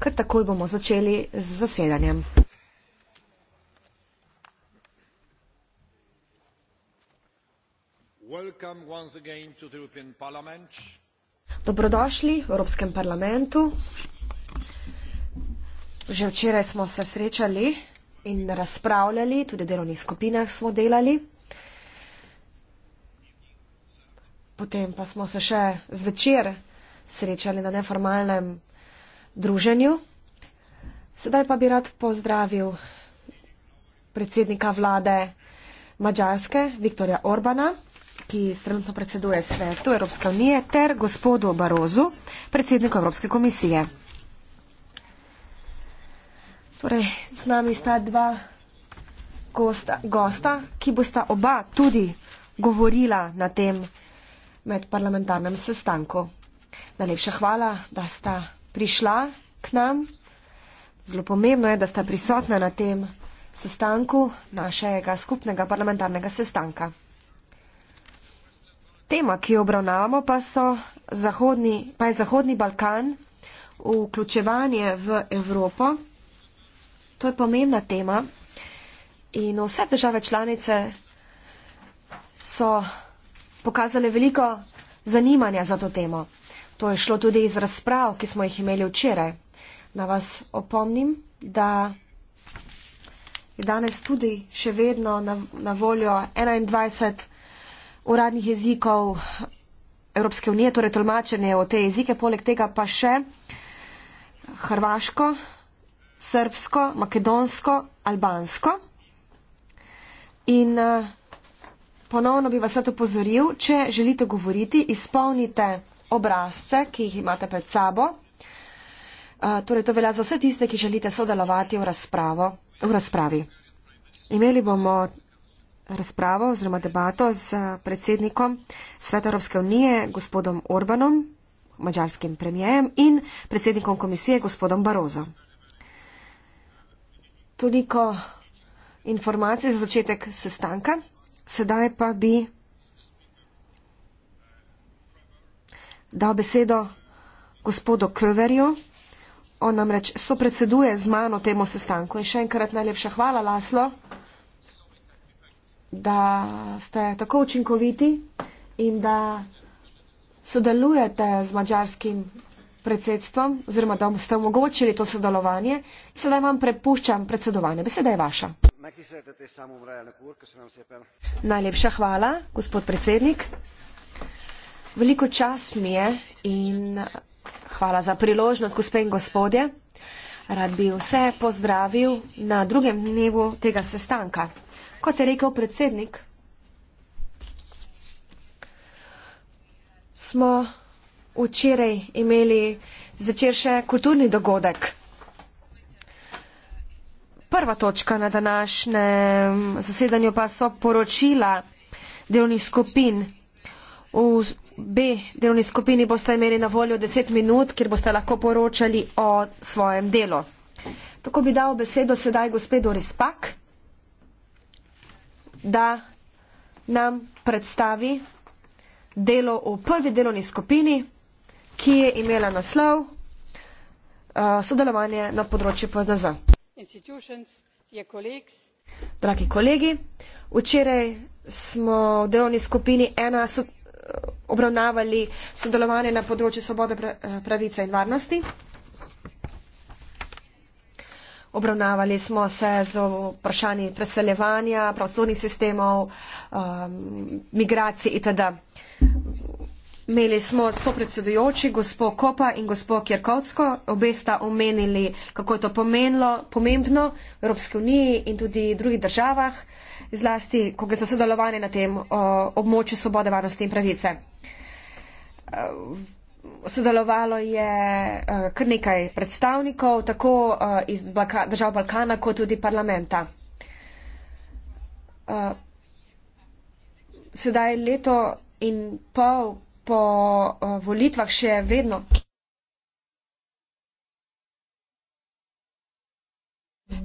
ker takoj bomo začeli z zasedanjem. Dobrodošli v Evropskem parlamentu. Že včeraj smo se srečali in razpravljali, tudi v delovnih skupinah smo delali. Potem pa smo se še zvečer srečali na neformalnem druženju. Sedaj pa bi rad pozdravil predsednika vlade Mačarske, Viktorja Orbana, ki trenutno predseduje svetu Evropske unije, ter gospodu Barozu, predsedniku Evropske komisije. Torej, z nami sta dva gosta, gosta ki bosta oba tudi govorila na tem medparlamentarnem sestanku. Najlepša hvala, da sta prišla k nam. Zelo pomembno je, da sta prisotna na tem sestanku našega skupnega parlamentarnega sestanka. Tema, ki jo obravnavamo, pa, zahodni, pa je Zahodni Balkan, vključevanje v Evropo. To je pomembna tema in vse države članice so pokazale veliko zanimanja za to temo. To je šlo tudi iz razprav, ki smo jih imeli včeraj. Na vas opomnim, da je danes tudi še vedno na, na voljo 21 uradnih jezikov Evropske unije, torej tolmačenje o te jezike, poleg tega pa še hrvaško, srbsko, makedonsko, albansko. In eh, ponovno bi vas sad opozoril, če želite govoriti, izpolnite obrazce, ki jih imate pred sabo. Torej, to velja za vse tiste, ki želite sodelovati v, razpravo, v razpravi. Imeli bomo razpravo oziroma debato z predsednikom Sveta Evropske unije, gospodom Orbanom, mađarskim premijejem in predsednikom komisije, gospodom Barozo. Toliko informacij za začetek sestanka. Sedaj pa bi dal besedo gospodu Köverju. On namreč sopredseduje z mano temu sestanku. In še enkrat najlepša hvala, Laslo, da ste tako učinkoviti in da sodelujete z mađarskim predsedstvom oziroma da ste omogočili to sodelovanje. Sedaj vam prepuščam predsedovanje. Beseda je vaša. Najlepša hvala, gospod predsednik. Veliko čas mi je in hvala za priložnost, gospe in gospodje. Rad bi vse pozdravil na drugem dnevu tega sestanka. Kot je rekel predsednik, smo včeraj imeli zvečer še kulturni dogodek. Prva točka na današnjem zasedanju pa so poročila delnih skupin. B delovni skupini boste imeli na voljo 10 minut, kjer boste lahko poročali o svojem delu. Tako bi dal besedo sedaj gospedu Rispak, da nam predstavi delo v prvi delovni skupini, ki je imela naslov uh, sodelovanje na področju PNZ. Dragi kolegi, včeraj smo v delovni skupini ena obravnavali sodelovanje na področju svobode eh, pravice in varnosti. Obravnavali smo se z vprašanji preseljevanja, pravosodnih sistemov, um, migracij itd. Imeli smo sopredsedujoči, gospo Kopa in gospo Kjerkovsko, obe sta omenili, kako je to pomenilo, pomembno v Evropski uniji in tudi drugih državah. Uh, zlasti, ko gre za sodelovanje na tem območju svobode, varnosti in pravice. E, sodelovalo je e, kar nekaj predstavnikov, tako e, iz držav Balkana, kot tudi parlamenta. Sedaj leto in pol po volitvah še vedno.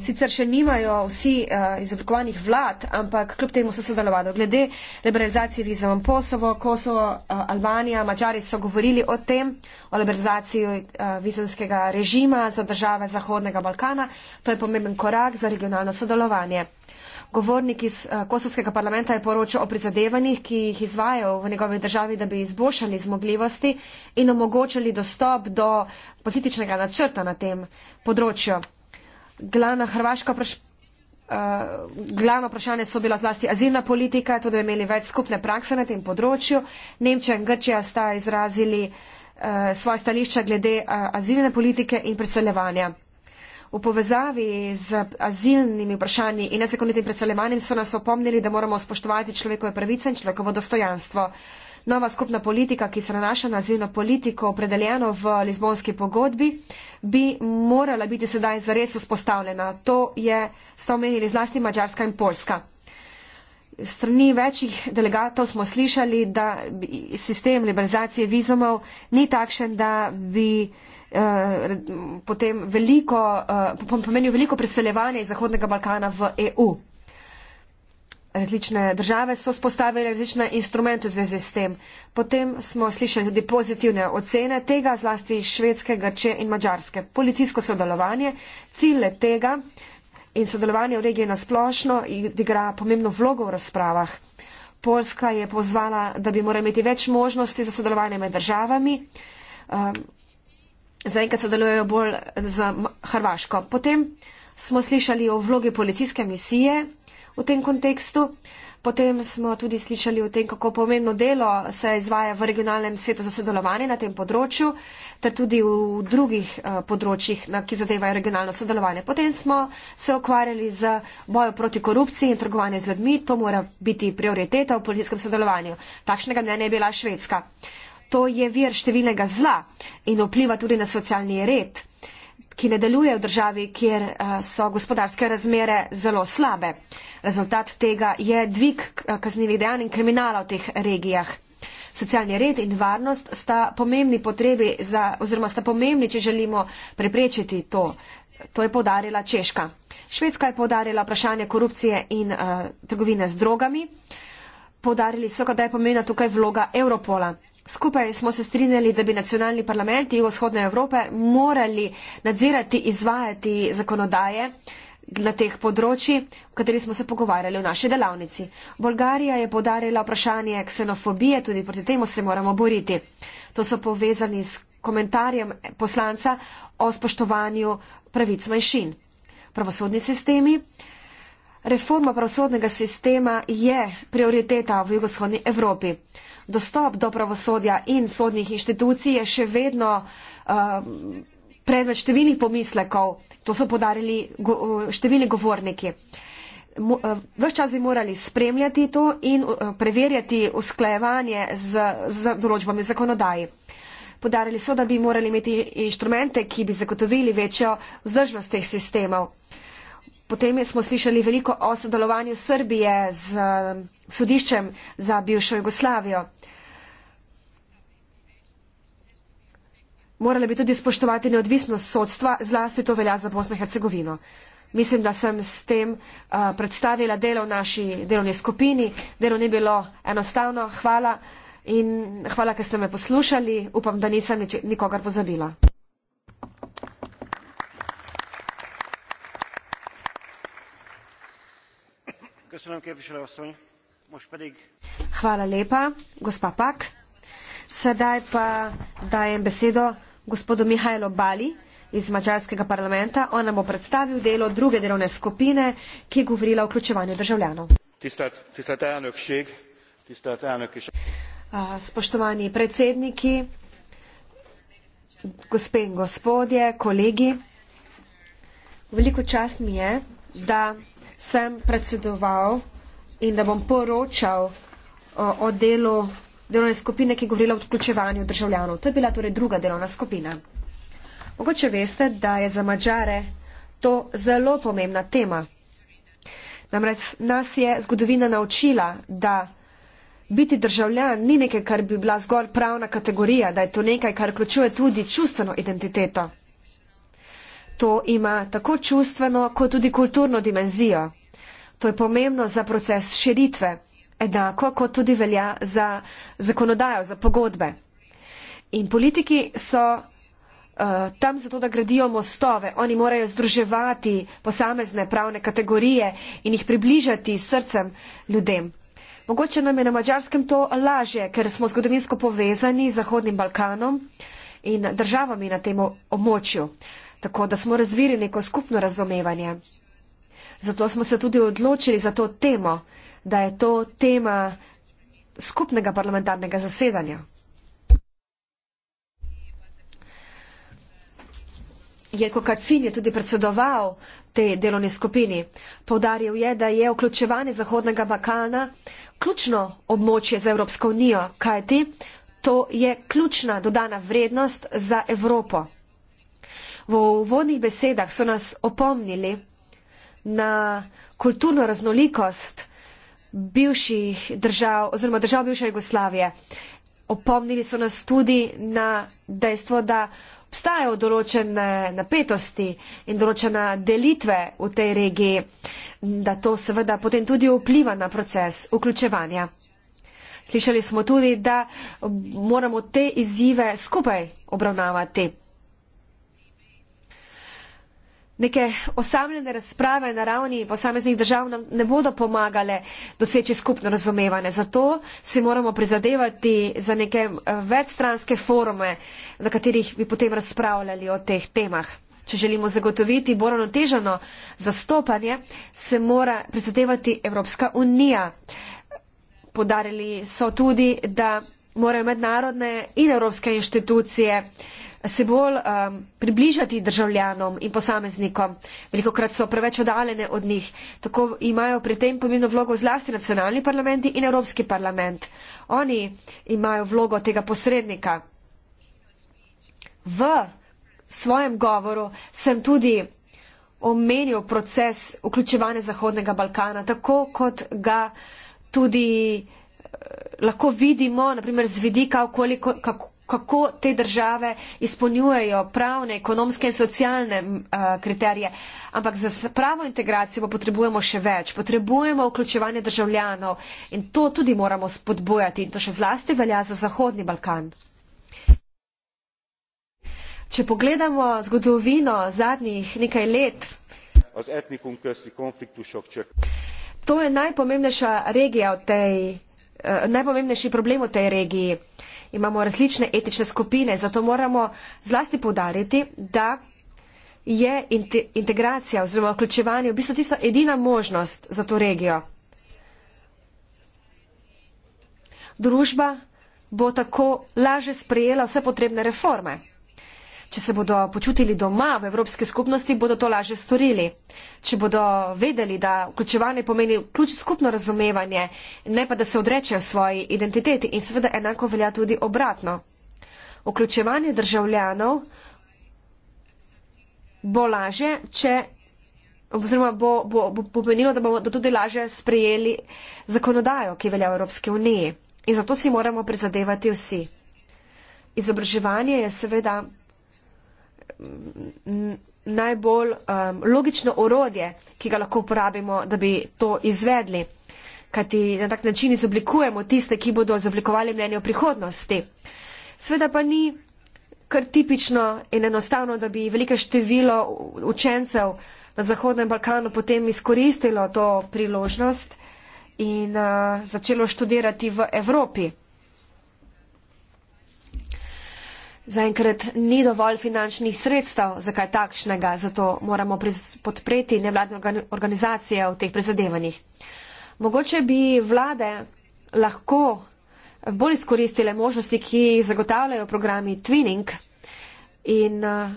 Sicer še nimajo vsi uh, izoblikovanih vlad, ampak kljub temu so sodelovali. Glede liberalizacije vizov v Kosovo, Kosovo, uh, Albanija, Mačari so govorili o tem, o liberalizaciji uh, eh, vizovskega režima za države Zahodnega Balkana. To je pomemben korak za regionalno sodelovanje. Govornik iz uh, Kosovskega parlamenta je poročal o prizadevanjih, ki jih izvajo v njegovi državi, da bi izboljšali zmogljivosti in omogočili dostop do političnega načrta na tem področju glavna hrvaška eh, vprašanja. Uh, glavno vprašanje so bila zlasti azilna politika, tudi imeli več skupne prakse na tem področju. Nemčija in Grčija sta izrazili uh, eh, svoje stališča glede uh, azilne politike in preseljevanja. V povezavi z azilnimi vprašanji in nezakonitim preseljevanjem so nas opomnili, da moramo spoštovati človekove pravice in človekovo dostojanstvo. Uh, Nova skupna politika, ki se nanaša na zeleno politiko, opredeljeno v Lizbonski pogodbi, bi morala biti sedaj zares vzpostavljena. To je, sta omenili zlasti Mačarska in Poljska. Strani večjih delegatov smo slišali, da sistem liberalizacije vizumov ni takšen, da bi eh, potem veliko, eh, pomenil veliko priseljevanje iz Zahodnega Balkana v EU različne države so spostavile različne instrumente v zvezi s tem. Potem smo slišali tudi pozitivne ocene tega, zlasti švedske, grče in mačarske. Policijsko sodelovanje, cilje tega in sodelovanje v regiji nasplošno igra pomembno vlogo v razpravah. Polska je pozvala, da bi morali imeti več možnosti za sodelovanje med državami. Um, Zaenkrat sodelujejo bolj z Hrvaško. Potem smo slišali o vlogi policijske misije v tem kontekstu. Potem smo tudi slišali o tem, kako pomembno delo se izvaja v regionalnem svetu za sodelovanje na tem področju, ter tudi v drugih eh, področjih, ki zadevajo regionalno sodelovanje. Potem smo se ukvarjali z bojo proti korupciji in trgovanje z ljudmi. To mora biti prioriteta v politickem sodelovanju. Takšnega mnenja je bila Švedska. To je vir številnega zla in vpliva tudi na socialni red ki ne deluje v državi, kjer eh, so gospodarske razmere zelo slabe. Rezultat tega je dvig eh, kaznjivih dejanj in kriminala v teh regijah. Socialni red in varnost sta pomembni potrebi za, oziroma sta pomembni, če želimo preprečiti to. To je podarila Češka. Švedska je podarila vprašanje korupcije in uh, trgovine z drogami. Podarili so, da je pomembna tukaj vloga Europola. Skupaj smo se strinjali, da bi nacionalni parlamenti vzhodne Evrope morali nadzirati, izvajati zakonodaje na teh področjih, o kateri smo se pogovarjali v naši delavnici. Bolgarija je podarila vprašanje ksenofobije, tudi proti temu se moramo boriti. To so povezani s komentarjem poslanca o spoštovanju pravic manjšin. Pravosodni sistemi. Reforma pravosodnega sistema je prioriteta v jugoshodni Evropi dostop do pravosodja in sodnih inštitucij je še vedno um, predmet številnih pomislekov. To so podarili uh, številni govorniki. Uh, ves čas bi morali spremljati to in uh, preverjati usklejevanje z, z določbami zakonodaji. Podarili so, da bi morali imeti inštrumente, ki bi zagotovili večjo vzdržnost teh sistemov. Potem smo slišali veliko o sodelovanju Srbije z um, sodiščem za bivšo Jugoslavijo. Morali bi tudi spoštovati neodvisnost sodstva, zlasti to velja za Bosno in Hercegovino. Mislim, da sem s tem uh, predstavila delo v naši delovni skupini. Delo ni bilo enostavno. Hvala in hvala, ker ste me poslušali. Upam, da nisem nikogar pozabila. Köszönöm, képviselő asszony. Most pedig... Hvala lepa, gospa Pak. Sedaj pa dajem besedo gospodu Mihajlo Bali iz Mačarskega parlamenta. On nam bo predstavil delo druge delovne skupine, ki je govorila o vključevanju državljanov. Tisat, tisat elnök šeg, tisat elnök iš... Spoštovani predsedniki, gospe in gospodje, kolegi, veliko čast mi je, da sem predsedoval in da bom poročal o, o delu delovne skupine, ki je govorila o vključevanju državljanov. To je bila torej druga delovna skupina. Mogoče veste, da je za Mačare to zelo pomembna tema. Namreč nas je zgodovina naučila, da biti državljan ni nekaj, kar bi bila zgolj pravna kategorija, da je to nekaj, kar vključuje tudi čustveno identiteto to ima tako čustveno, kot tudi kulturno dimenzijo. To je pomembno za proces širitve, enako kot tudi velja za zakonodajo, za pogodbe. In politiki so uh, tam zato, da gradijo mostove. Oni morajo združevati posamezne pravne kategorije in jih približati srcem ljudem. Mogoče nam je na mačarskem to lažje, ker smo zgodovinsko povezani z Zahodnim Balkanom in državami na tem območju tako da smo razvili neko skupno razumevanje. Zato smo se tudi odločili za to temo, da je to tema skupnega parlamentarnega zasedanja. Jeko Kacin je tudi predsedoval tej delovni skupini. Povdaril je, da je vključevanje Zahodnega Balkana ključno območje za Evropsko unijo, kajti to je ključna dodana vrednost za Evropo. V uvodnih besedah so nas opomnili na kulturno raznolikost bivših držav oziroma držav bivše Jugoslavije. Opomnili so nas tudi na dejstvo, da obstajajo določene napetosti in določene delitve v tej regiji, da to seveda potem tudi vpliva na proces vključevanja. Slišali smo tudi, da moramo te izzive skupaj obravnavati. Neke osamljene razprave na ravni posameznih držav nam ne bodo pomagale doseči skupno razumevanje. Zato si moramo prizadevati za neke eh, večstranske forume, na katerih bi potem razpravljali o teh temah. Če želimo zagotoviti bolj noteženo zastopanje, se mora prizadevati Evropska unija. Podarili so tudi, da morajo mednarodne in evropske inštitucije uh, se bolj um, približati državljanom in posameznikom. Veliko krat so preveč odaljene od njih. Tako imajo pri tem pomembno vlogo zlasti nacionalni parlamenti in Evropski parlament. Oni imajo vlogo tega posrednika. V svojem govoru sem tudi omenil proces vključevanja Zahodnega Balkana, tako kot ga tudi eh, lahko vidimo, naprimer, z vidika, koliko, kako, kako te države izpolnjujejo pravne, ekonomske in socialne uh, kriterije. Ampak za pravo integracijo pa potrebujemo še več. Potrebujemo vključevanje državljanov in to tudi moramo spodbojati in to še zlasti velja za Zahodni Balkan. Če pogledamo zgodovino zadnjih nekaj let, to je najpomembnejša regija v tej, eh, najpomembnejši problem v tej regiji imamo različne etične skupine, zato moramo zlasti povdariti, da je integracija oziroma vključevanje v bistvu tista edina možnost za to regijo. Družba bo tako laže sprejela vse potrebne reforme. Če se bodo počutili doma v Evropski skupnosti, bodo to lažje storili. Če bodo vedeli, da vključevanje pomeni vključ skupno razumevanje, ne pa da se odrečejo svoji identiteti in seveda enako velja tudi obratno. Vključevanje državljanov bo lažje, če, oziroma bo, bo, bo, bo pomenilo, da bomo da tudi lažje sprejeli zakonodajo, ki velja v Evropski uniji. In zato si moramo prizadevati vsi. Izobraževanje je seveda najbolj um, logično orodje, ki ga lahko uporabimo, da bi to izvedli. Kajti na tak način izoblikujemo tiste, ki bodo izoblikovali mnenje o prihodnosti. Sveda pa ni kar tipično in enostavno, da bi velike število učencev na Zahodnem Balkanu potem izkoristilo to priložnost in uh, začelo študirati v Evropi. Zaenkrat ni dovolj finančnih sredstev za kaj takšnega, zato moramo podpreti nevladne organizacije v teh prizadevanjih. Mogoče bi vlade lahko bolj izkoristile možnosti, ki zagotavljajo programi Twinning in eh,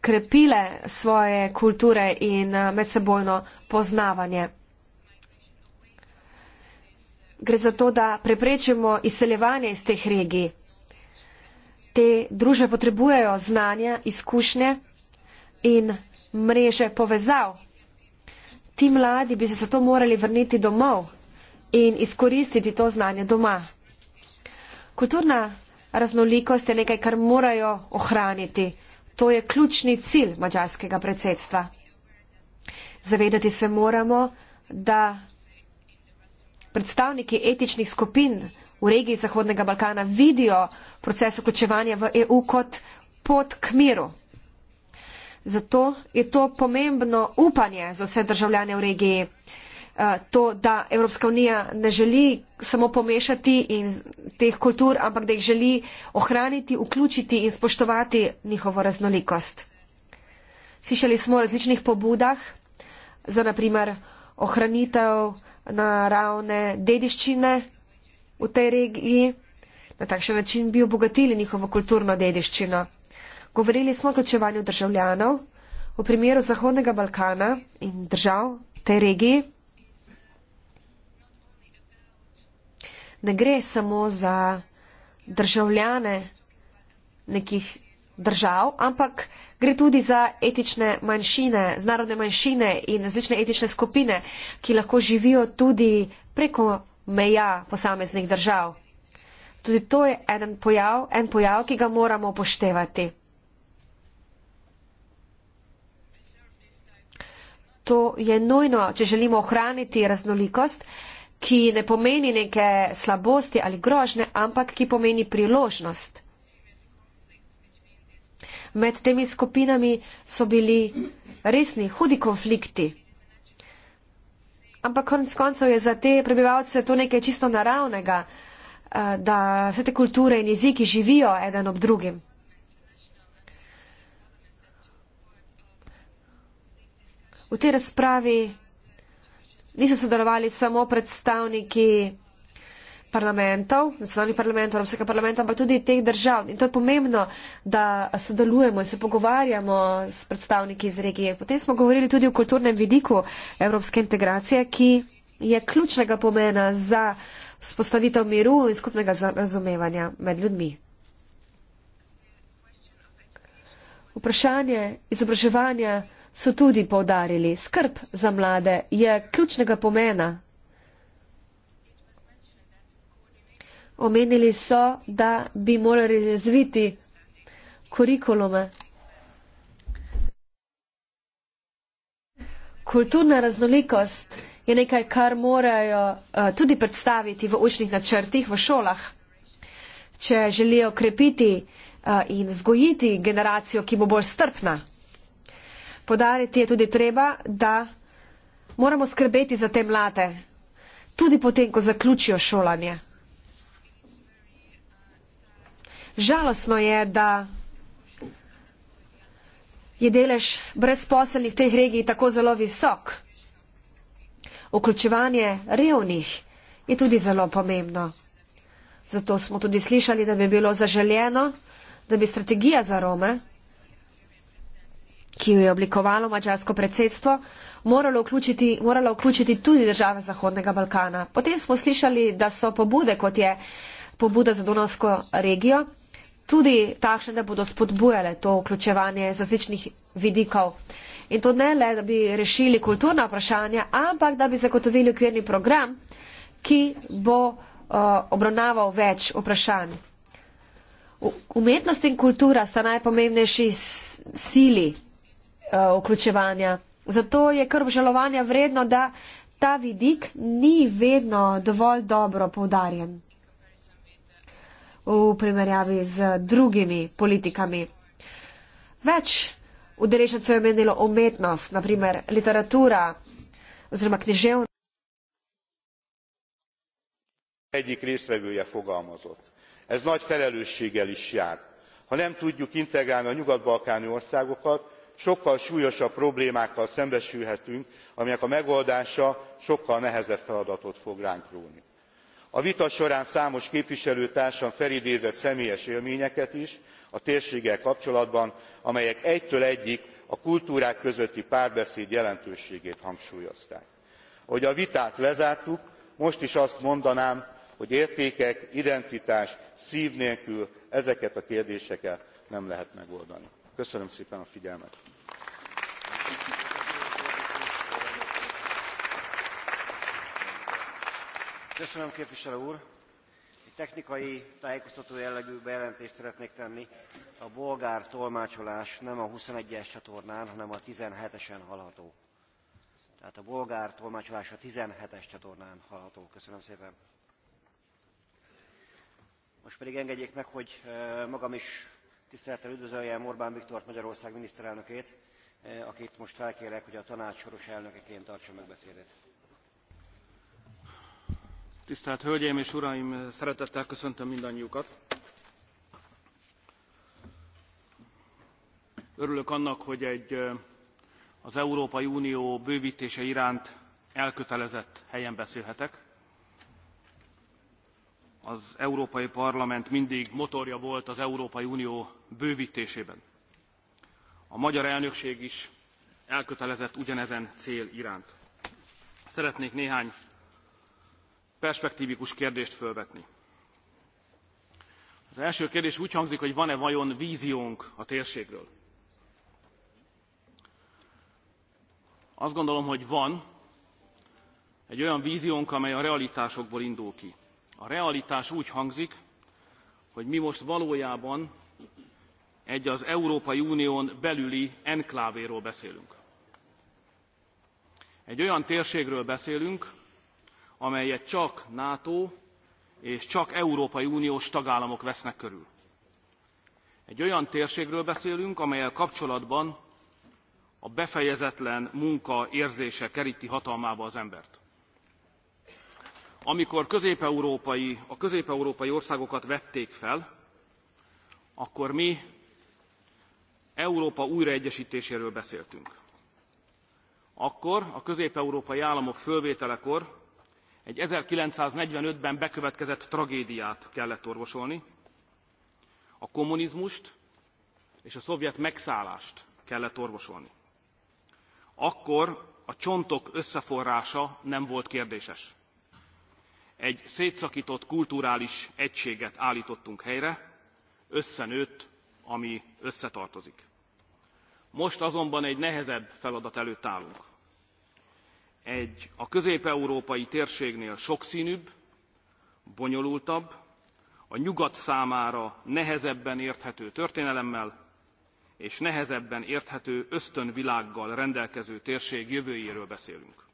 krepile svoje kulture in eh, medsebojno poznavanje. Gre za to, da preprečimo izseljevanje iz teh regij te družbe potrebujejo znanja, izkušnje in mreže povezav. Ti mladi bi se zato morali vrniti domov in izkoristiti to znanje doma. Kulturna raznolikost je nekaj, kar morajo ohraniti. To je ključni cilj mađarskega predsedstva. Zavedati se moramo, da predstavniki etičnih skupin v regiji Zahodnega Balkana vidijo proces vključevanja v EU kot pot k miru. Zato je to pomembno upanje za vse državljane v regiji. Eh, to, da Evropska unija ne želi samo pomešati in teh kultur, ampak da jih želi ohraniti, vključiti in spoštovati njihovo raznolikost. Slišali smo o različnih pobudah za naprimer ohranitev naravne dediščine v tej regiji, na takšen način bi obogatili njihovo kulturno dediščino. Govorili smo o vključevanju državljanov, v primeru Zahodnega Balkana in držav tej regiji. Ne gre samo za državljane nekih držav, ampak gre tudi za etične manjšine, z narodne manjšine in različne etične skupine, ki lahko živijo tudi preko meja posameznih držav. Tudi to je en pojav, en pojav, ki ga moramo upoštevati. To je nujno, če želimo ohraniti raznolikost, ki ne pomeni neke slabosti ali grožne, ampak ki pomeni priložnost. Med temi skupinami so bili resni hudi konflikti. Ampak konec koncev je za te prebivalce to nekaj čisto naravnega, eh, da vse te kulture in jeziki živijo eden ob drugim. V tej razpravi niso sodelovali samo predstavniki parlamentov, nacionalnih parlamentov, Evropskega parlamenta, ampak tudi teh držav. In to je pomembno, da sodelujemo in se pogovarjamo s predstavniki iz regije. Potem smo govorili tudi o kulturnem vidiku evropske integracije, ki je ključnega pomena za spostavitev miru in skupnega razumevanja med ljudmi. Vprašanje izobraževanja so tudi povdarili. Skrb za mlade je ključnega pomena omenili so, da bi morali razviti kurikulume. Kulturna raznolikost je nekaj, kar morajo uh, tudi predstaviti v učnih načrtih v šolah. Če želijo krepiti uh, in zgojiti generacijo, ki bo bolj strpna, podariti je tudi treba, da moramo skrbeti za te mlade, tudi potem, ko zaključijo šolanje. Žalostno je, da je delež brezposelnih v teh regiji tako zelo visok. Vključevanje revnih je tudi zelo pomembno. Zato smo tudi slišali, da bi bilo zaželjeno, da bi strategija za Rome, ki jo je oblikovalo mačarsko predsedstvo, morala vključiti, morala vključiti tudi države Zahodnega Balkana. Potem smo slišali, da so pobude, kot je pobuda za Donovsko regijo, tudi takšne, da bodo spodbujale to vključevanje različnih vidikov. In to ne le, da bi rešili kulturna vprašanja, ampak da bi zagotovili okvirni program, ki bo uh, obravnaval več vprašanj. Umetnost in kultura sta najpomembnejši sili uh, vključevanja. Zato je kar obžalovanja vredno, da ta vidik ni vedno dovolj dobro poudarjen v primerjavi z drugimi politikami. Več udeležencev je menilo umetnost, naprimer literatura oziroma književnost. Egyik résztvevője fogalmazott. Ez nagy felelősséggel is jár. Ha nem tudjuk integrálni a nyugat-balkáni országokat, sokkal súlyosabb problémákkal szembesülhetünk, aminek a megoldása sokkal nehezebb feladatot fog ránk róni a vita során számos képviselőtársam felidézett személyes élményeket is a térséggel kapcsolatban amelyek egytől egyig a kultúrák közötti párbeszéd jelentőségét hangsúlyozták. ahogy a vitát lezártuk most is azt mondanám hogy értékek identitás szv nélkül ezeket a kérdéseket nem lehet megoldani. köszönöm szépen a figyelmet! Köszönöm, képviselő úr. Egy technikai tájékoztató jellegű bejelentést szeretnék tenni. A bolgár tolmácsolás nem a 21-es csatornán, hanem a 17-esen hallható. Tehát a bolgár tolmácsolás a 17-es csatornán hallható. Köszönöm szépen. Most pedig engedjék meg, hogy e, magam is tisztelettel üdvözöljem Orbán Viktort, Magyarország miniszterelnökét, e, akit most felkérek, hogy a tanács soros elnökeként tartsa meg beszédet tisztelt hölgyeim és uraim! szeretettel köszöntöm mindannyiukat. örülök annak hogy egy az európai unió bővtése iránt elkötelezett helyen beszélhetek. az európai parlament mindig motorja volt az európai unió bővtésében. a magyar elnökség is elkötelezett ugyanezen cél iránt. szeretnék néhány perspektivikus kérdést fölvetni. Az első kérdés úgy hangzik, hogy van-e vajon víziónk a térségről. Azt gondolom, hogy van egy olyan víziónk, amely a realitásokból indul ki. A realitás úgy hangzik, hogy mi most valójában egy az Európai Unión belüli enklávéről beszélünk. Egy olyan térségről beszélünk, amelyet csak NATO és csak Európai Uniós tagállamok vesznek körül. Egy olyan térségről beszélünk, amelyel kapcsolatban a befejezetlen munka érzése keríti hatalmába az embert. Amikor közép-európai, a közép-európai országokat vették fel, akkor mi Európa újraegyesítéséről beszéltünk. Akkor a közép-európai államok fölvételekor egy one thousand nine hundred and forty five ben bekövetkezett tragédiát kellett orvosolni a kommunizmust és a szovjet megszállást kellett orvosolni. akkor a csontok összeforrása nem volt kérdéses. egy szétszaktott kulturális egységet álltottunk helyre összenőtt ami összetartozik. most azonban egy nehezebb feladat előtt állunk egy a közép európai térségnél soksznűbb bonyolultabb a nyugat számára nehezebben érthető történelemmel és nehezebben érthető ösztönvilággal rendelkező térség jövőjéről beszélünk.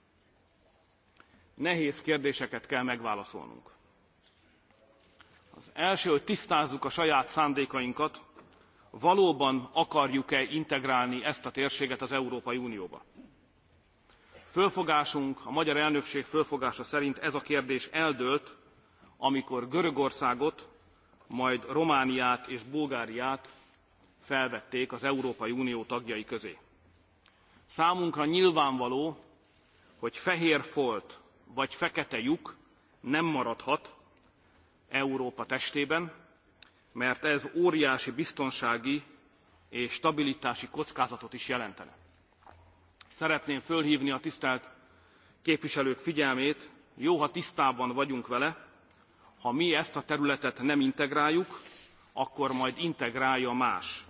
Nehéz kérdéseket kell megválaszolnunk. Az első, hogy tisztázzuk a saját szándékainkat, valóban akarjuk-e integrálni ezt a térséget az Európai Unióba? fölfogásunk a magyar elnökség fölfogása szerint ez a kérdés eldőlt amikor görögországot majd romániát és bulgáriát felvették az európai unió tagjai közé. számunkra nyilvánvaló hogy fehér folt vagy fekete lyuk nem maradhat európa testében mert ez óriási biztonsági és stabilitási kockázatot is jelentene szeretném fölhvni a tisztelt képviselők figyelmét jó ha tisztában vagyunk vele ha mi ezt a területet nem integráljuk akkor majd integrálja más.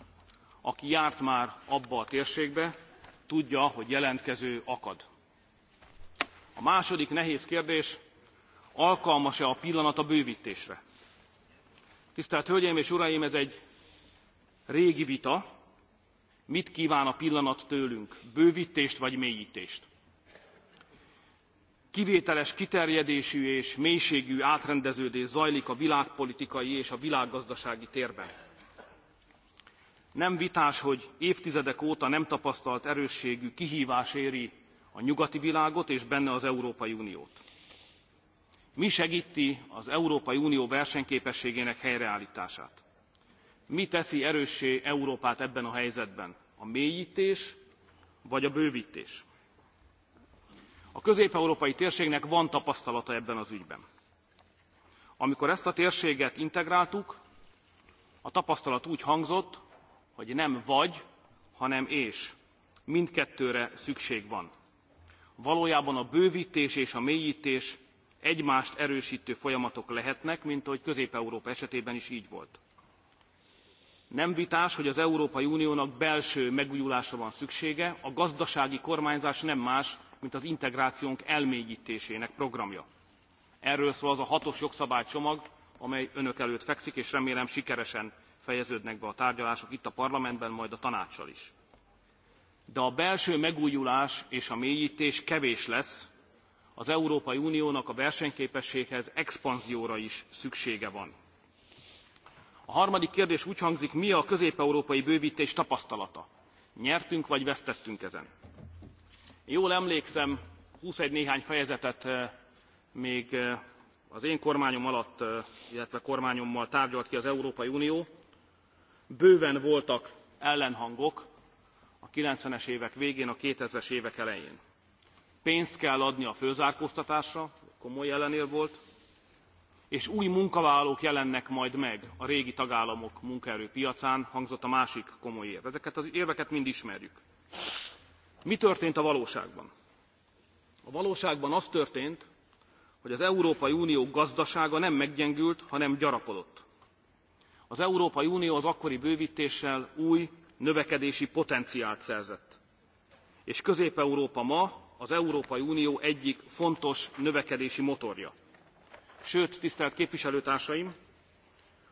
aki járt már abba a térségbe tudja hogy jelentkező akad. a második nehéz kérdés alkalmas e a pillanat a bővtésre? tisztelt hölgyeim és uraim ez egy régi vita mit kván a pillanat tőlünk bővtést vagy mélytést? kivételes kiterjedésű és mélységű átrendeződés zajlik a világpolitikai és a világgazdasági térben. Nem vitás, hogy évtizedek óta nem tapasztalt erősségű kihívás éri a nyugati világot és benne az Európai Uniót. Mi segíti az Európai Unió versenyképességének helyreállítását? mi teszi erőssé európát ebben a helyzetben a mélytés vagy a bővtés? a közép európai térségnek van tapasztalata ebben az ügyben. amikor ezt a térséget integráltuk a tapasztalat úgy hangzott hogy nem vagy hanem és mindkettőre szükség van. valójában a bővtés és a mélytés egymást erőstő folyamatok lehetnek mint ahogy közép európa esetében is gy volt nem vitás hogy az európai uniónak belső megújulásra van szüksége a gazdasági kormányzás nem más mint az integrációnk elmélytésének programja. erről szól az a hatos jogszabálycsomag amely önök előtt fekszik és remélem sikeresen fejeződnek be a tárgyalások itt a parlamentben majd a tanácssal is. de a belső megújulás és a mélytés kevés lesz az európai uniónak a versenyképességhez expanzióra is szüksége van a harmadik kérdés úgy hangzik mi a közép európai bővtés tapasztalata? nyertünk vagy vesztettünk ezen? jól emlékszem húsz egy néhány fejezetet eh, még eh, az én kormányom alatt eh, illetve kormányommal tárgyalt ki az európai unió bőven voltak ellenhangok a 90-es évek végén, a 2000-es évek elején. Pénzt kell adni a főzárkóztatásra, komoly ellenér volt, és új munkavállalók jelennek majd meg a régi tagállamok munkaerőpiacán hangzott a másik komoly érv. ezeket az érveket mind ismerjük. mi történt a valóságban? a valóságban az történt hogy az európai unió gazdasága nem meggyengült hanem gyarapodott. az európai unió az akkori bővítéssel új növekedési potenciált szerzett és közép európa ma az európai unió egyik fontos növekedési motorja sőt tisztelt képviselőtársaim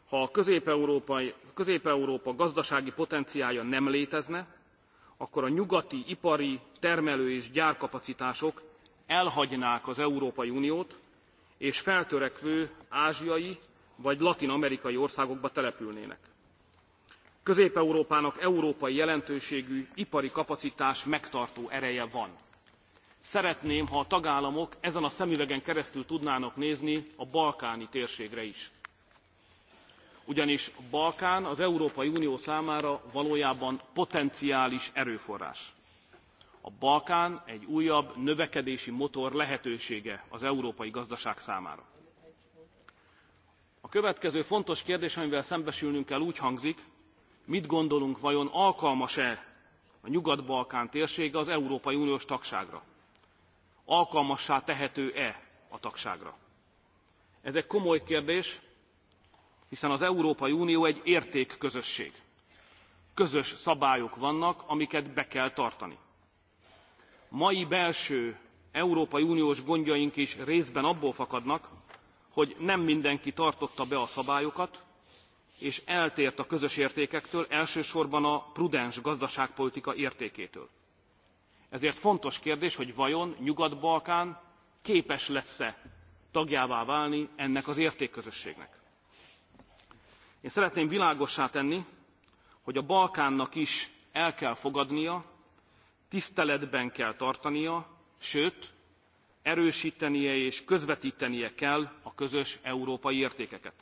ha a közép európa gazdasági potenciája nem létezne akkor a nyugati ipari termelő és gyárkapacitások elhagynák az európai uniót és feltörekvő ázsiai vagy latin amerikai országokba települnének. közép európának európai jelentőségű ipari kapacitás megtartó ereje van szeretném ha a tagállamok ezen a szemüvegen keresztül tudnának nézni a balkáni térségre is ugyanis a balkán az európai unió számára valójában potenciális erőforrás. a balkán egy újabb növekedési motor lehetősége az európai gazdaság számára. a következő fontos kérdés amivel szembesülnünk kell úgy hangzik mit gondolunk vajon alkalmas e a nyugat balkán térsége az európai uniós tagságra? alkalmassá tehető-e a tagságra? Ez egy komoly kérdés, hiszen az Európai Unió egy értékközösség. Közös szabályok vannak, amiket be kell tartani. Mai belső Európai Uniós gondjaink is részben abból fakadnak, hogy nem mindenki tartotta be a szabályokat, és eltért a közös értékektől, elsősorban a prudens gazdaságpolitika értékétől ezért fontos kérdés hogy vajon nyugat balkán képes lesz e tagjává válni ennek az értékközösségnek. én szeretném világossá tenni hogy a balkánnak is el kell fogadnia tiszteletben kell tartania sőt erőstenie és közvettenie kell a közös európai értékeket.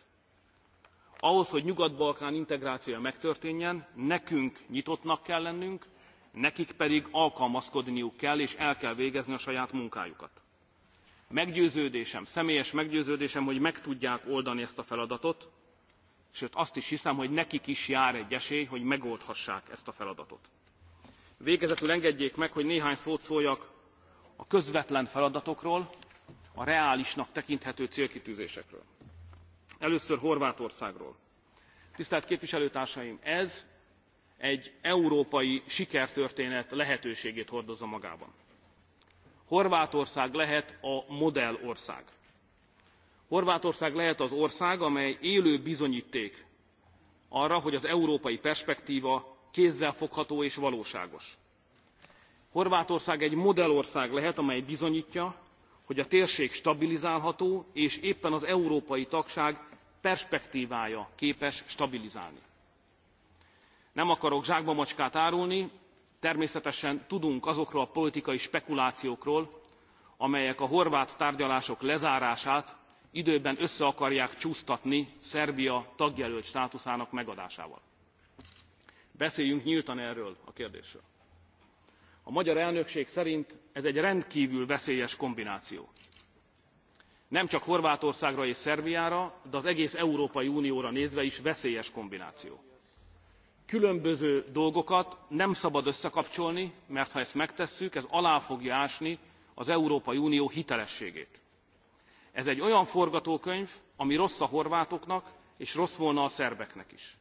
ahhoz hogy nyugat balkán integrációja megtörténjen nekünk nyitottnak kell lennünk nekik pedig alkalmazkodniuk kell és el kell végezni a saját munkájukat. Meggyőződésem, személyes meggyőződésem, hogy meg tudják oldani ezt a feladatot, sőt azt is hiszem, hogy nekik is jár egy esély, hogy megoldhassák ezt a feladatot. Végezetül engedjék meg, hogy néhány szót szóljak a közvetlen feladatokról, a reálisnak tekinthető célkitűzésekről. Először Horvátországról. Tisztelt képviselőtársaim, ez egy európai sikertörténet lehetőségét hordozza magában. Horvátország lehet a modellország. Horvátország lehet az ország, amely élő bizonyíték arra, hogy az európai perspektíva kézzelfogható és valóságos. Horvátország egy modellország lehet, amely bizonyítja, hogy a térség stabilizálható, és éppen az európai tagság perspektívája képes stabilizálni nem akarok zsákba macskát árulni természetesen tudunk azokról a politikai spekulációkról amelyek a horvát tárgyalások lezárását időben össze akarják csúsztatni szerbia tagjelölt státuszának megadásával. beszéljünk nyltan erről a kérdésről. a magyar elnökség szerint ez egy rendkvül veszélyes kombináció. nem csak horvátországra és szerbiára de az egész európai unióra nézve is veszélyes kombináció különböző dolgokat nem szabad összekapcsolni mert ha ezt megtesszük ez alá fogja ásni az európai unió hitelességét. ez egy olyan forgatókönyv ami rossz a horvátoknak és rossz volna a szerbeknek is.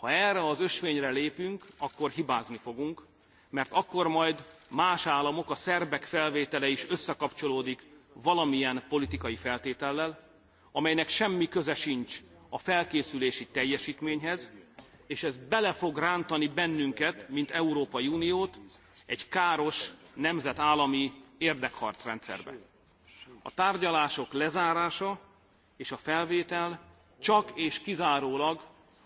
ha erre az ösvényre lépünk akkor hibázni fogunk mert akkor majd más államok a szerbek felvétele is összekapcsolódik valamilyen politikai feltétellel amelynek semmi köze sincs a felkészülési teljestményhez és ez bele fog rántani bennünket, mint Európai Uniót, egy káros nemzetállami érdekharcrendszerbe. A tárgyalások lezárása és a felvétel csak és kizárólag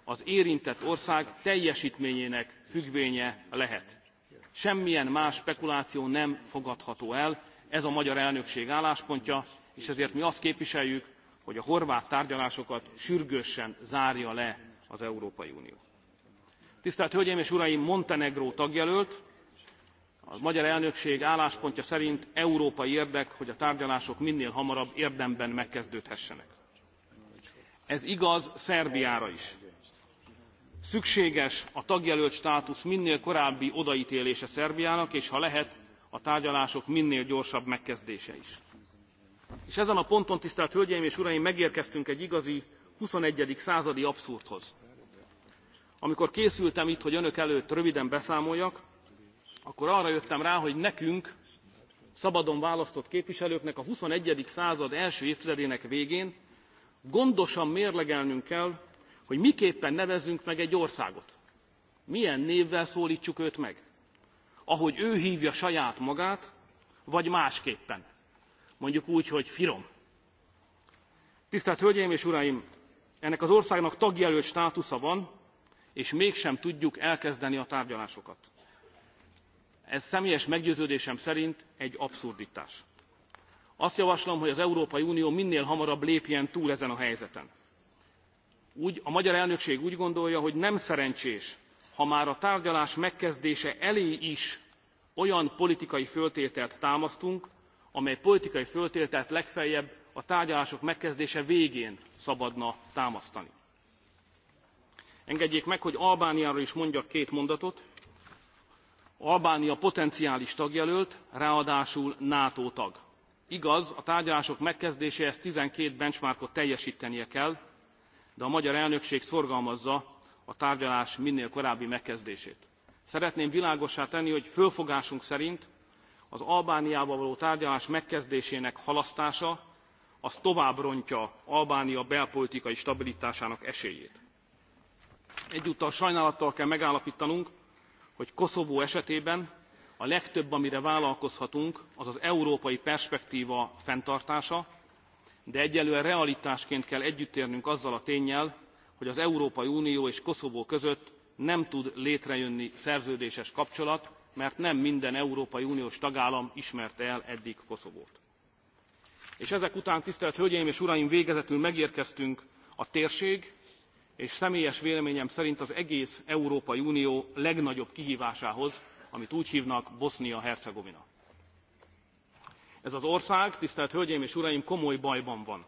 az érintett ország teljesítményének függvénye lehet. Semmilyen más spekuláció nem fogadható el, ez a magyar elnökség álláspontja, és ezért mi azt képviseljük, hogy a horvát tárgyalásokat sürgősen zárja le az Európai Unió tisztelt hölgyeim és uraim montenegró tagjelölt a magyar elnökség álláspontja szerint európai érdek hogy a tárgyalások minél hamarabb érdemben megkezdődhessenek. ez igaz szerbiára is. szükséges a tagjelölt státusz minél korábbi odatélése szerbiának és ha lehet a tárgyalások minél gyorsabb megkezdése is. és ezen a ponton tisztelt hölgyeim és uraim megérkeztünk egy igazi huszonegyedik századi abszurdhoz amikor készültem itt hogy önök előtt röviden beszámoljak akkor arra jöttem rá hogy nekünk szabadon választott képviselőknek a xxi. század első évtizedének végén gondosan mérlegelnünk kell hogy miképpen nevezzünk meg egy országot milyen névvel szólítsuk őt meg ahogy ő hívja saját magát vagy másképpen mondjuk úgy hogy firom tisztelt hölgyeim és uraim ennek az országnak tagjelölt státusza van és mégsem tudjuk elkezdeni a tárgyalásokat. ez személyes meggyőződésem szerint egy abszurditás. azt javaslom hogy az európai unió minél hamarabb lépjen túl ezen a helyzeten. a magyar elnökség úgy gondolja hogy nem szerencsés ha már a tárgyalás megkezdése elé is olyan politikai föltételt támasztunk amely politikai föltételt legfeljebb a tárgyalások megkezdése végén szabadna támasztani engedjék meg hogy albániáról is mondjak két mondatot albánia potenciális tagjelölt ráadásul nato tag. igaz a tárgyalások megkezdéséhez twelve benchmarkot teljestenie kell de a magyar elnökség szorgalmazza a tárgyalás minél korábbi megkezdését. szeretném világossá tenni hogy fölfogásunk szerint az albániával való tárgyalás megkezdésének halasztása az tovább rontja albánia belpolitikai stabilitásának esélyét egyúttal sajnálattal kell megállaptanunk hogy koszovó esetében a legtöbb amire vállalkozhatunk az az európai perspektva fenntartása de egyelőre realitásként kell együttérnünk azzal a ténnyel hogy az európai unió és koszovó között nem tud létrejönni szerződéses kapcsolat mert nem minden európai uniós tagállam ismerte el eddig koszovót. és ezek után tisztelt hölgyeim és uraim végezetül megérkeztünk a térség és személyes véleményem szerint az egész európai unió legnagyobb kihvásához amit úgy hvnak bosznia hercegovina. ez az ország tisztelt hölgyeim és uraim komoly bajban van.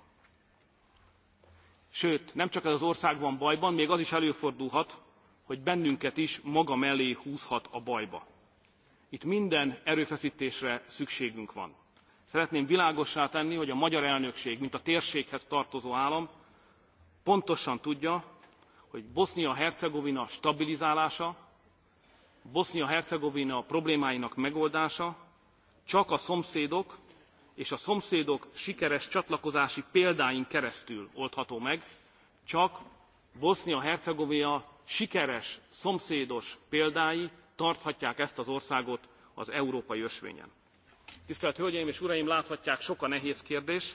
sőt nem csak ez az ország van bajban még az is előfordulhat hogy bennünket is maga mellé húzhat a bajba. itt minden erőfesztésre szükségünk van. szeretném világossá tenni hogy a magyar elnökség mint a térséghez tartozó állam pontosan tudja hogy bosznia hercegovina stabilizálása bosznia hercegovina problémáinak megoldása csak a szomszédok és a szomszédok sikeres csatlakozási példáin keresztül oldható meg csak bosznia hercegovina sikeres szomszédos példái tarthatják ezt az országot az európai ösvényen. tisztelt hölgyeim és uraim láthatják sok a nehéz kérdés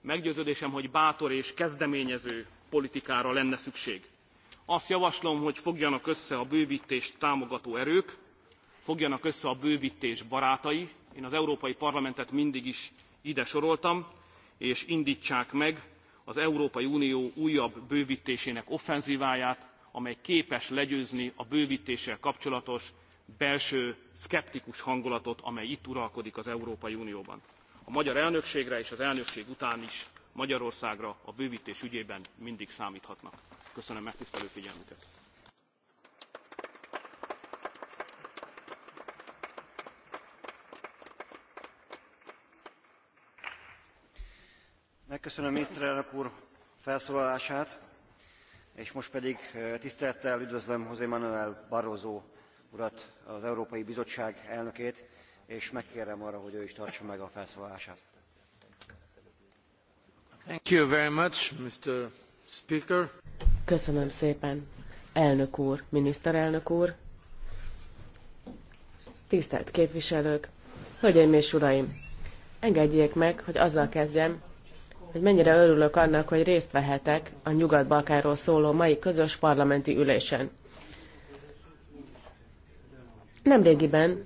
meggyőződésem hogy bátor és kezdeményező politikára lenne szükség azt javaslom hogy fogjanak össze a bővtést támogató erők fogjanak össze a bővtés barátai én az európai parlamentet mindig is ide soroltam és indtsák meg az európai unió újabb bővtésének offenzíváját amely képes legyőzni a bővtéssel kapcsolatos belső szkeptikus hangulatot amely itt uralkodik az európai unióban. a magyar elnökségre és az elnökség után is magyarországra a bővtés ügyében mindig számthatnak. köszönöm megtisztelő figyelmüket. Megköszönöm miniszterelnök úr felszólalását, és most pedig eh, tisztelettel üdvözlöm José Manuel Barroso urat, az Európai Bizottság elnökét, és megkérem arra, hogy ő is tartsa meg a felszólalását elnök úr miniszterelnök úr tisztelt képviselők hölgyeim és uraim engedjék meg hogy azzal kezdjem hogy mennyire örülök annak hogy részt vehetek a nyugat balkánról szóló mai közös parlamenti ülésen nemrégiben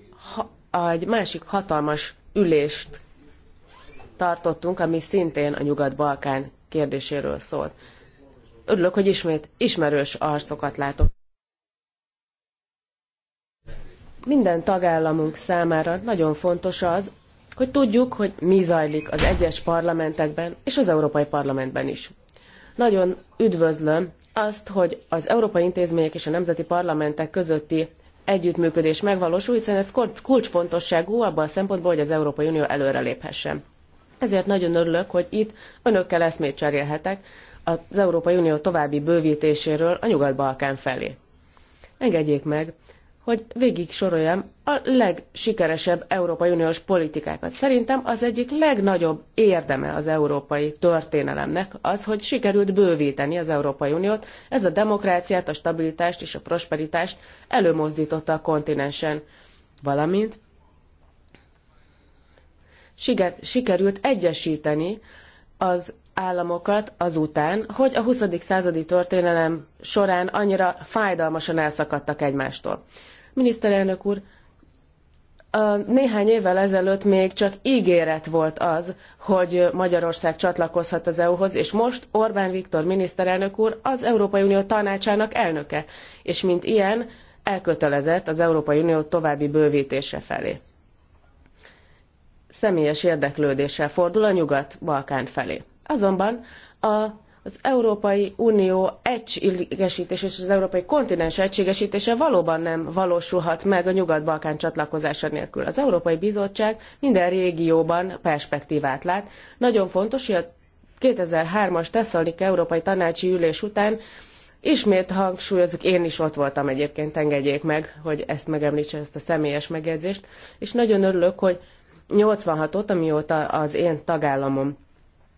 egy másik hatalmas ülést tartottunk, ami szintén a Nyugat-Balkán kérdéséről szólt. Örülök, hogy ismét ismerős arcokat látok. Minden tagállamunk számára nagyon fontos az, hogy tudjuk, hogy mi zajlik az egyes parlamentekben és az Európai Parlamentben is. Nagyon üdvözlöm azt, hogy az Európai Intézmények és a Nemzeti Parlamentek közötti együttműködés megvalósul, hiszen ez kulcsfontosságú abban a szempontból, hogy az Európai Unió előreléphessen. Ezért nagyon örülök, hogy itt önökkel eszmét cserélhetek az Európai Unió további bővítéséről a Nyugat-Balkán felé. Engedjék meg, hogy végig soroljam a legsikeresebb Európai Uniós politikákat. Szerintem az egyik legnagyobb érdeme az európai történelemnek az, hogy sikerült bővíteni az Európai Uniót. Ez a demokráciát, a stabilitást és a prosperitást előmozdította a kontinensen, valamint siget, sikerült egyesíteni az államokat azután, hogy a 20. századi történelem során annyira fájdalmasan elszakadtak egymástól. Miniszterelnök úr, néhány évvel ezelőtt még csak ígéret volt az, hogy Magyarország csatlakozhat az EU-hoz, és most Orbán Viktor miniszterelnök úr az Európai Unió tanácsának elnöke, és mint ilyen elkötelezett az Európai Unió további bővítése felé személyes érdeklődéssel fordul a Nyugat-Balkán felé. Azonban a, az Európai Unió egységesítése és az Európai Kontinens egységesítése valóban nem valósulhat meg a Nyugat-Balkán csatlakozása nélkül. Az Európai Bizottság minden régióban perspektívát lát. Nagyon fontos, hogy a 2003-as Tesszalik Európai Tanácsi Ülés után ismét hangsúlyozok, én is ott voltam egyébként, engedjék meg, hogy ezt megemlítsen, ezt a személyes megjegyzést, és nagyon örülök, hogy 86-ot, amióta az én tagállamom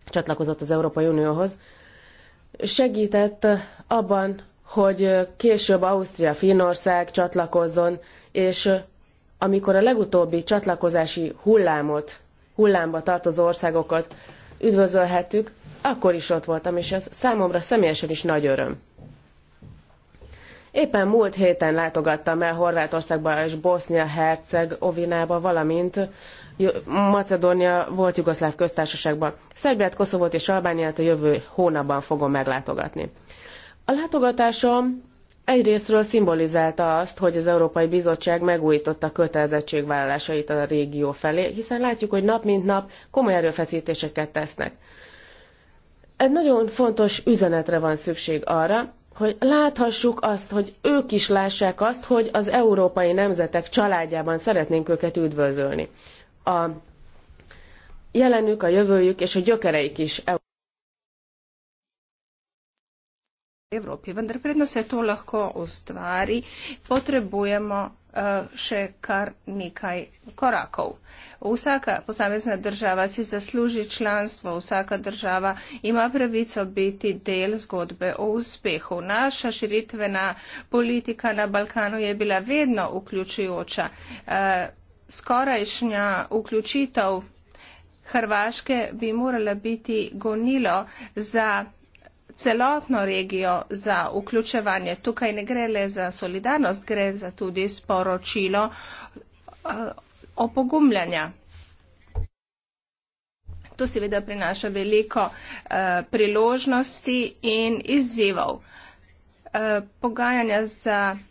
csatlakozott az Európai Unióhoz, segített abban, hogy később Ausztria, Finnország csatlakozzon, és amikor a legutóbbi csatlakozási hullámot, hullámba tartozó országokat üdvözölhettük, akkor is ott voltam, és ez számomra személyesen is nagy öröm. Éppen múlt héten látogattam el Horvátországba és Bosznia-Herceg-Ovinába, valamint Macedónia volt Jugoszláv köztársaságban. Szerbiát, Koszovót és Albániát a jövő hónapban fogom meglátogatni. A látogatásom egyrésztről szimbolizálta azt, hogy az Európai Bizottság megújította kötelezettségvállalásait a régió felé, hiszen látjuk, hogy nap mint nap komoly erőfeszítéseket tesznek. Egy nagyon fontos üzenetre van szükség arra, hogy láthassuk azt, hogy ők is lássák azt, hogy az európai nemzetek családjában szeretnénk őket üdvözölni a jelenük, a jövőjük és a gyökereik is Evropi, vendar predno se to lahko ustvari, potrebujemo eh, še kar nekaj korakov. Vsaka posamezna država si zasluži članstvo, vsaka država ima pravico biti del zgodbe o uspehu. Naša širitvena politika na Balkanu je bila vedno vključujoča. Eh, skorajšnja vključitev Hrvaške bi morala biti gonilo za celotno regijo za vključevanje. Tukaj ne gre le za solidarnost, gre za tudi sporočilo eh, opogumljanja. To seveda prinaša veliko eh, priložnosti in izzivov. Eh, pogajanja za vključevanje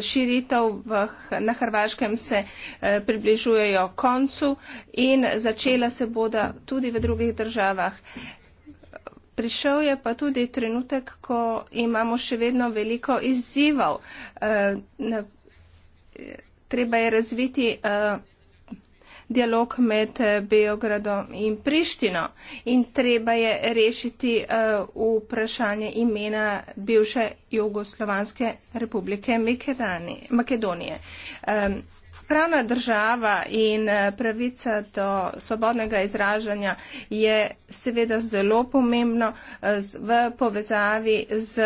širitev v, na Hrvaškem se eh, približujejo koncu in začela se bodo tudi v drugih državah. Prišel je pa tudi trenutek, ko imamo še vedno veliko izzivov. Eh, eh, treba je razviti dialog med eh, Beogradom in Prištino in treba je rešiti eh, vprašanje imena bivše Jugoslovanske republike Makedonije. Pravna država in eh, pravica do svobodnega izražanja je seveda zelo pomembno v povezavi z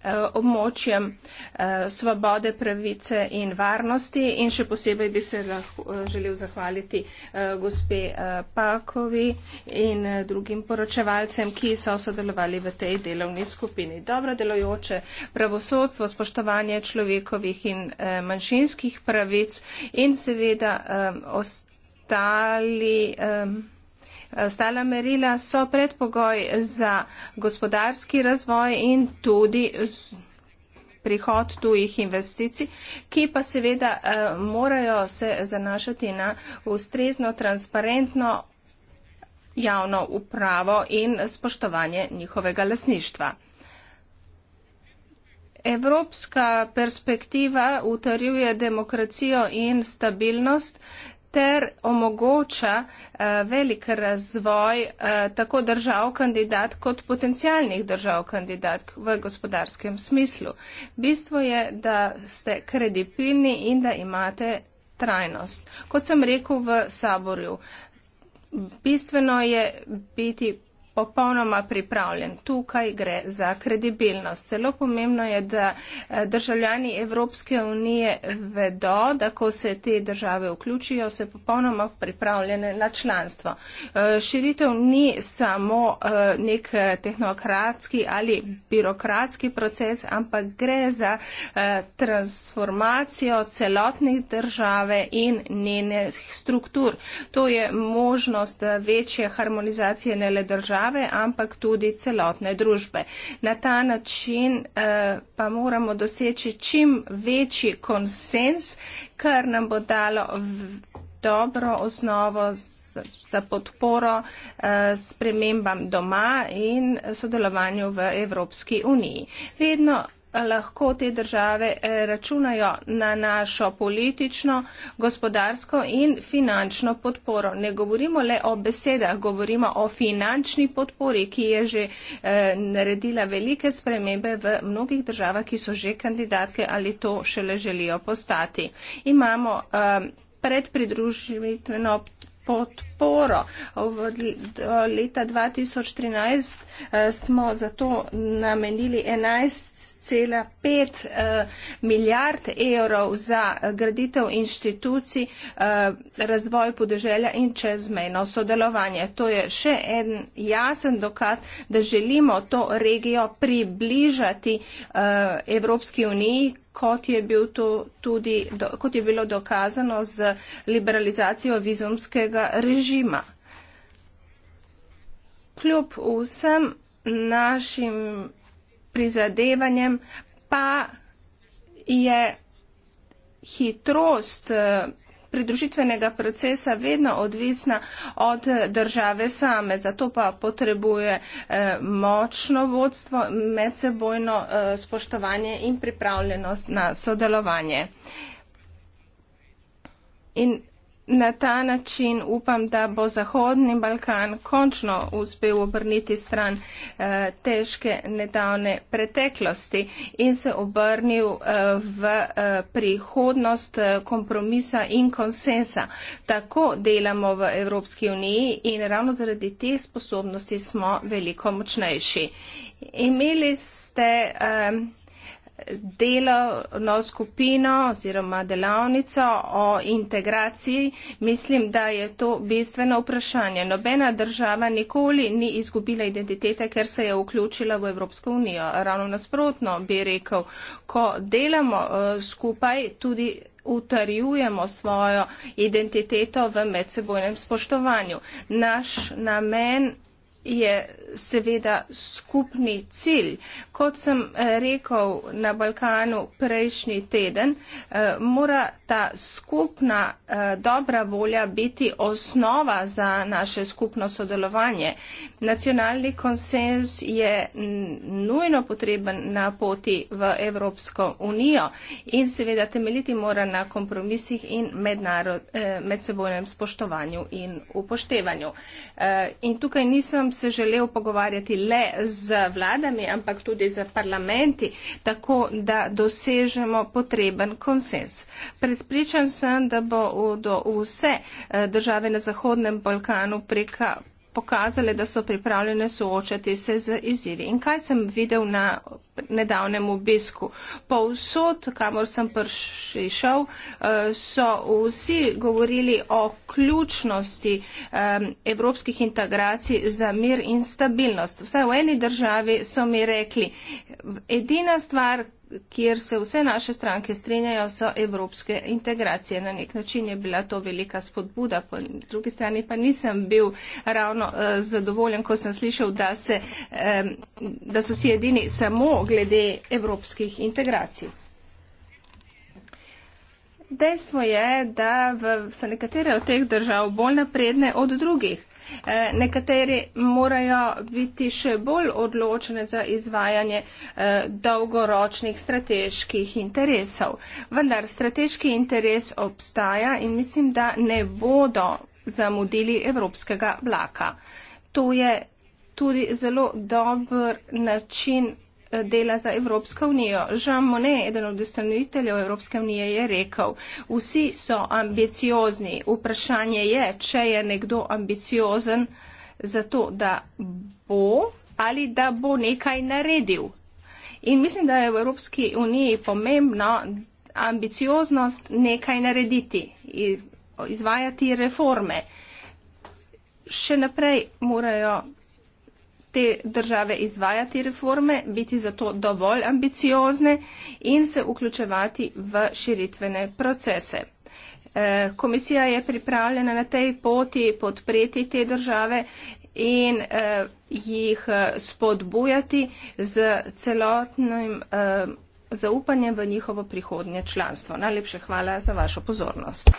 Eh, območjem eh, svobode, pravice in varnosti in še posebej bi se lahko eh, želel zahvaliti gospe Pakovi in drugim poročevalcem, ki so sodelovali v tej delovni skupini. Dobro delojoče pravosodstvo, spoštovanje človekovih in manjšinskih pravic in seveda ostali. Eh, ostala merila so predpogoj za gospodarski razvoj in tudi prihod tujih investicij, ki pa seveda eh, morajo se zanašati na ustrezno, transparentno javno upravo in spoštovanje njihovega lasništva. Evropska perspektiva utrjuje demokracijo in stabilnost, ter omogoča eh, velik razvoj eh, tako držav kandidat kot potencijalnih držav kandidat v gospodarskem smislu. Bistvo je, da ste kredipilni in da imate trajnost. Kot sem rekel v saborju, bistveno je biti popolnoma pripravljen. Tukaj gre za kredibilnost. Celo pomembno je, da eh, državljani Evropske unije vedo, da ko se te države vključijo, so popolnoma pripravljene na članstvo. Eh, širitev ni samo eh, nek tehnokratski ali birokratski proces, ampak gre za transformacijo celotne države in njenih struktur. To je možnost večje harmonizacije ne le države, države, ampak tudi celotne družbe. Na ta način eh, pa moramo doseči čim večji konsens, kar nam bo dalo dobro osnovo za podporo eh, spremembam doma in sodelovanju v Evropski uniji. Vedno lahko te države eh, računajo na našo politično, gospodarsko in finančno podporo. Ne govorimo le o besedah, govorimo o finančni podpori, ki je že eh, naredila velike spremembe v mnogih državah, ki so že kandidatke ali to šele želijo postati. Imamo eh, predpridružitveno podporo. Do leta 2013 smo zato namenili 11 6,5 eh, milijard evrov za eh, graditev inštitucij, eh, razvoj podeželja in čezmejno sodelovanje. To je še en jasen dokaz, da želimo to regijo približati Evropski uniji. Kot je, bil tudi, kot je bilo dokazano z liberalizacijo vizumskega režima. Kljub vsem našim prizadevanjem, pa je hitrost eh, pridružitvenega procesa vedno odvisna od države same, zato pa potrebuje eh, močno vodstvo, medsebojno eh, spoštovanje in pripravljenost na sodelovanje. In Na ta način upam, da bo Zahodni Balkan končno uspel obrniti stran eh, težke nedavne preteklosti in se obrnil eh, v eh, prihodnost eh, kompromisa in konsensa. Tako delamo v Evropski uniji in ravno zaradi teh sposobnosti smo veliko močnejši. Imeli ste. Eh, delovno skupino oziroma delavnico o integraciji, mislim, da je to bistveno vprašanje. Nobena država nikoli ni izgubila identitete, ker se je vključila v Evropsko unijo. Ravno nasprotno bi rekel, ko delamo uh, skupaj, tudi utrjujemo svojo identiteto v medsebojnem spoštovanju. Naš namen je seveda skupni cilj. Kot sem eh, rekel na Balkanu prejšnji teden, eh, mora ta skupna eh, dobra volja biti osnova za naše skupno sodelovanje. Nacionalni konsens je nujno potreben na poti v Evropsko unijo in seveda temeljiti mora na kompromisih in mednarod, medsebojnem spoštovanju in upoštevanju. In tukaj nisem se želel pokazati, pogovarjati le z vladami, ampak tudi z parlamenti, tako da dosežemo potreben konsens. Prespričan sem, da bo do vse eh, države na Zahodnem Balkanu preka pokazale, da so pripravljene soočati se z izzivi. In kaj sem videl na nedavnem obisku? Po vsod, kamor sem prišel, eh, so vsi govorili o ključnosti evropskih integracij za mir in stabilnost. Vsaj v eni državi so mi rekli, edina stvar, kjer se vse naše stranke strenjajo, so evropske integracije. Na nek način je bila to velika spodbuda, po drugi strani pa nisem bil ravno uh, zadovoljen, ko sem slišal, da, se, um, da so si edini samo glede evropskih integracij. Dejstvo je, da v, so nekatere od teh držav bolj napredne od drugih. Eh, nekateri morajo biti še bolj odločene za izvajanje eh, dolgoročnih strateških interesov. Vendar strateški interes obstaja in mislim, da ne bodo zamudili evropskega vlaka. To je tudi zelo dober način dela za Evropsko unijo. Jean Monnet, eden od ustanoviteljev Evropske unije, je rekel, vsi so ambiciozni. Vprašanje je, če je nekdo ambiciozen za to, da bo ali da bo nekaj naredil. In mislim, da je v Evropski uniji pomembno ambicioznost nekaj narediti, izvajati reforme. Še naprej morajo te države izvajati reforme, biti zato dovolj ambiciozne in se vključevati v širitvene procese. Eh, komisija je pripravljena na tej poti podpreti te države in eh, jih eh, spodbujati z celotnim zaupanjem v njihovo prihodnje članstvo. Najlepše hvala za vašo pozornost.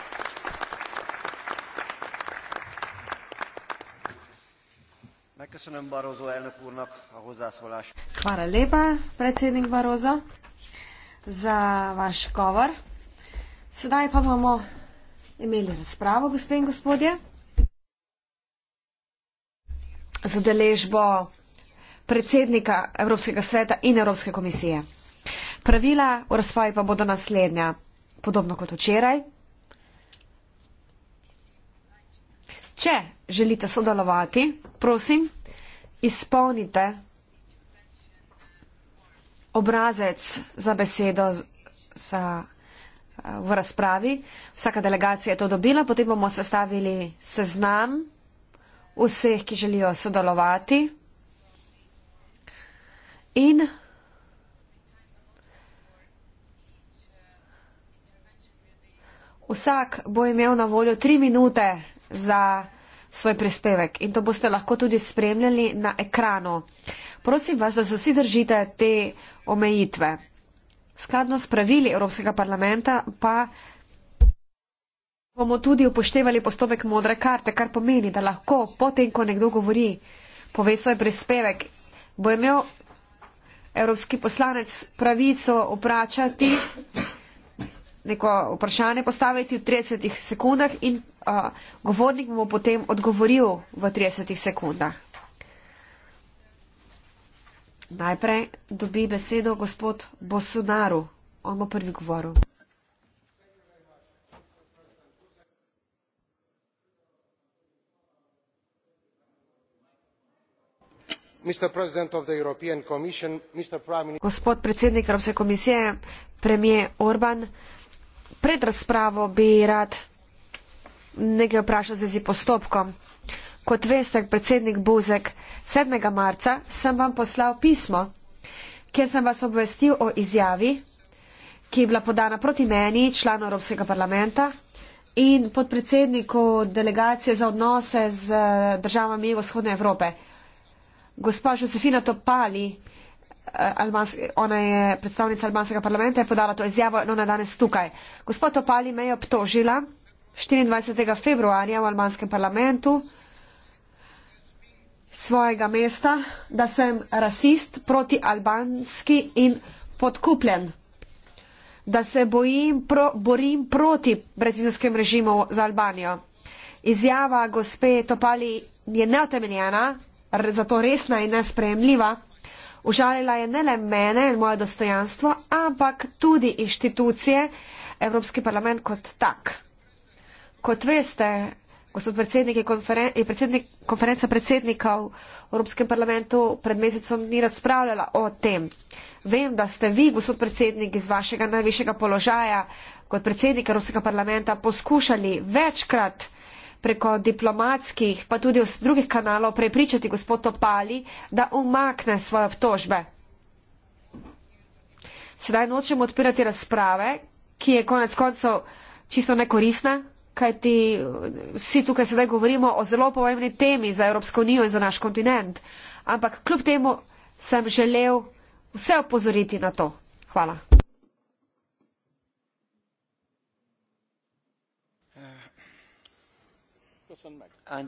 Köszönöm Barozó elnök úrnak a hozzászólás. Hvala lepa, predsednik Barozo, za vaš govor. Sedaj pa bomo imeli razpravo, gospe in gospodje, z udeležbo predsednika Evropskega sveta in Evropske komisije. Pravila v razpravi pa bodo naslednja, podobno kot včeraj. Če želite sodelovati, prosim, izpolnite obrazec za besedo za, eh, v razpravi. Vsaka delegacija je to dobila, potem bomo sestavili seznam vseh, ki želijo sodelovati. In vsak bo imel na voljo tri minute za svoj prispevek in to boste lahko tudi spremljali na ekranu. Prosim vas, da se vsi držite te omejitve. Skladno s pravili Evropskega parlamenta pa bomo tudi upoštevali postopek modre karte, kar pomeni, da lahko potem, ko nekdo govori, pove svoj prispevek, bo imel evropski poslanec pravico obračati neko vprašanje postaviti v 30 sekundah in a, govornik mu bo potem odgovoril v 30 sekundah. Najprej dobi besedo gospod Bosunaru. On bo prvi govoril. Gospod predsednik Evropske komisije, premije Orban, pred razpravo bi rad nekaj vprašal v zvezi postopkom. Kot veste, predsednik Buzek, 7. marca sem vam poslal pismo, kjer sem vas obvestil o izjavi, ki je bila podana proti meni, članu Evropskega parlamenta in podpredsedniku delegacije za odnose z državami Jugoshodne Evrope. Gospa Josefina Topali Almas, ona je predstavnica albanskega parlamenta, je podala to izjavo in no, ona danes tukaj. Gospod Topali me je obtožila 24. februarja v albanskem parlamentu svojega mesta, da sem rasist proti albanski in podkupljen, da se bojim pro, borim proti brezizovskem režimu za Albanijo. Izjava gospe Topali je neotemeljena, zato resna in nesprejemljiva. Užalila je ne le mene in moje dostojanstvo, ampak tudi inštitucije, Evropski parlament kot tak. Kot veste, gospod predsednik je, konferen je predsednik konferenca predsednika v Evropskem parlamentu pred mesecem ni razpravljala o tem. Vem, da ste vi, gospod predsednik, iz vašega najvišjega položaja kot predsednik Evropskega parlamenta poskušali večkrat preko diplomatskih, pa tudi iz drugih kanalov prepričati gospod Topali, da umakne svoje obtožbe. Sedaj nočem odpirati razprave, ki je konec koncev čisto nekorisna, kajti eh, vsi tukaj sedaj govorimo o zelo pomembni temi za Evropsko unijo in za naš kontinent. Ampak kljub temu sem želel vse opozoriti na to. Hvala. Eh,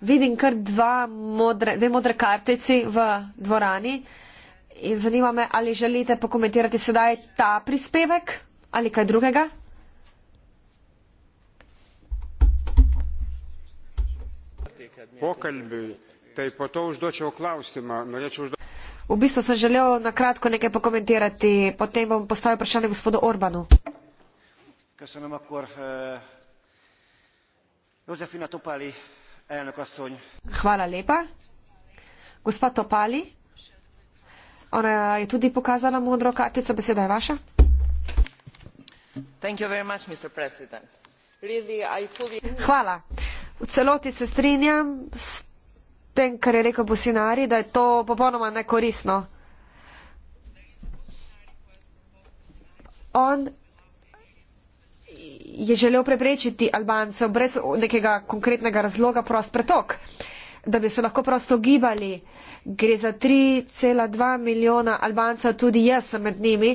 Vidim kar dva dve modri kartici v dvorani in zanima me, ali želite pokomentirati sedaj ta prispevek ali kaj drugega? Tai po to užduočiau klausimą. Norėčiau užduoti. V bistvu sem želel na kratko nekaj pokomentirati, potem bom postavil vprašanje gospodu Orbanu. Eh, Hvala lepa. Gospa Topali, ona je tudi pokazala modro kartico, beseda je vaša. Hvala. V celoti se strinjam s tem, kar je rekel Bosinari, da je to popolnoma nekoristno. On je želel preprečiti Albancev brez nekega konkretnega razloga prost pretok, da bi se lahko prosto gibali. Gre za 3,2 milijona Albancev, tudi jaz sem med njimi,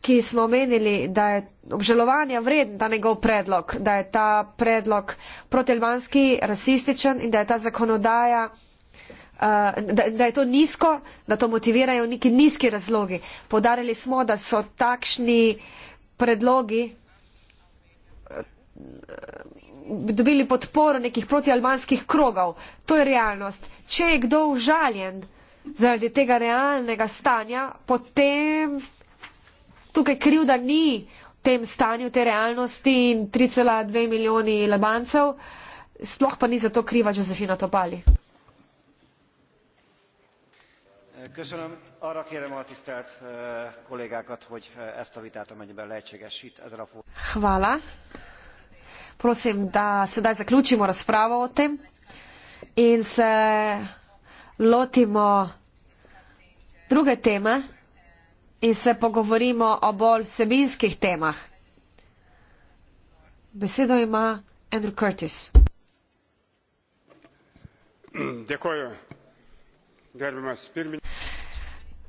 ki smo omenili, da je obžalovanja vreden ta njegov predlog, da je ta predlog protialbanski, rasističen in da je ta zakonodaja Uh, da, da je to nizko, da to motivirajo neki nizki razlogi. Podarili smo, da so takšni predlogi uh, dobili podporo nekih protialbanskih krogov. To je realnost. Če je kdo užaljen zaradi tega realnega stanja, potem tukaj krivda ni v tem stanju, te realnosti in 3,2 milijoni labancev, sploh pa ni zato kriva Josefina Topali. arra kérem a tisztelt kollégákat, hogy ezt a vitát amennyiben lehetségesít ezzel a fórumon. Hvala. Prosim, da sedaj zaključimo razpravo o tem in se lotimo druge teme in se pogovorimo o bolj vsebinskih temah. Besedo ima Andrew Curtis. Děkuji.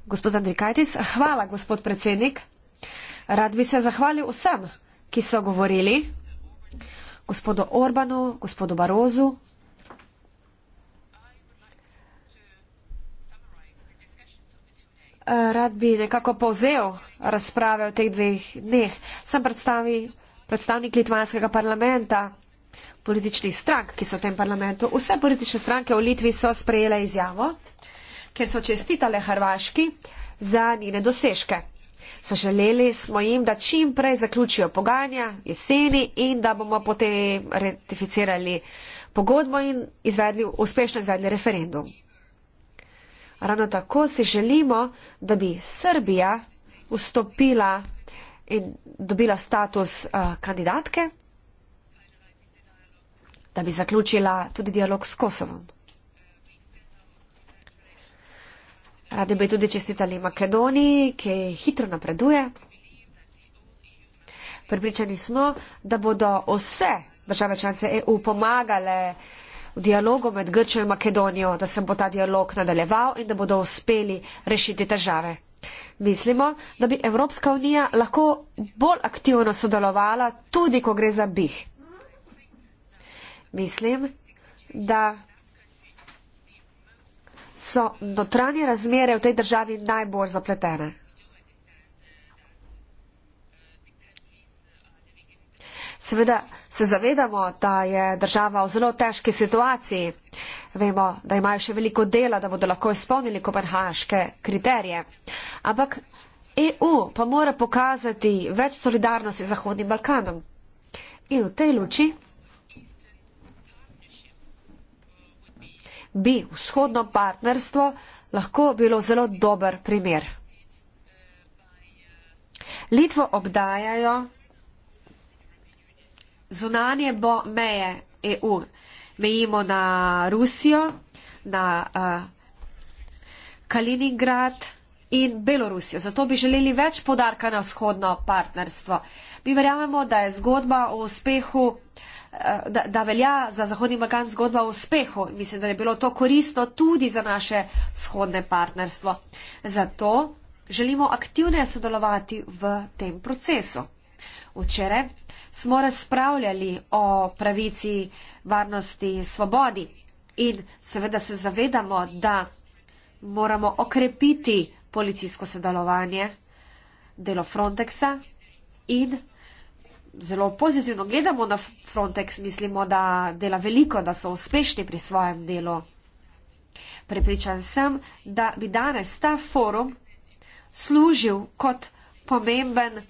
Gospod Andrikajtis, hvala, gospod predsednik. Rad bi se zahvalil vsem, ki so govorili, gospodu Orbanu, gospodu Barozu. Rad bi nekako povzel razprave v teh dveh dneh. Sem predstavi, predstavnik litvanskega parlamenta, političnih strank, ki so v tem parlamentu. Vse politične stranke v Litvi so sprejele izjavo ker so čestitale Hrvaški za njene dosežke. Zaželeli smo jim, da čim prej zaključijo pogajanja jeseni in da bomo potem ratificirali pogodbo in izvedli, uspešno izvedli referendum. Ravno tako si želimo, da bi Srbija vstopila in dobila status uh, kandidatke, da bi zaključila tudi dialog s Kosovom. Radi bi tudi čestitali Makedoniji, ki hitro napreduje. Pripričani smo, da bodo vse države članice EU pomagale v dialogu med Grčijo in Makedonijo, da se bo ta dialog nadaljeval in da bodo uspeli rešiti težave. Mislimo, da bi Evropska unija lahko bolj aktivno sodelovala, tudi ko gre za bih. Mislim, da so notranje razmere v tej državi najbolj zapletene. Seveda se zavedamo, da je država v zelo težki situaciji. Vemo, da imajo še veliko dela, da bodo lahko izpolnili kopenhaške kriterije. Ampak EU pa mora pokazati več solidarnosti z Zahodnim Balkanom. In v tej luči bi vzhodno partnerstvo lahko bilo zelo dober primer. Litvo obdajajo zunanje bo meje EU. Mejimo na Rusijo, na uh, Kaliningrad in Belorusijo. Zato bi želeli več podarka na vzhodno partnerstvo. Mi verjamemo, da je zgodba o uspehu uh, Eh, da, da velja za Zahodni Balkan zgodba o uspehu. Mislim, da je bilo to koristno tudi za naše vzhodne partnerstvo. Zato želimo aktivneje sodelovati v tem procesu. Včeraj smo razpravljali o pravici varnosti in svobodi in seveda se zavedamo, da moramo okrepiti policijsko sodelovanje, delo Frontexa in zelo pozitivno gledamo na Frontex, mislimo, da dela veliko, da so uspešni pri svojem delu. Prepričan sem, da bi danes ta forum služil kot pomemben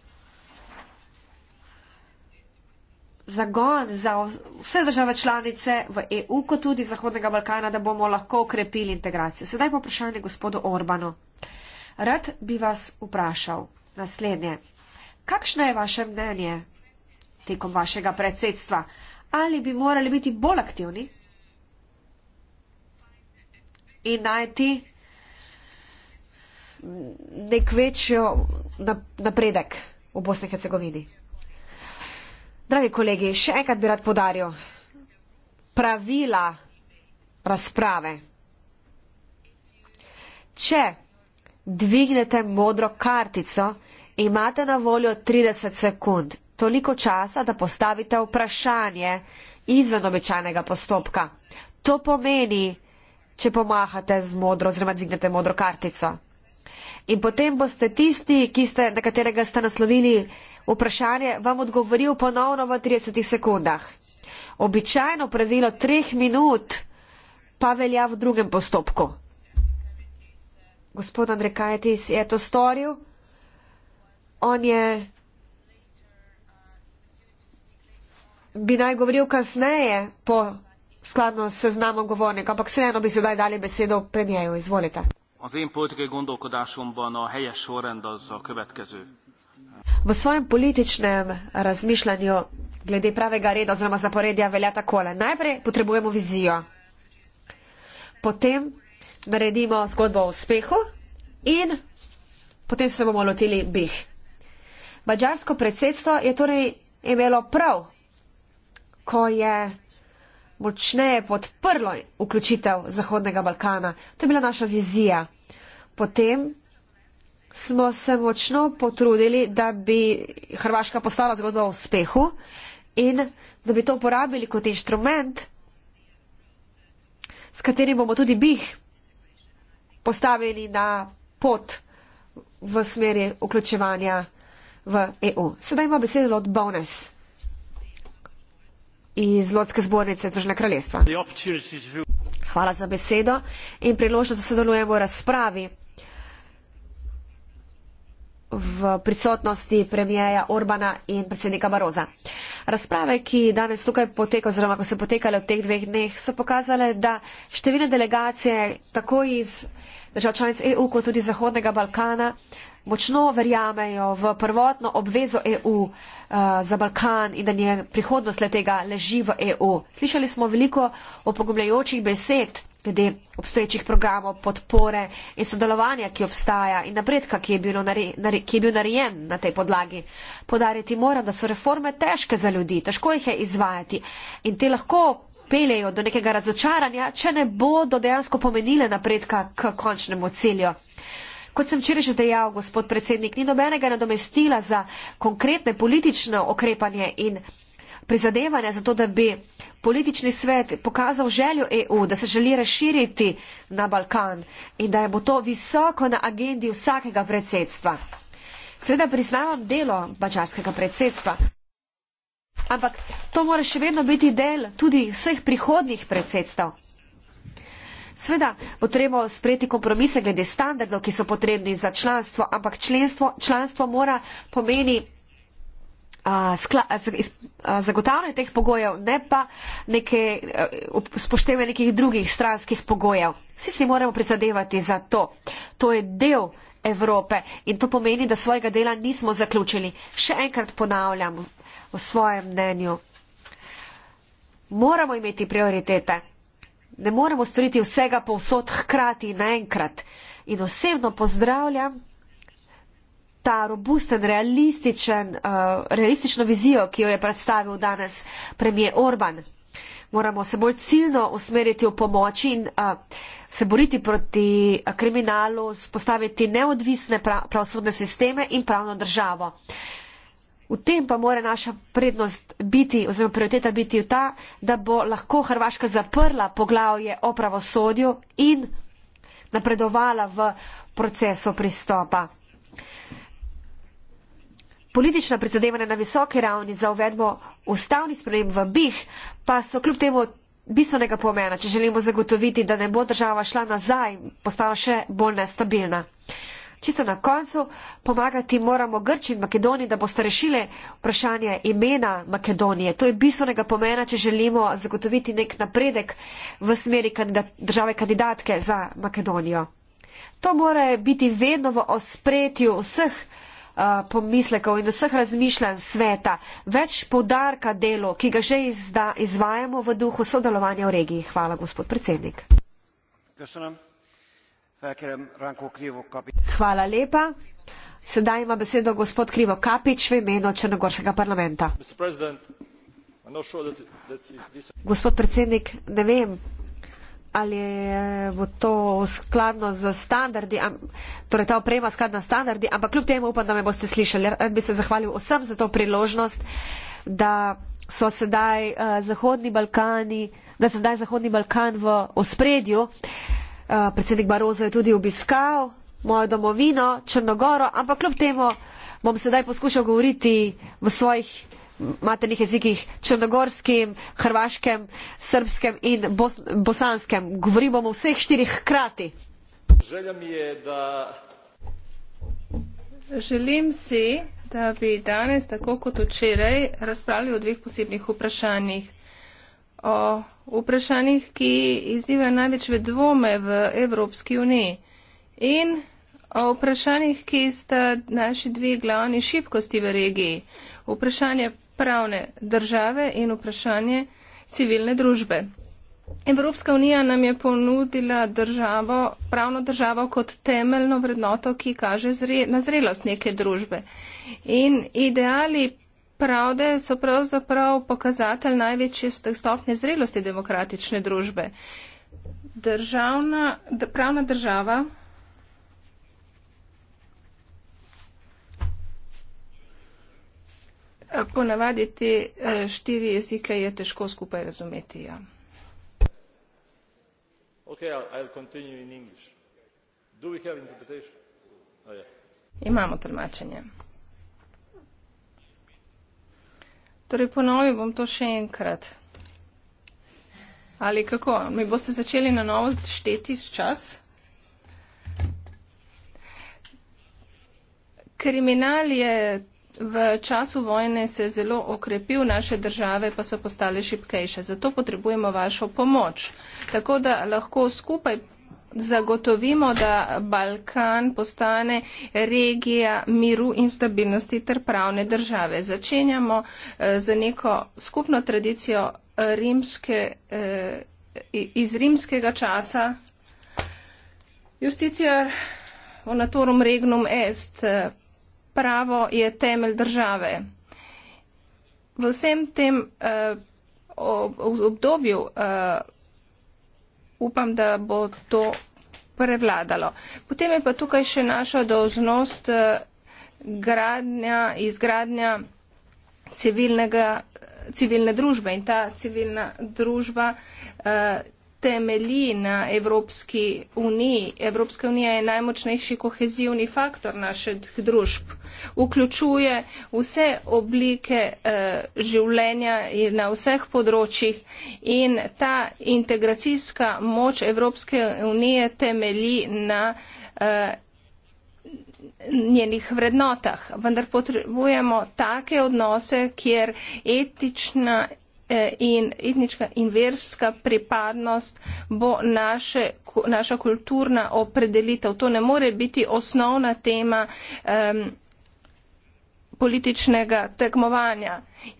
zagon za vse države članice v EU, kot tudi Zahodnega Balkana, da bomo lahko ukrepili integracijo. Sedaj pa vprašanje gospodu Orbanu. Rad bi vas vprašal naslednje. Kakšno je vaše mnenje tekom vašega predsedstva. Ali bi morali biti bolj aktivni in najti nek večji napredek v Bosni in Hercegovini? Dragi kolegi, še enkrat bi rad podaril pravila razprave. Če dvignete modro kartico, imate na voljo 30 sekund toliko časa, da postavite vprašanje izven običajnega postopka. To pomeni, če pomahate z modro oziroma dvignete modro kartico. In potem boste tisti, ste, na katerega ste naslovili vprašanje, vam odgovoril ponovno v 30 sekundah. Običajno pravilo treh minut pa velja v drugem postopku. Gospod Andrej Kajetis je to storil. On je bi naj govoril kasneje po skladno s znamo govornik, ampak vseeno bi sedaj dali besedo premijeju. Izvolite. V svojem političnem razmišljanju glede pravega reda oziroma zaporedja velja takole. Najprej potrebujemo vizijo, potem naredimo zgodbo o uspehu in potem se bomo lotili bih. Mačarsko predsedstvo je torej imelo prav ko je močneje podprlo vključitev Zahodnega Balkana. To je bila naša vizija. Potem smo se močno potrudili, da bi Hrvaška postala zgodba o uspehu in da bi to uporabili kot inštrument, s katerim bomo tudi bih postavili na pot v smeri vključevanja v EU. Sedaj ima besedo od Bones iz Lotske zbornice Združene kraljestva. Hvala za besedo in priložnost, da sodelujemo v razpravi v prisotnosti premijeja Orbana in predsednika Baroza. Razprave, ki danes tukaj potekajo, oziroma ko so potekale v teh dveh dneh, so pokazale, da številne delegacije tako iz držav članic EU kot tudi Zahodnega Balkana močno verjamejo v prvotno obvezo EU Eh, za Balkan in da je prihodnost letega leži v EU. Slišali smo veliko opogumljajočih besed glede obstoječih programov, podpore in sodelovanja, ki obstaja in napredka, ki je, nare, ki je bil narejen na tej podlagi. Podariti moram, da so reforme težke za ljudi, težko jih je izvajati in te lahko peljejo do nekega razočaranja, če ne bodo dejansko pomenile napredka k končnemu cilju kot sem včeraj že dejal, gospod predsednik, ni nobenega nadomestila za konkretne politično okrepanje in prizadevanje za to, da bi politični svet pokazal željo EU, da se želi razširiti na Balkan in da je bo to visoko na agendi vsakega predsedstva. Sveda priznavam delo mačarskega predsedstva, ampak to mora še vedno biti del tudi vseh prihodnih predsedstv. Sveda bo treba sprejeti kompromise glede standardov, ki so potrebni za članstvo, ampak členstvo, članstvo mora pomeni zagotavljanje teh pogojev, ne pa neke, spoštevanje nekih drugih stranskih pogojev. Vsi si moramo prizadevati za to. To je del Evrope in to pomeni, da svojega dela nismo zaključili. Še enkrat ponavljam v svojem mnenju. Moramo imeti prioritete ne moremo storiti vsega povsod hkrati naenkrat. In osebno pozdravljam ta robusten, realističen, uh, realistično vizijo, ki jo je predstavil danes premijer Orban. Moramo se bolj ciljno usmeriti v pomoči in uh, se boriti proti uh, kriminalu, spostaviti neodvisne pra pravosodne sisteme in pravno državo. Uh, V tem pa mora naša prednost biti oziroma prioriteta biti v ta, da bo lahko Hrvaška zaprla poglavje o pravosodju in napredovala v procesu pristopa. Politična prizadevanja na visoki ravni za uvedbo ustavnih sprememb v BIH pa so kljub temu bistvenega pomena, če želimo zagotoviti, da ne bo država šla nazaj, postala še bolj nestabilna čisto na koncu, pomagati moramo Grči in Makedoniji, da boste rešile vprašanje imena Makedonije. To je bistvenega pomena, če želimo zagotoviti nek napredek v smeri kandidat, države kandidatke za Makedonijo. To mora biti vedno v ospretju vseh eh, pomislekov in vseh razmišljanj sveta, več povdarka delu, ki ga že izda, izvajamo v duhu sodelovanja v regiji. Hvala, gospod predsednik. Gospod. Hvala lepa. Sedaj ima besedo gospod Krivo Kapič v imenu Črnogorskega parlamenta. Gospod predsednik, ne vem, ali bo to skladno z standardi, torej ta oprema skladna standardi, ampak kljub temu upam, da me boste slišali. Rad bi se zahvalil vsem za to priložnost, da so sedaj eh, Zahodni Balkani, da sedaj Zahodni Balkan v ospredju. Eh, predsednik Barozo je tudi obiskal mojo domovino Črnogoro, ampak kljub temu bom sedaj poskušal govoriti v svojih maternih jezikih črnogorskim, hrvaškem, srpskem in bos bosanskem. Govorim bomo vseh štirih krati. Želja mi je, da. Želim si, da bi danes, tako kot včeraj, razpravljali o dveh posebnih vprašanjih o vprašanjih, ki izziva največ v dvome v Evropski uniji in o vprašanjih, ki sta naši dve glavni šibkosti v regiji. Vprašanje pravne države in vprašanje civilne družbe. Evropska unija nam je ponudila državo, pravno državo kot temeljno vrednoto, ki kaže zre, na zrelost neke družbe. In ideali pravde so pravzaprav pokazatelj največje stopnje zrelosti demokratične družbe. Državna, pravna država ponavadi te eh, štiri jezike je težko skupaj razumeti. Ja. Okay, I'll Do we have oh, yeah. Imamo tolmačenje. Torej, ponovil bom to še enkrat. Ali kako? Mi boste začeli na novo šteti s čas? Kriminal je v času vojne se zelo okrepil, naše države pa so postale šipkejše. Zato potrebujemo vašo pomoč. Tako da lahko skupaj zagotovimo, da Balkan postane regija miru in stabilnosti ter pravne države. Začenjamo eh, z neko skupno tradicijo eh, rimske, eh, iz rimskega časa. Justicijar onatorum regnum est, pravo je temelj države. V vsem tem v obdobju upam, da bo to prevladalo. Potem je pa tukaj še naša dožnost eh, gradnja, izgradnja civilnega, civilne družbe in ta civilna družba. Uh, temelji na Evropski uniji. Evropska unija je najmočnejši kohezivni faktor naših družb. Vključuje vse oblike eh, življenja na vseh področjih in ta integracijska moč Evropske unije temelji na eh, njenih vrednotah. Vendar potrebujemo take odnose, kjer etična in etnička in verska pripadnost bo naše, naša kulturna opredelitev. To ne more biti osnovna tema. Um, političnega tekmovanja.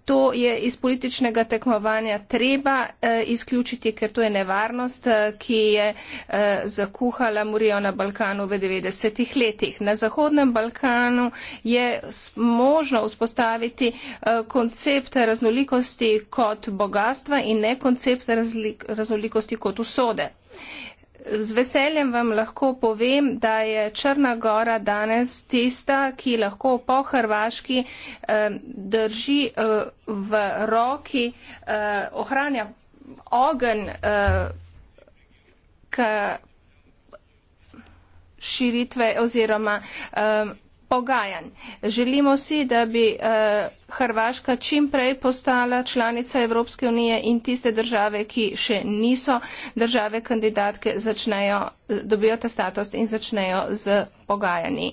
To je iz političnega tekmovanja treba eh, izključiti, ker to je nevarnost, eh, ki je eh, zakuhala Murijo na Balkanu v 90-ih letih. Na Zahodnem Balkanu je možno vzpostaviti eh, koncept raznolikosti kot bogatstva in ne koncept raznolikosti kot usode z veseljem vam lahko povem, da je Črna Gora danes tista, ki lahko po Hrvaški eh, drži eh, v roki, eh, ohranja ogen eh, k širitve oziroma. Eh, pogajanj. Želimo si, da bi uh, Hrvaška čim prej postala članica Evropske unije in tiste države, ki še niso države kandidatke, začnejo, eh, dobijo ta status in začnejo z pogajanji.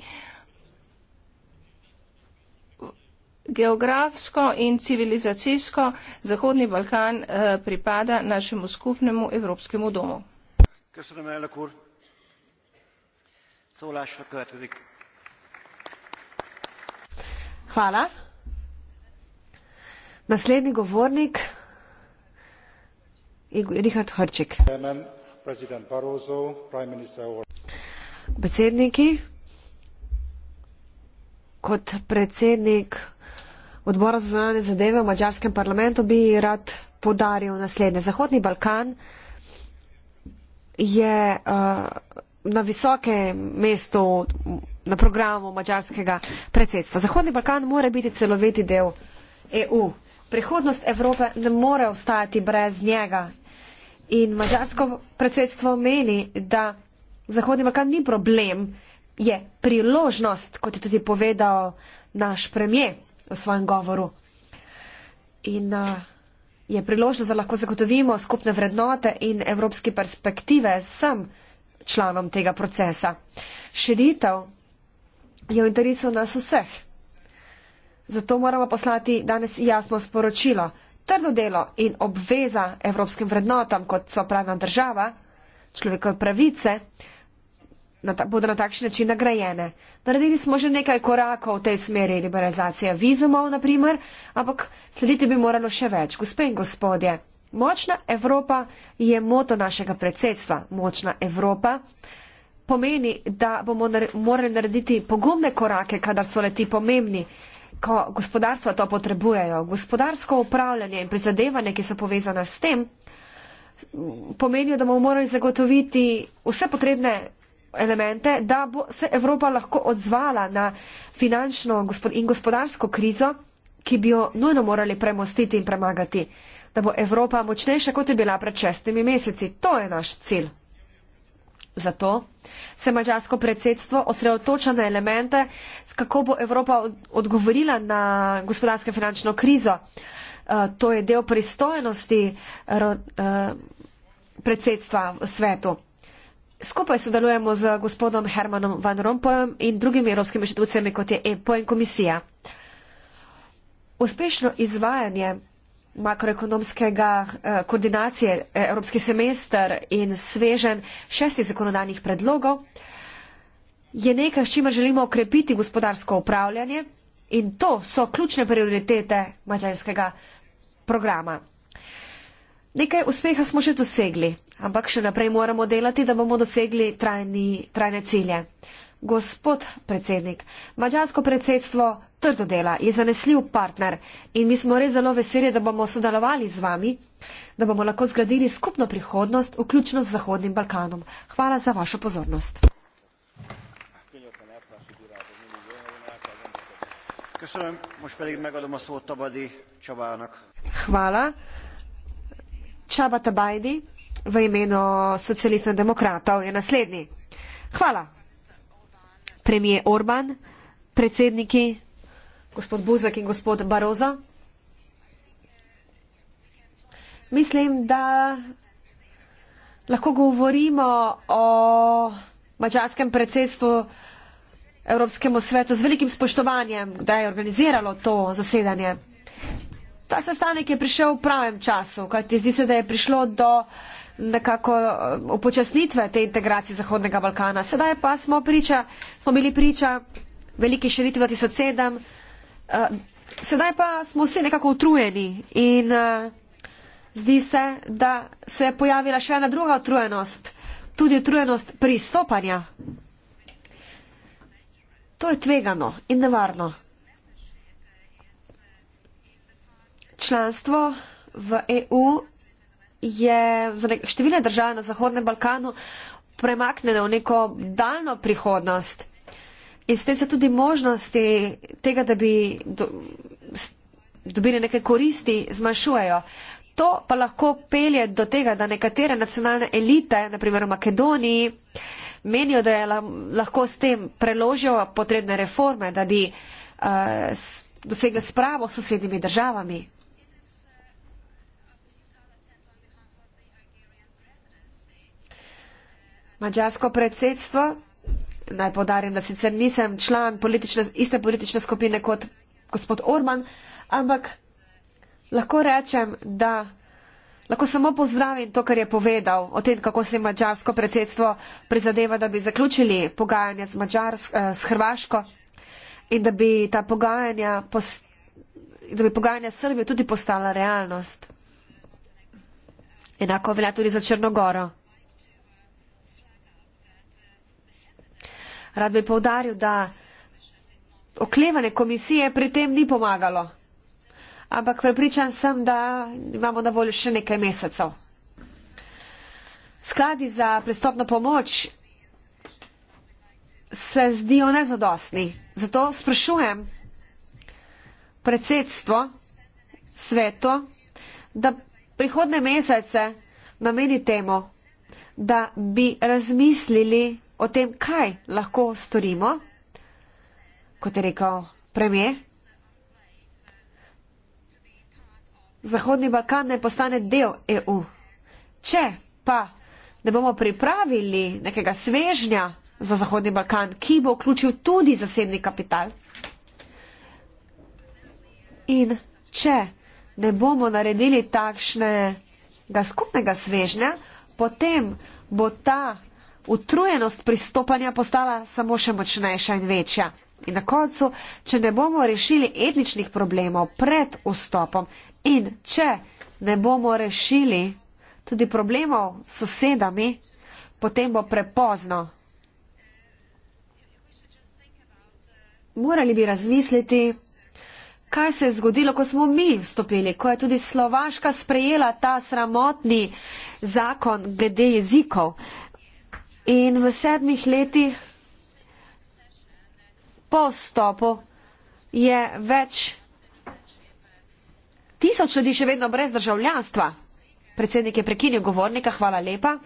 Geografsko in civilizacijsko Zahodni Balkan eh, pripada našemu skupnemu evropskemu domu. Köszönöm, Hvala. Naslednji govornik, Richard Hrček. Predsedniki, kot predsednik odbora za zunanje zadeve v mačarskem parlamentu bi rad podaril naslednje. Zahodni Balkan je uh, na visokem mestu na programu mađarskega predsedstva. Zahodni Balkan mora biti celoviti del EU. Prihodnost Evrope ne more ostati brez njega. In mađarsko predsedstvo meni, da Zahodni Balkan ni problem, je priložnost, kot je tudi povedal naš premijer v svojem govoru. In uh, je priložnost, da lahko zagotovimo skupne vrednote in evropske perspektive sem članom tega procesa. Širitev je v interesu nas vseh. Zato moramo poslati danes jasno sporočilo. Trdo delo in obveza evropskim vrednotam, kot so pravna država, človekove pravice, bodo na takšen način nagrajene. Naredili smo že nekaj korakov v tej smeri, liberalizacija vizumov, naprimer, ampak slediti bi moralo še več. Gospe in gospodje, močna Evropa je moto našega predsedstva. Močna Evropa pomeni, da bomo nar morali narediti pogumne korake, kadar so le ti pomembni, ko gospodarstva to potrebujejo. Gospodarsko upravljanje in prizadevanje, ki so povezane s tem, pomenijo, da bomo morali zagotoviti vse potrebne elemente, da bo se Evropa lahko odzvala na finančno in gospodarsko krizo, ki bi jo nujno morali premostiti in premagati, da bo Evropa močnejša, kot je bila pred šestimi meseci. To je naš cilj. Zato se mađarsko predsedstvo osredotoča na elemente, kako bo Evropa odgovorila na gospodarsko in finančno krizo. Eh, to je del pristojnosti eh, eh, predsedstva v svetu. Skupaj sodelujemo z gospodom Hermanom Van Rompojem in drugimi evropskimi inštitucijami, kot je EPO in komisija. Uspešno izvajanje makroekonomskega eh, koordinacije eh, Evropski semester in svežen šestih zakonodajnih predlogov, je nekaj, s čimer želimo okrepiti gospodarsko upravljanje in to so ključne prioritete mačarskega programa. Nekaj uspeha smo že dosegli, ampak še naprej moramo delati, da bomo dosegli trajni, trajne cilje. Gospod predsednik, mačarsko predsedstvo trdo dela, je zanesljiv partner in mi smo res zelo veseli, da bomo sodelovali z vami, da bomo lahko zgradili skupno prihodnost, vključno z Zahodnim Balkanom. Hvala za vašo pozornost. Köszönöm, most pedig megadom a szót Tabadi Csabának. Hvala. Csaba Tabajdi, vajménő szocialista demokrata, a naslednyi. Hvala. Premier Orbán, predsedniki, gospod Buzek in gospod Barozo. Mislim, da lahko govorimo o mačarskem predsedstvu Evropskemu svetu z velikim spoštovanjem, da je organiziralo to zasedanje. Ta sestanek je prišel v pravem času, kajti zdi se, da je prišlo do nekako eh, upočasnitve te integracije Zahodnega Balkana. Sedaj pa smo, priča, smo bili priča velike širitve 2007, Uh, sedaj pa smo vsi nekako utrujeni in uh, zdi se, da se je pojavila še ena druga utrujenost, tudi utrujenost pristopanja. To je tvegano in nevarno. Članstvo v EU je za številne države na Zahodnem Balkanu premaknjeno v neko daljno prihodnost. In ste se tudi možnosti tega, da bi do, s, dobili neke koristi, zmanjšujejo. To pa lahko pelje do tega, da nekatere nacionalne elite, naprimer v Makedoniji, menijo, da je la, lahko s tem preložijo potrebne reforme, da bi uh, eh, dosegli spravo s sosednjimi državami. Mačarsko predsedstvo naj podarim, da sicer nisem član politične, iste politične skupine kot gospod Orban, ampak lahko rečem, da lahko samo pozdravim to, kar je povedal o tem, kako se mačarsko predsedstvo prizadeva, da bi zaključili pogajanja z, Mađarsk, eh, z Hrvaško in da bi ta pogajanja. Post- da bi pogajanja Srbije tudi postala realnost. Enako velja tudi za Črnogoro. Rad bi povdaril, da oklevanje komisije pri tem ni pomagalo. Ampak prepričan sem, da imamo na voljo še nekaj mesecev. Skladi za prestopno pomoč se zdijo nezadostni. Zato sprašujem predsedstvo, sveto, da prihodne mesece nameni temu, da bi razmislili o tem, kaj lahko storimo, kot je rekel premijer. Zahodni Balkan ne postane del EU. Če pa ne bomo pripravili nekega svežnja za Zahodni Balkan, ki bo vključil tudi zasebni kapital, in če ne bomo naredili takšnega skupnega svežnja, potem bo ta utrujenost pristopanja postala samo še močnejša in večja. In na koncu, če ne bomo rešili etničnih problemov pred vstopom in če ne bomo rešili tudi problemov s sosedami, potem bo prepozno. Morali bi razmisliti, kaj se je zgodilo, ko smo mi vstopili, ko je tudi Slovaška sprejela ta sramotni zakon glede jezikov. In v sedmih letih po stopu je več tisoč ljudi še vedno brez državljanstva. Predsednik je prekinil govornika, hvala lepa.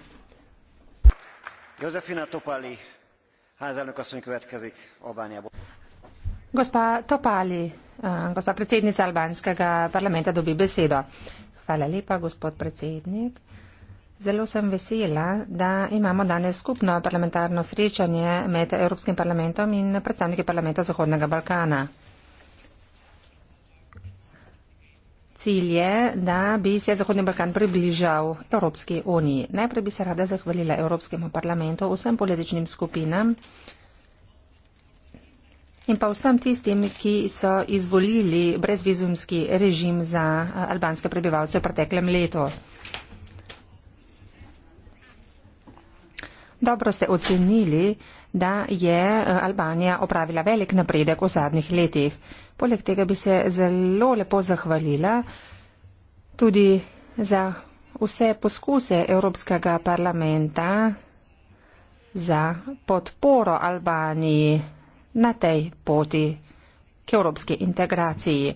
Jozefina Topali, házelnöka asszony következik Albániából. Gospa Topali, eh, gospa predsednica albánskega parlamenta dobi besedo. Hvala lepa, gospod predsednik. Zelo sem vesela, da imamo danes skupno parlamentarno srečanje med Evropskim parlamentom in predstavniki parlamenta Zahodnega Balkana. Cilj je, da bi se Zahodni Balkan približal Evropski uniji. Najprej bi se rada zahvalila Evropskemu parlamentu, vsem političnim skupinam in pa vsem tistim, ki so izvolili brezvizumski režim za albanske prebivalce v preteklem letu. Dobro ste ocenili, da je eh, Albanija opravila velik napredek v zadnjih letih. Poleg tega bi se zelo lepo zahvalila tudi za vse poskuse Evropskega parlamenta za podporo Albaniji na tej poti k evropski integraciji.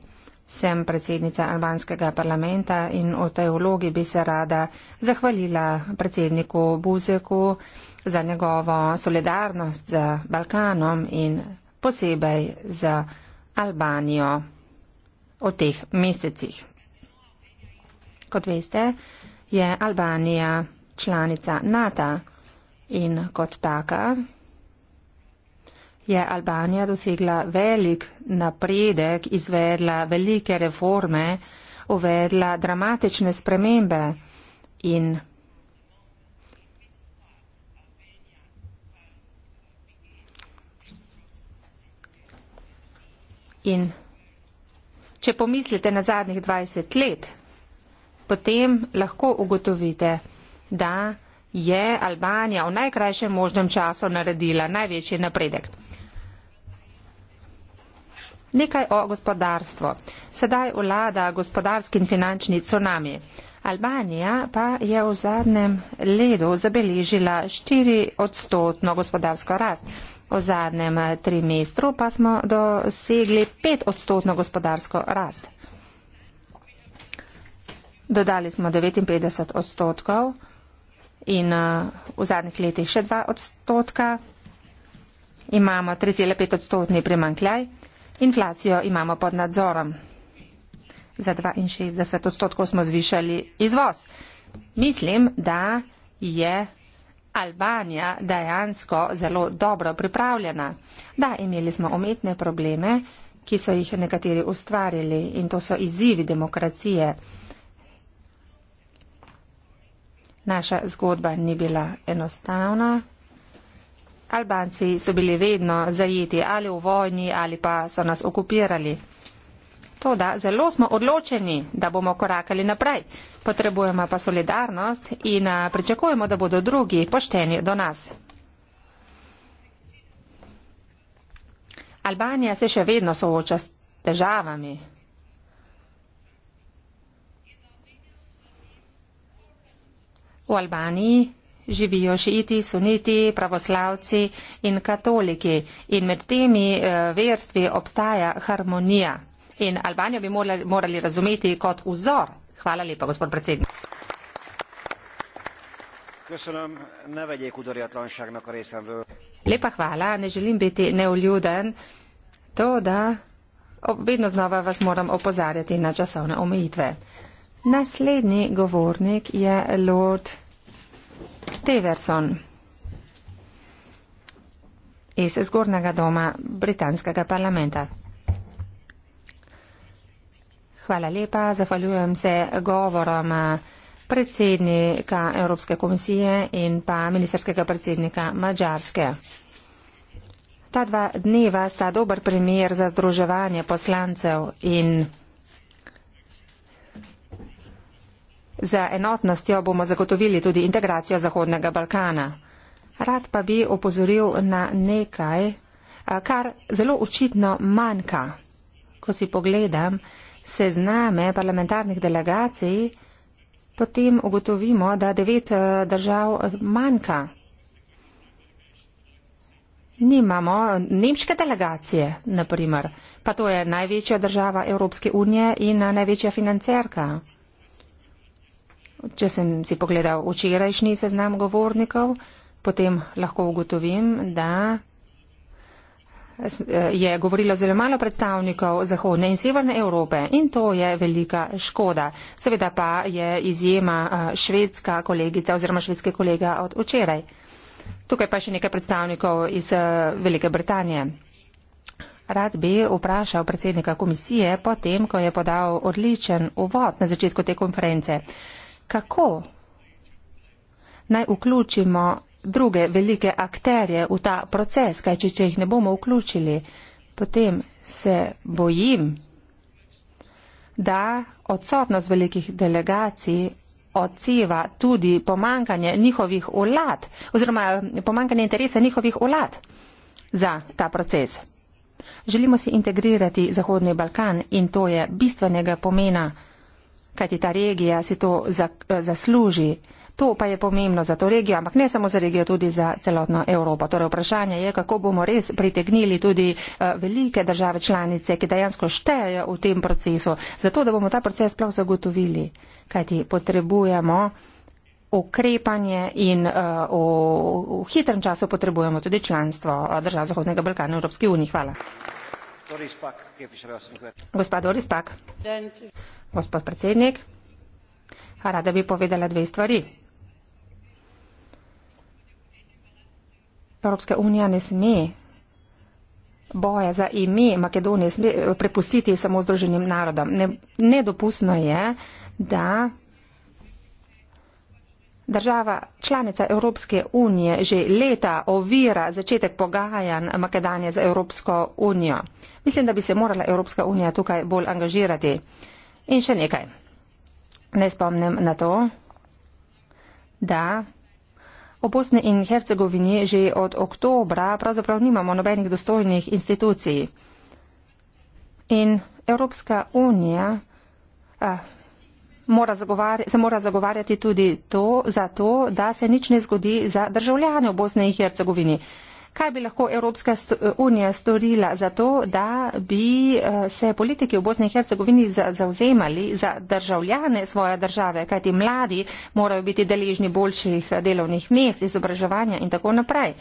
Sem predsednica albanskega parlamenta in o teologi bi se rada zahvalila predsedniku Buzeku za njegovo solidarnost z Balkanom in posebej z Albanijo v teh mesecih. Kot veste, je Albanija članica NATO in kot taka je Albanija dosegla velik napredek, izvedla velike reforme, uvedla dramatične spremembe in In če pomislite na zadnjih 20 let, potem lahko ugotovite, da je Albanija v najkrajšem možnem času naredila največji napredek. Nekaj o gospodarstvu. Sedaj vlada gospodarski in finančni tsunami. Albanija pa je v zadnjem ledu zabeležila 4 odstotno gospodarsko rast. V zadnjem trimestru pa smo dosegli 5 odstotno gospodarsko rast. Dodali smo 59 odstotkov in v zadnjih letih še 2 odstotka. Imamo 3,5 odstotni primankljaj. Inflacijo imamo pod nadzorom. Za 62 odstotkov smo zvišali izvoz. Mislim, da je Albanija dejansko zelo dobro pripravljena. Da, imeli smo umetne probleme, ki so jih nekateri ustvarili in to so izzivi demokracije. Naša zgodba ni bila enostavna, Albanci so bili vedno zajeti ali v vojni ali pa so nas okupirali. Toda zelo smo odločeni, da bomo korakali naprej. Potrebujemo pa solidarnost in eh, pričakujemo, da bodo drugi pošteni do nas. Albanija se še vedno sooča s težavami. V Albaniji živijo šiti, suniti, pravoslavci in katoliki. In med temi eh, verstvi obstaja harmonija. In Albanijo bi morali, morali razumeti kot vzor. Hvala lepa, gospod predsednik. Lepa hvala, ne želim biti neuljuden. To, da vedno znova vas moram opozarjati na časovne omejitve. Naslednji govornik je Lord. Steverson iz zgornjega doma britanskega parlamenta. Hvala lepa, zahvaljujem se govorom eh, predsednika Evropske komisije in pa ministerskega predsednika Mačarske. Ta dva dneva sta dober primer za združevanje poslancev in Za enotnostjo bomo zagotovili tudi integracijo Zahodnega Balkana. Rad pa bi opozoril na nekaj, kar zelo očitno manjka. Ko si pogledam sezname parlamentarnih delegacij, potem ugotovimo, da devet e, držav manjka. Nimamo e, nemške delegacije, naprimer, pa to je največja država Evropske unije in e, največja financerka. Če sem si pogledal včerajšnji seznam govornikov, potem lahko ugotovim, da eh, je govorilo zelo malo predstavnikov Zahodne in Severne Evrope in to je velika škoda. Seveda pa je izjema eh, švedska kolegica oziroma švedske kolega od včeraj. Tukaj pa še nekaj predstavnikov iz eh, Velike Britanije. Rad bi vprašal predsednika komisije potem, ko je podal odličen uvod na začetku te konference kako naj vključimo druge velike akterje v ta proces, kaj če, če jih ne bomo vključili, potem se bojim, da odsotnost velikih delegacij odziva tudi pomankanje njihovih vlad oziroma eh, pomankanje interesa njihovih vlad za ta proces. Želimo si integrirati Zahodni Balkan in to je bistvenega pomena kajti ta regija si to za, eh, zasluži. To pa je pomembno za to regijo, ampak ne samo za regijo, tudi za celotno Evropo. Torej vprašanje je, kako bomo res pritegnili tudi eh, velike države članice, ki dejansko štejejo v tem procesu, zato da bomo ta proces sploh zagotovili. Kajti potrebujemo ukrepanje in eh, v hitrem času potrebujemo tudi članstvo držav Zahodnega Balkana v Evropski uniji. Hvala. Doris Pak, ki je prišel v Singapur. Gospod Doris Pak. Dentist. Gospod predsednik, rada bi povedala dve stvari. Evropska unija ne sme boja za ime Makedonije prepustiti samo združenim narodom. Ne, nedopustno je, da država članica Evropske unije že leta ovira začetek pogajanj Makedonije za Evropsko unijo. Mislim, da bi se morala Evropska unija tukaj bolj angažirati. In še nekaj. Naj spomnim na to, da v Bosni in Hercegovini že od oktobra pravzaprav nimamo nobenih dostojnih institucij. In Evropska unija eh, mora se mora zagovarjati tudi to, za to, da se nič ne zgodi za državljane v Bosni in Hercegovini kaj bi lahko Evropska eh, unija storila za to, da bi eh, se politiki v Bosni in Hercegovini zauzemali za državljane svoje države, kajti mladi morajo biti deležni boljših eh, delovnih mest, izobraževanja in tako naprej.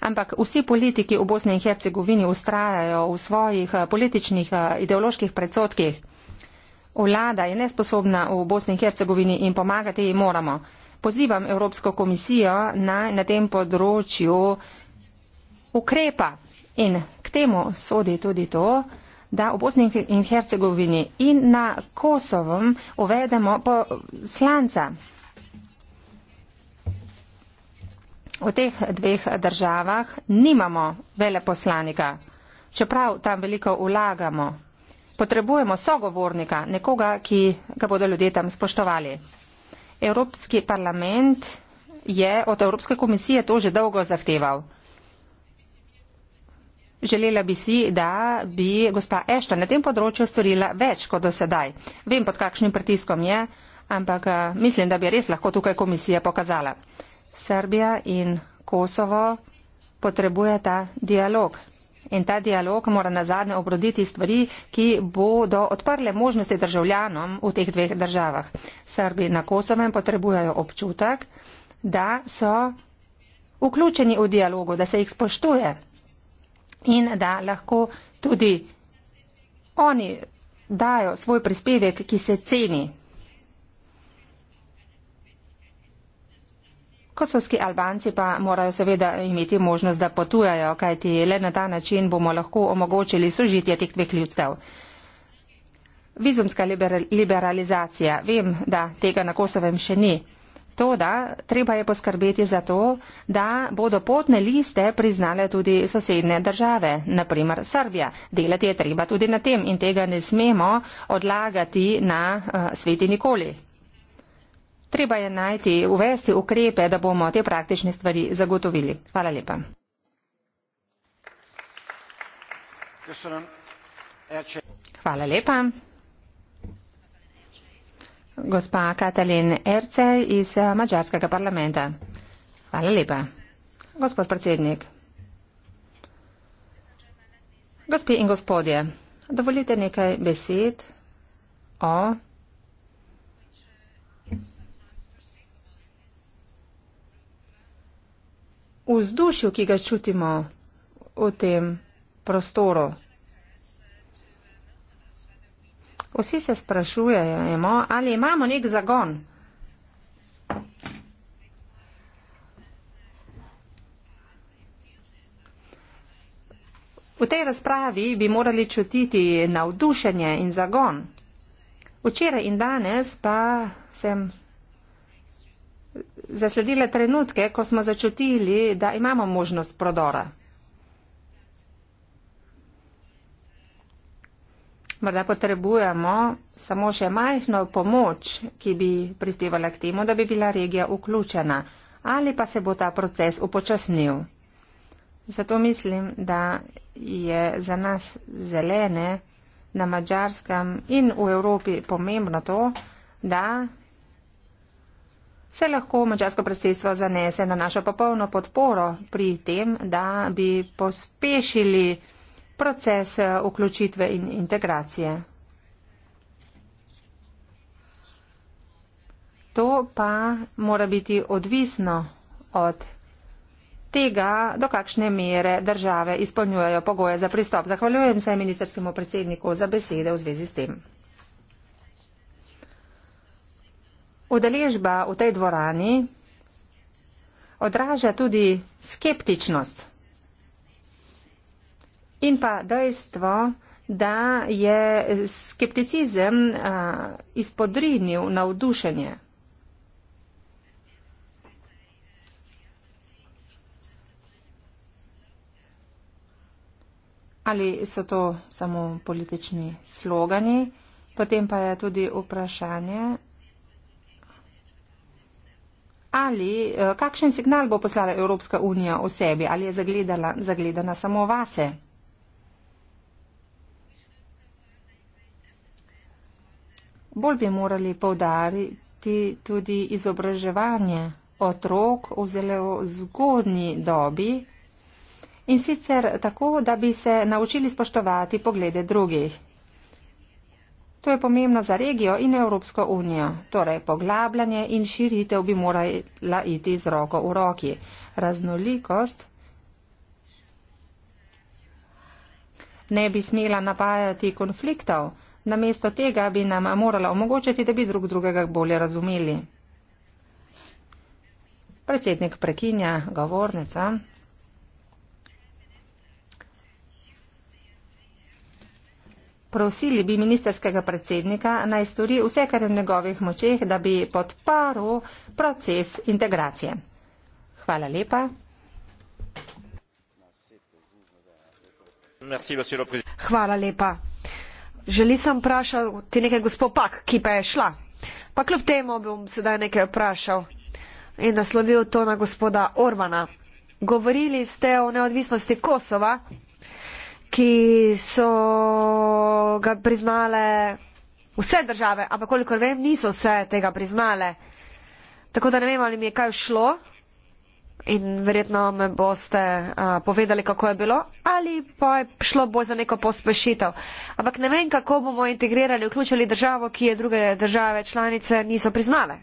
Ampak vsi politiki v Bosni in Hercegovini ustrajajo v svojih političnih ideoloških predsotkih. Vlada je nesposobna v Bosni in Hercegovini in pomagati ji moramo. Pozivam Evropsko komisijo na, na tem področju ukrepa. In k temu sodi tudi to, da v Bosni in Hercegovini in na Kosovom uvedemo poslanca. V teh dveh državah nimamo veleposlanika, čeprav tam veliko ulagamo. Potrebujemo sogovornika, nekoga, ki ga bodo ljudje tam spoštovali. Evropski parlament je od Evropske komisije to že dolgo zahteval. Želela bi si, da bi gospa Ešta na tem področju storila več kot do sedaj. Vem, pod kakšnim pritiskom je, ampak eh, mislim, da bi res lahko tukaj komisija pokazala. Srbija in Kosovo potrebujeta dialog. In ta dialog mora na zadnje obroditi stvari, ki bodo odprle možnosti državljanom v teh dveh državah. Srbi na Kosovem potrebujejo občutek, da so vključeni v dialogu, da se jih spoštuje, in da lahko tudi oni dajo svoj prispevek, ki se ceni. Kosovski Albanci pa morajo seveda imeti možnost, da potujajo, kajti le na ta način bomo lahko omogočili sožitje teh dveh ljudstev. Vizumska liberalizacija. Vem, da tega na Kosovem še ni to, da treba je poskrbeti za to, da bodo potne liste priznale tudi sosedne države, naprimer Srbija. Delati je treba tudi na tem in tega ne smemo odlagati na eh, sveti nikoli. Treba je najti, uvesti ukrepe, da bomo te praktične stvari zagotovili. Hvala lepa. Hvala lepa gospa Katalin Ercej iz eh, Mačarskega parlamenta. Hvala lepa. Gospod predsednik, gospi in gospodje, dovolite nekaj besed o vzdušju, ki ga čutimo v tem prostoru. Vsi se sprašujemo, ali imamo nek zagon. V tej razpravi bi morali čutiti navdušenje in zagon. Včeraj in danes pa sem zasledila trenutke, ko smo začutili, da imamo možnost prodora. morda potrebujemo samo še majhno pomoč, ki bi prispevala k temu, da bi bila regija vključena ali pa se bo ta proces upočasnil. Zato mislim, da je za nas zelene na Mačarskem in v Evropi pomembno to, da se lahko mačarsko predsedstvo zanese na našo popolno podporo pri tem, da bi pospešili proces eh, vključitve in integracije. To pa mora biti odvisno od tega, do kakšne mere države izpolnjujejo pogoje za pristop. Zahvaljujem se ministerskemu predsedniku za besede v zvezi s tem. Udeležba v tej dvorani odraža tudi skeptičnost. In pa dejstvo, da je skepticizem a, izpodrinil navdušenje. Ali so to samo politični slogani, potem pa je tudi vprašanje, ali kakšen signal bo poslala Evropska unija o sebi, ali je zagledala, zagledana samo vase. bolj bi morali povdariti tudi izobraževanje otrok v zelo zgodni dobi in sicer tako, da bi se naučili spoštovati poglede drugih. To je pomembno za regijo in Evropsko unijo. Torej, poglabljanje in širitev bi morala iti z roko v roki. Raznolikost ne bi smela napajati konfliktov. Namesto tega bi nam morala omogočiti, da bi drug drugega bolje razumeli. Predsednik prekinja govornica. Prosili bi ministerskega predsednika naj stori vse, kar je v njegovih močeh, da bi podparil proces integracije. Hvala lepa. Hvala lepa. Želi sem vprašati nekaj gospod Pak, ki pa je šla. Pa kljub temu bom sedaj nekaj vprašal in naslovil to na gospoda Orbana. Govorili ste o neodvisnosti Kosova, ki so ga priznale vse države, ampak kolikor vem, niso vse tega priznale. Tako da ne vem, ali mi je kaj šlo, in verjetno me boste a, povedali, kako je bilo, ali pa je šlo bolj za neko pospešitev. Ampak ne vem, kako bomo integrirali, vključili državo, ki je druge države članice niso priznale.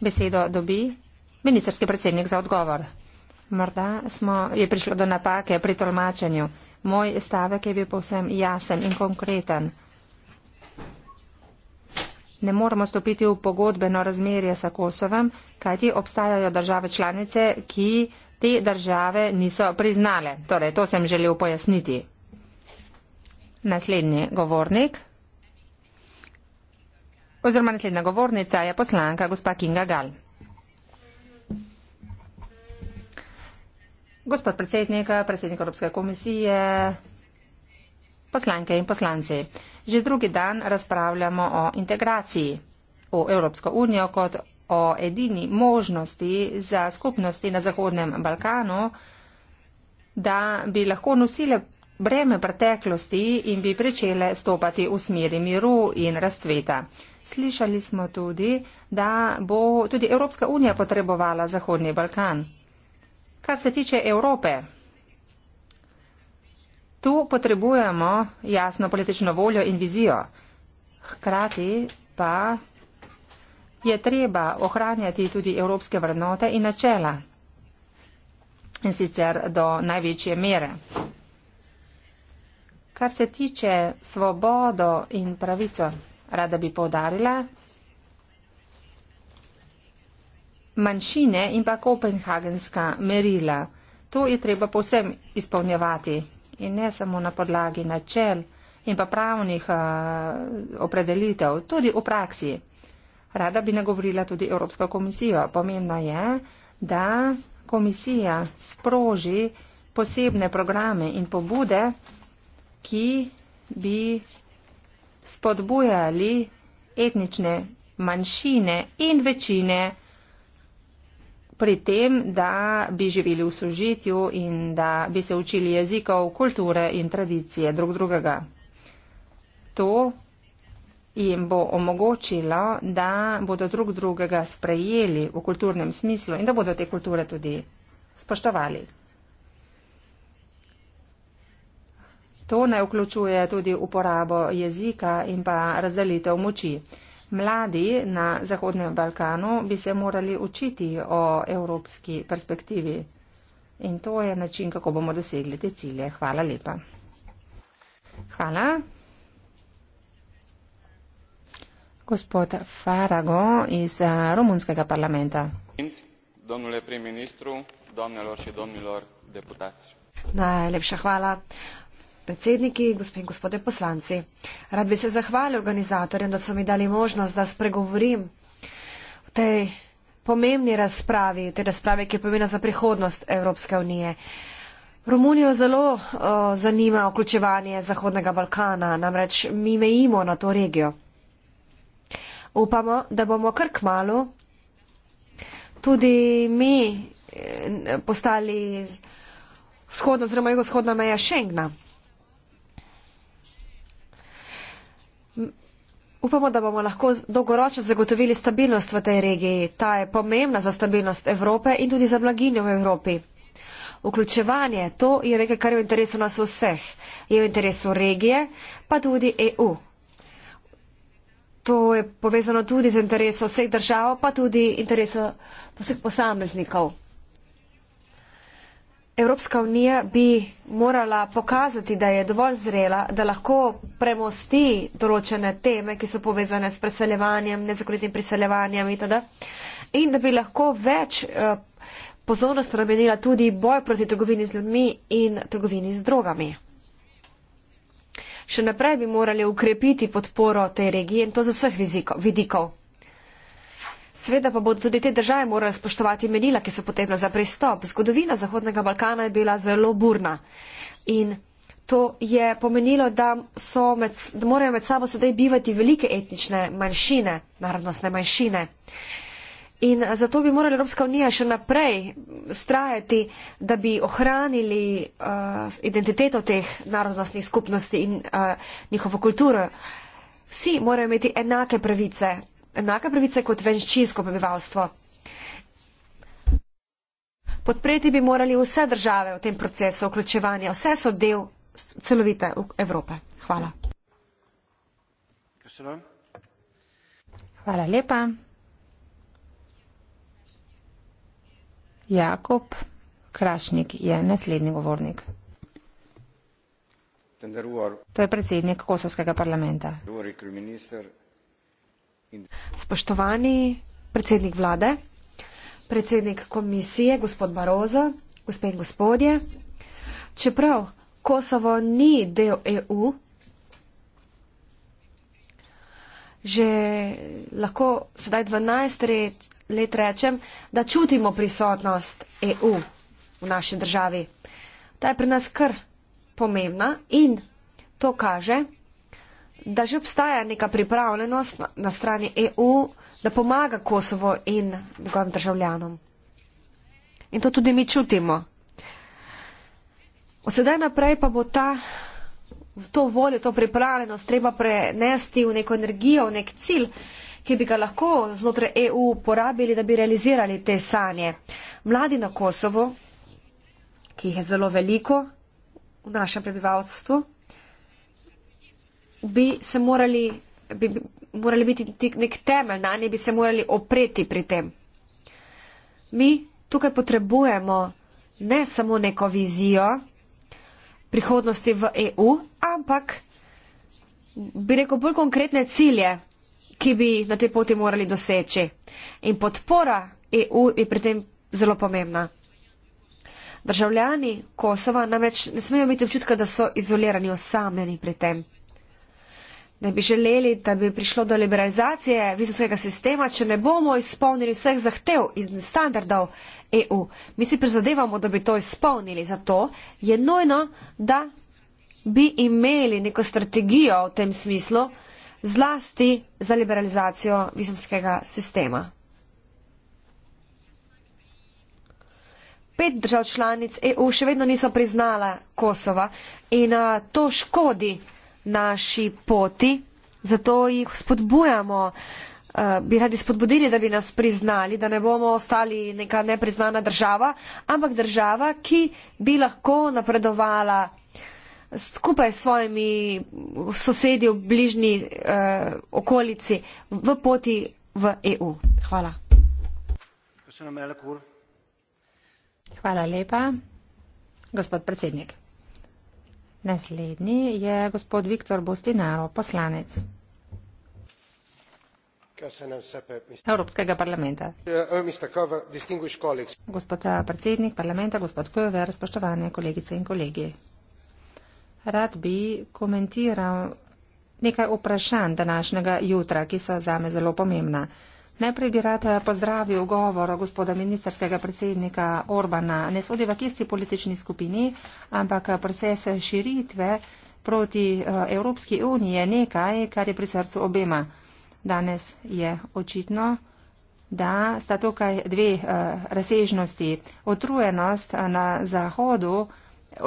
Besedo dobi ministerski predsednik za odgovor. Morda smo, je prišlo do napake pri tolmačenju. Moj stavek je bil povsem jasen in konkreten. Ne moramo stopiti v pogodbeno razmerje sa Kosovem, kajti obstajajo države članice, ki te države niso priznale. Torej, to sem želel pojasniti. Naslednji govornik oziroma naslednja govornica je poslanka gospa Kinga Gal. Gospod predsednik, predsednik Evropske komisije, poslanke in poslanci. Že drugi dan razpravljamo o integraciji v Evropsko unijo kot o edini možnosti za skupnosti na Zahodnem Balkanu, da bi lahko nosile breme preteklosti in bi prečele stopati v smeri miru in razcveta. Slišali smo tudi, da bo tudi Evropska unija potrebovala Zahodni Balkan. Kar se tiče Evrope, tu potrebujemo jasno politično voljo in vizijo. Hkrati pa je treba ohranjati tudi evropske vrednote in načela. In sicer do največje mere. Kar se tiče svobodo in pravico, rada bi povdarila, manjšine in pa kopenhagenska merila. To je treba povsem izpolnjevati in ne samo na podlagi načel in pa pravnih a, opredelitev, tudi v praksi. Rada bi nagovorila tudi Evropsko komisijo. Pomembno je, da komisija sproži posebne programe in pobude, ki bi spodbujali etnične manjšine in večine pri tem, da bi živeli v sožitju in da bi se učili jezikov, kulture in tradicije drug drugega. To jim bo omogočilo, da bodo drug drugega sprejeli v kulturnem smislu in da bodo te kulture tudi spoštovali. To naj vključuje tudi uporabo jezika in pa razdelitev moči. Mladi na Zahodnem Balkanu bi se morali učiti o evropski perspektivi. In to je način, kako bomo dosegli te cilje. Hvala lepa. Hvala. Gospod Farago iz eh, Romunskega parlamenta. Najlepša hvala. Uh, predsedniki, gospe in gospode poslanci. Rad bi se zahvalil organizatorjem, da so mi dali možnost, da spregovorim v tej pomembni razpravi, v tej razpravi, ki je pomena za prihodnost Evropske unije. Romunijo zelo o, zanima vključevanje Zahodnega Balkana, namreč mi mejimo na to regijo. Upamo, da bomo kar k malu tudi mi e, postali vzhodno oziroma jugo-vzhodna meja Schengna. Upamo, da bomo lahko dolgoročno zagotovili stabilnost v tej regiji. Ta je pomembna za stabilnost Evrope in tudi za blaginjo v Evropi. Vključevanje, to je nekaj, kar je v interesu nas vseh. Je v interesu regije, pa tudi EU. To je povezano tudi z interesom vseh držav, pa tudi interesom vseh posameznikov. Evropska unija bi morala pokazati, da je dovolj zrela, da lahko premosti določene teme, ki so povezane s preseljevanjem, nezakonitim priseljevanjem itd. In da bi lahko več eh, pozornost namenila tudi boj proti trgovini z ljudmi in trgovini z drogami. Še naprej bi morali ukrepiti podporo tej regiji in to z vseh vidikov. Sveda pa bodo tudi te države morale spoštovati menila, ki so potrebna za pristop. Zgodovina Zahodnega Balkana je bila zelo burna. In to je pomenilo, da, med, da morajo med sabo sedaj bivati velike etnične manjšine, narodnostne manjšine. In zato bi morala Evropska unija še naprej strajati, da bi ohranili uh, identiteto teh narodnostnih skupnosti in uh, njihovo kulturo. Vsi morajo imeti enake pravice, enake pravice kot venščinsko prebivalstvo. Podpreti bi morali vse države v tem procesu vključevanja. Vse so del celovite Evrope. Hvala. Hvala lepa. Jakob Krašnik je naslednji govornik. To je predsednik Kosovskega parlamenta. Torej, Spoštovani predsednik vlade, predsednik komisije, gospod Barozo, gospe in gospodje, čeprav Kosovo ni del EU, že lahko sedaj 12 let rečem, da čutimo prisotnost EU v naši državi. Ta je pri nas kar pomembna in to kaže, da že obstaja neka pripravljenost na, na strani EU, da pomaga Kosovo in njegovim državljanom. In to tudi mi čutimo. Od sedaj naprej pa bo ta, to voljo, to pripravljenost treba prenesti v neko energijo, v nek cilj, ki bi ga lahko znotraj EU porabili, da bi realizirali te sanje. Mladi na Kosovo, ki jih je zelo veliko v našem prebivalstvu, bi se morali, bi morali biti nek temelj, na njej bi se morali opreti pri tem. Mi tukaj potrebujemo ne samo neko vizijo prihodnosti v EU, ampak bi rekel bolj konkretne cilje, ki bi jih na tej poti morali doseči. In podpora EU je pri tem zelo pomembna. Državljani Kosova namreč ne smejo imeti občutka, da so izolirani, osamljeni pri tem da bi želeli, da bi prišlo do liberalizacije vizumskega sistema, če ne bomo izpolnili vseh zahtev in standardov EU. Mi si prizadevamo, da bi to izpolnili. Zato je nujno, da bi imeli neko strategijo v tem smislu zlasti za liberalizacijo vizumskega sistema. Pet držav članic EU še vedno niso priznala Kosova in to škodi naši poti, zato jih spodbujamo, eh, bi radi spodbudili, da bi nas priznali, da ne bomo ostali neka nepriznana država, ampak država, ki bi lahko napredovala skupaj s svojimi sosedi v bližnji eh, okolici v poti v EU. Hvala. Hvala lepa, gospod predsednik. Naslednji je gospod Viktor Bostinaro, poslanec. Evropskega parlamenta. Gospod eh, predsednik parlamenta, gospod Kojover, spoštovane kolegice in kolegi. Rad bi komentiral nekaj vprašanj današnjega jutra, ki so zame zelo pomembna. Najprej bi rad eh, pozdravil govor gospoda ministerskega predsednika Orbana. Ne sodi v kisti politični skupini, ampak eh, proces širitve proti eh, Evropski uniji je nekaj, kar je pri srcu obema. Danes je očitno, da sta tukaj dve razsežnosti. Otrujenost na zahodu,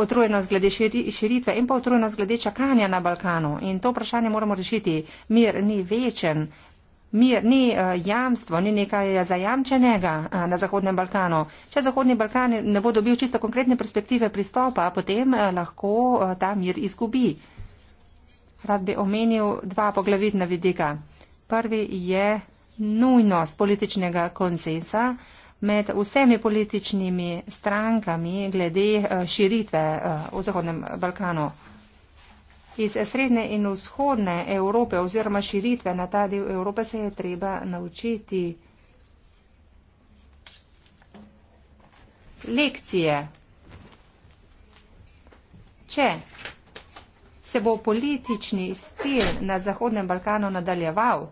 otrujenost glede širitve in pa otrujenost glede čakanja na Balkanu. In to vprašanje moramo rešiti. Mir ni večen, mir ni eh, jamstvo, ni nekaj zajamčenega eh, na Zahodnem Balkanu. Če Zahodni Balkan ne bo dobil čisto konkretne perspektive pristopa, potem eh, lahko ta mir izgubi. Rad bi omenil dva poglavitna vidika. Prvi je nujnost političnega konsensa med vsemi političnimi strankami glede širitve v Zahodnem Balkanu iz srednje in vzhodne Evrope oziroma širitve na ta del Evrope se je treba naučiti lekcije. Če se bo politični stil na Zahodnem Balkanu nadaljeval,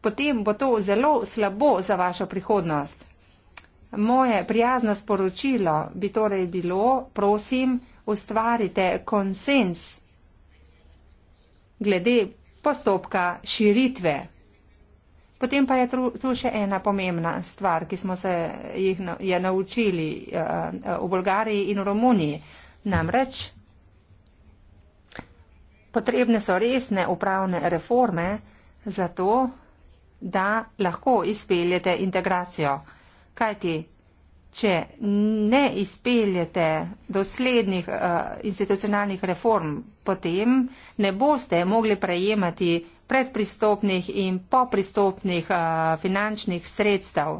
potem bo to zelo slabo za vašo prihodnost. Moje prijazno sporočilo bi torej bilo, prosim, ustvarite konsens glede postopka širitve. Potem pa je tu še ena pomembna stvar, ki smo se jih je naučili eh, eh, v Bolgariji in v Romuniji. Namreč potrebne so resne upravne reforme za to, da lahko izpeljete integracijo. Kajti če ne izpeljete doslednih uh, institucionalnih reform, potem ne boste mogli prejemati predpristopnih in popristopnih uh, eh, finančnih sredstev.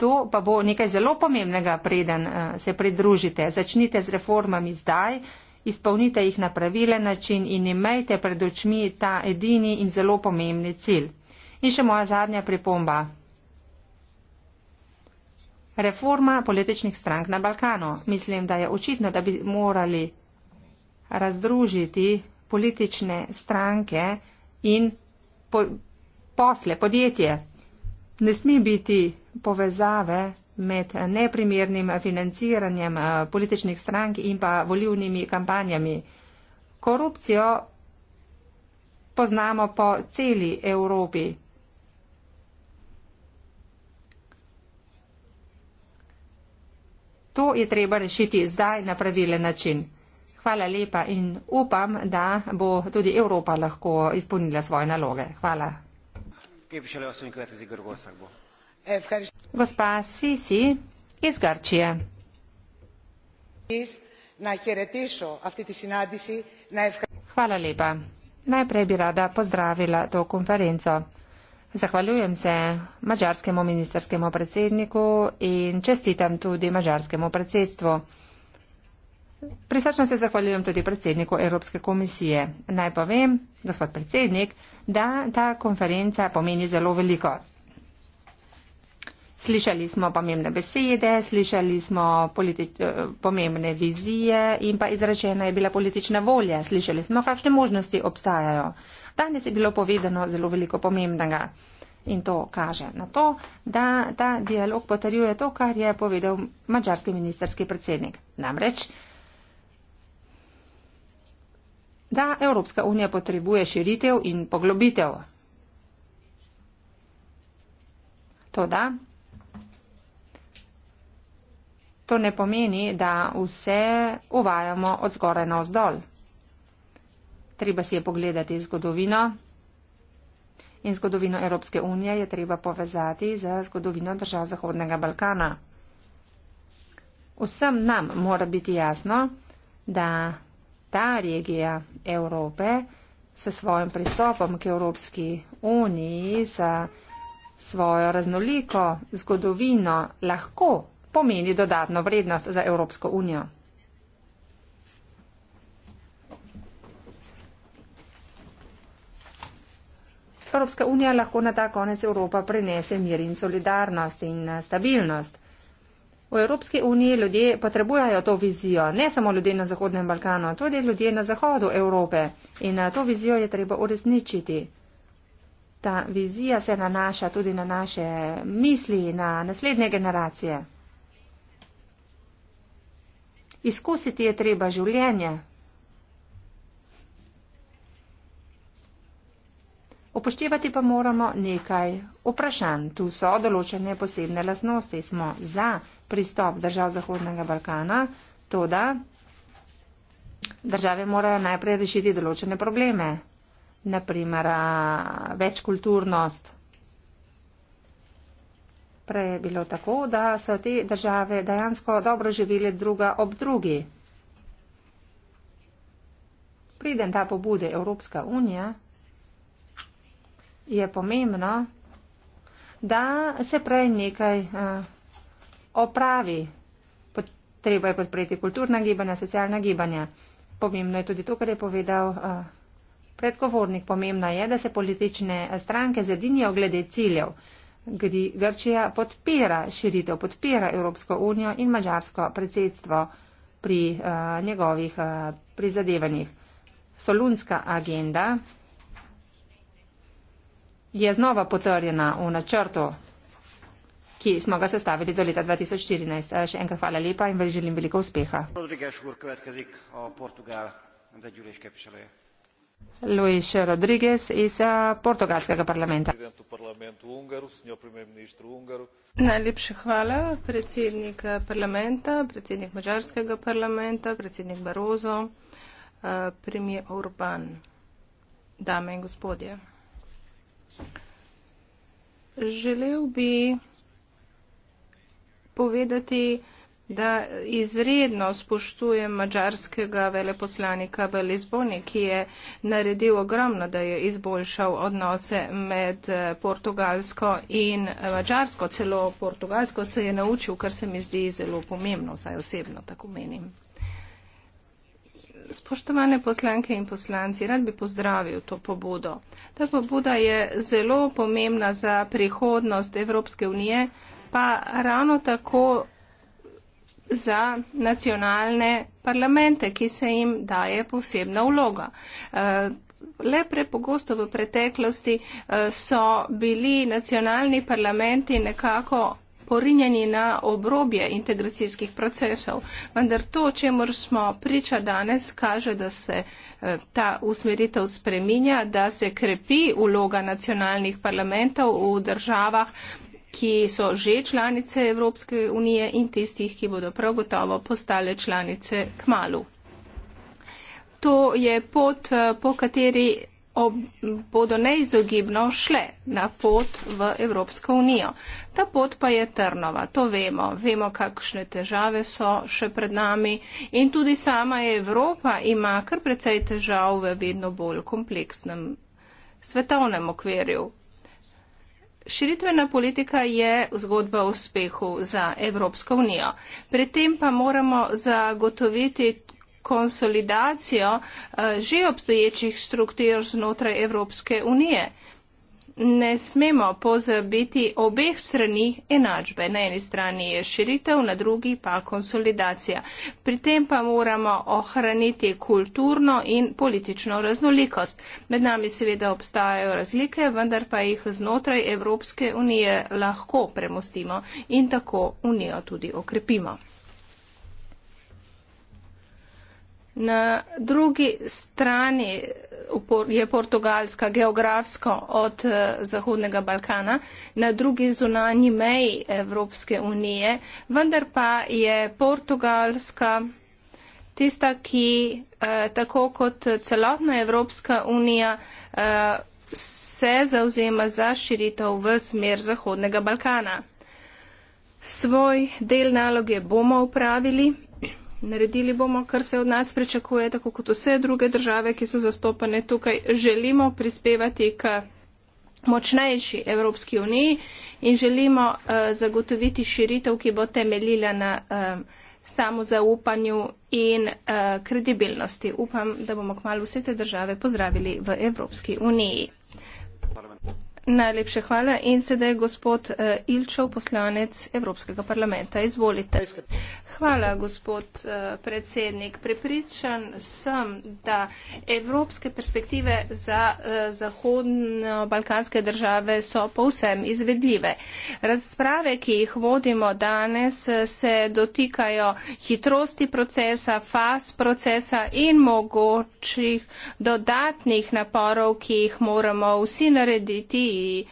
To pa bo nekaj zelo pomembnega, preden uh, se pridružite. Začnite z reformami zdaj, izpolnite jih na pravilen način in imejte pred očmi ta edini in zelo pomembni cilj. In še moja zadnja pripomba. Reforma političnih strank na Balkanu. Mislim, da je očitno, da bi morali razdružiti politične stranke in po posle, podjetje. Ne smi biti povezave med neprimernim financiranjem eh, političnih strank in pa volivnimi kampanjami. Korupcijo poznamo po celi Evropi. To je treba rešiti zdaj na pravilen način. Hvala lepa in upam, da bo tudi Evropa lahko izpolnila svoje naloge. Hvala. Gospa Sisi iz Grčije. Hvala lepa. Najprej bi rada pozdravila to konferenco. Zahvaljujem se mađarskemu ministerskemu predsedniku in čestitam tudi mađarskemu predsedstvu. Prisrčno se zahvaljujem tudi predsedniku Evropske komisije. Naj povem, gospod predsednik, da ta konferenca pomeni zelo veliko. Slišali smo pomembne besede, slišali smo eh, pomembne vizije in pa izrečena je bila politična volja. Slišali smo, kakšne možnosti obstajajo. Danes je bilo povedano zelo veliko pomembnega. In to kaže na to, da ta dialog potrjuje to, kar je povedal mačarski ministerski predsednik. Namreč, da Evropska unija potrebuje širitev in poglobitev. To da, to ne pomeni, da vse uvajamo od zgore na vzdolj. Treba si je pogledati zgodovino in zgodovino Evropske unije je treba povezati z zgodovino držav Zahodnega Balkana. Vsem nam mora biti jasno, da ta regija Evrope s svojim pristopom k Evropski uniji, s svojo raznoliko zgodovino lahko pomeni dodatno vrednost za Evropsko unijo. Evropska unija lahko na ta konec Evropa prenese mir in solidarnost in eh, stabilnost. V Evropski uniji ljudje potrebujajo to vizijo, ne samo ljudje na Zahodnem Balkanu, tudi ljudje na Zahodu Evrope. In eh, to vizijo je treba uresničiti. Ta vizija se nanaša tudi na naše misli, na naslednje generacije. Izkusiti je treba življenje, Upoštevati pa moramo nekaj vprašanj. Tu so določene posebne lasnosti. Smo za pristop držav Zahodnega Balkana, to da države morajo najprej rešiti določene probleme, naprimer večkulturnost. Prej je bilo tako, da so te države dejansko dobro živele druga ob drugi. Priden ta pobude Evropska unija je pomembno, da se prej nekaj uh, opravi. Treba je podpreti kulturna gibanja, socialna gibanja. Pomembno je tudi to, kar je povedal uh, predgovornik. Pomembno je, da se politične eh, stranke zedinijo glede ciljev. Gr Grčija podpira širitev, podpira Evropsko unijo in mađarsko predsedstvo pri uh, njegovih uh, prizadevanjih. Solunska agenda je znova potrjena v načrtu, ki smo ga sestavili do leta 2014. Eh, še enkrat hvala lepa in želim veliko uspeha. Luis Rodriguez iz eh, portugalskega parlamenta. Najlepša hvala, predsednik eh, parlamenta, predsednik mačarskega parlamenta, predsednik Barozo, premijer Orban, dame in gospodje. Želel bi povedati, da izredno spoštujem mađarskega veleposlanika v Lizboni, ki je naredil ogromno, da je izboljšal odnose med eh, portugalsko in eh, mađarsko. Celo portugalsko se je naučil, kar se mi zdi zelo pomembno, vsaj osebno tako menim spoštovane poslanke in poslanci, rad bi pozdravil to pobudo. Ta pobuda je zelo pomembna za prihodnost Evropske unije, pa ravno tako za nacionalne parlamente, ki se jim daje posebna vloga. Eh, le prepogosto v preteklosti eh, so bili nacionalni parlamenti nekako porinjeni na obrobje integracijskih procesov. Vendar to, čemu smo priča danes, kaže, da se eh, ta usmeritev spreminja, da se krepi uloga nacionalnih parlamentov v državah ki so že članice Evropske unije in tistih, ki bodo prav gotovo postale članice k malu. To je pot, eh, po kateri ob, bodo neizogibno šle na pot v Evropsko unijo. Ta pot pa je trnova, to vemo. Vemo, kakšne težave so še pred nami in tudi sama Evropa ima kar precej težav v vedno bolj kompleksnem svetovnem okverju. Širitvena politika je zgodba o uspehu za Evropsko unijo. Pri tem pa moramo zagotoviti konsolidacijo eh, že obstoječih struktur znotraj Evropske unije. Ne smemo pozabiti obeh strani enačbe. Na eni strani je širitev, na drugi pa konsolidacija. Pri tem pa moramo ohraniti kulturno in politično raznolikost. Med nami seveda obstajajo razlike, vendar pa jih znotraj Evropske unije lahko premostimo in tako unijo tudi okrepimo. Na drugi strani je Portugalska geografsko od eh, Zahodnega Balkana, na drugi zunanji meji Evropske unije, vendar pa je Portugalska tista, ki eh, tako kot celotna Evropska unija eh, se zauzema za širitev v smer Zahodnega Balkana. Svoj del naloge bomo upravili, Naredili bomo, kar se od nas pričakuje, tako kot vse druge države, ki so zastopane tukaj. Želimo prispevati k močnejši Evropski uniji in želimo uh, zagotoviti širitev, ki bo temeljila na uh, samozaupanju in uh, kredibilnosti. Upam, da bomo kmalo vse te države pozdravili v Evropski uniji. Najlepše hvala in sedaj gospod eh, Ilčev, poslanec Evropskega parlamenta. Izvolite. Hvala, gospod eh, predsednik. Prepričan sem, da evropske perspektive za eh, zahodno-balkanske države so povsem izvedljive. Razprave, ki jih vodimo danes, se dotikajo hitrosti procesa, faz procesa in mogočih dodatnih naporov, ki jih moramo vsi narediti strategiji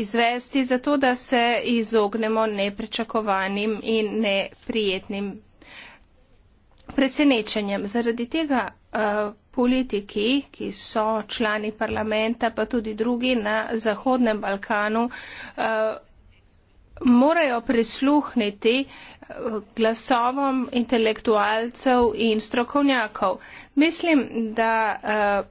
izvesti, zato da se izognemo neprečakovanim in neprijetnim presenečenjem. Zaradi tega uh, politiki, ki so člani parlamenta, pa tudi drugi na Zahodnem Balkanu, uh, morajo prisluhniti eh, glasovom intelektualcev in strokovnjakov. Mislim, da uh,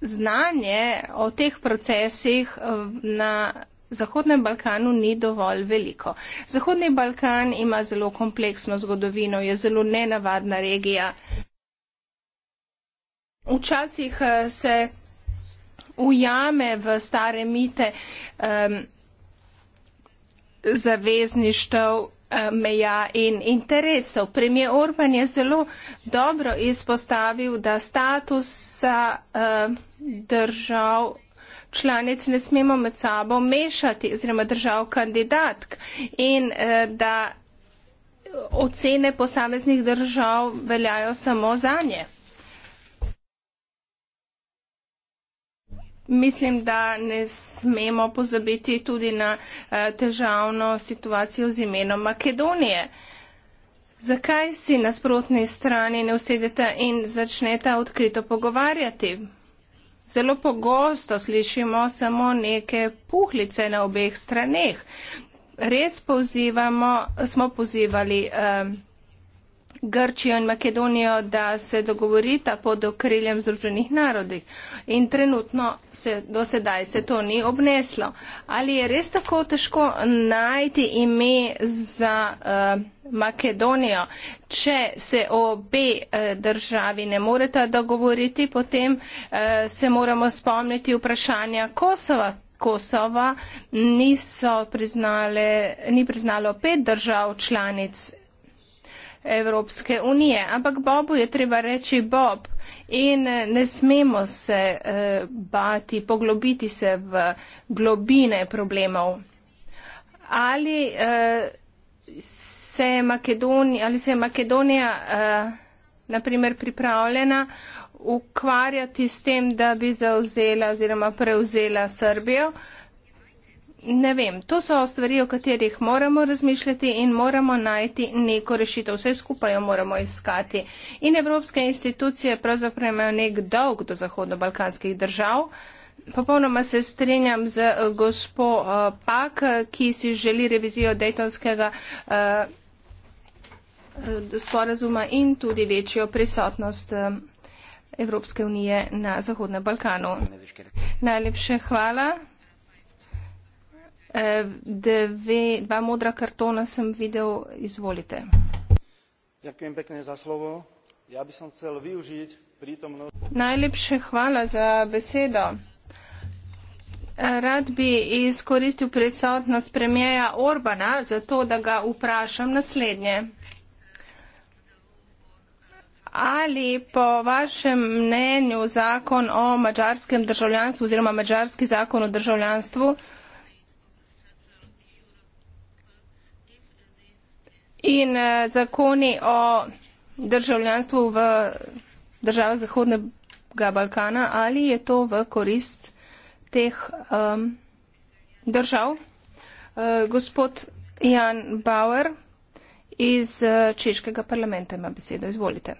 znanje o teh procesih eh, na Zahodnem Balkanu ni dovolj veliko. Zahodni Balkan ima zelo kompleksno zgodovino, je zelo nenavadna regija. Včasih eh, se ujame v stare mite um, zavezništev Eh, meja in interesov. Premijer Orban je zelo dobro izpostavil, da statusa eh, držav članic ne smemo med sabo mešati oziroma držav kandidatk in eh, da ocene posameznih držav veljajo samo za nje. Mislim, da ne smemo pozabiti tudi na eh, težavno situacijo z imenom Makedonije. Zakaj si nasprotni strani ne usedete in začnete odkrito pogovarjati? Zelo pogosto slišimo samo neke puhlice na obeh straneh. Res pozivamo, smo pozivali. Eh, Grčijo in Makedonijo, da se dogovorita pod okriljem Združenih narodih. In trenutno se do sedaj se to ni obneslo. Ali je res tako težko najti ime za uh, Makedonijo, če se obe uh, državi ne moreta dogovoriti, potem uh, se moramo spomniti vprašanja Kosova. Kosova niso priznale, ni priznalo pet držav članic Evropske unije. Ampak Bobu je treba reči Bob in eh, ne smemo se eh, bati, poglobiti se v globine problemov. Ali eh, se je Makedonija, ali se je Makedonija naprimer pripravljena ukvarjati s tem, da bi zauzela oziroma preuzela Srbijo? ne vem, to so stvari, o katerih moramo razmišljati in moramo najti neko rešitev. Vse skupaj jo moramo iskati. In evropske institucije pravzaprav imajo nek dolg do zahodno-balkanskih držav. Popolnoma se strinjam z eh, gospo uh, Pak, ki si želi revizijo Daytonskega uh, sporazuma in tudi večjo prisotnost uh, Evropske unije na Zahodnem Balkanu. Najlepše hvala. Eh, Deve, dva modra kartona sem videl, izvolite. Ďakujem pekne za slovo. Ja by som chcel využiť prítomnosť. Najlepšie chvála za besedo. Rad bi izkoristil prisotnost premijeja Orbana za to, da ga vprašam naslednje. Ali po vašem mnenju zakon o mađarskem državljanstvu oziroma mađarski zakon o državljanstvu In uh, zakoni o državljanstvu v državah Zahodnega Balkana, ali je to v korist teh um, držav? Uh, gospod Jan Bauer iz uh, Češkega parlamenta ima besedo. Izvolite.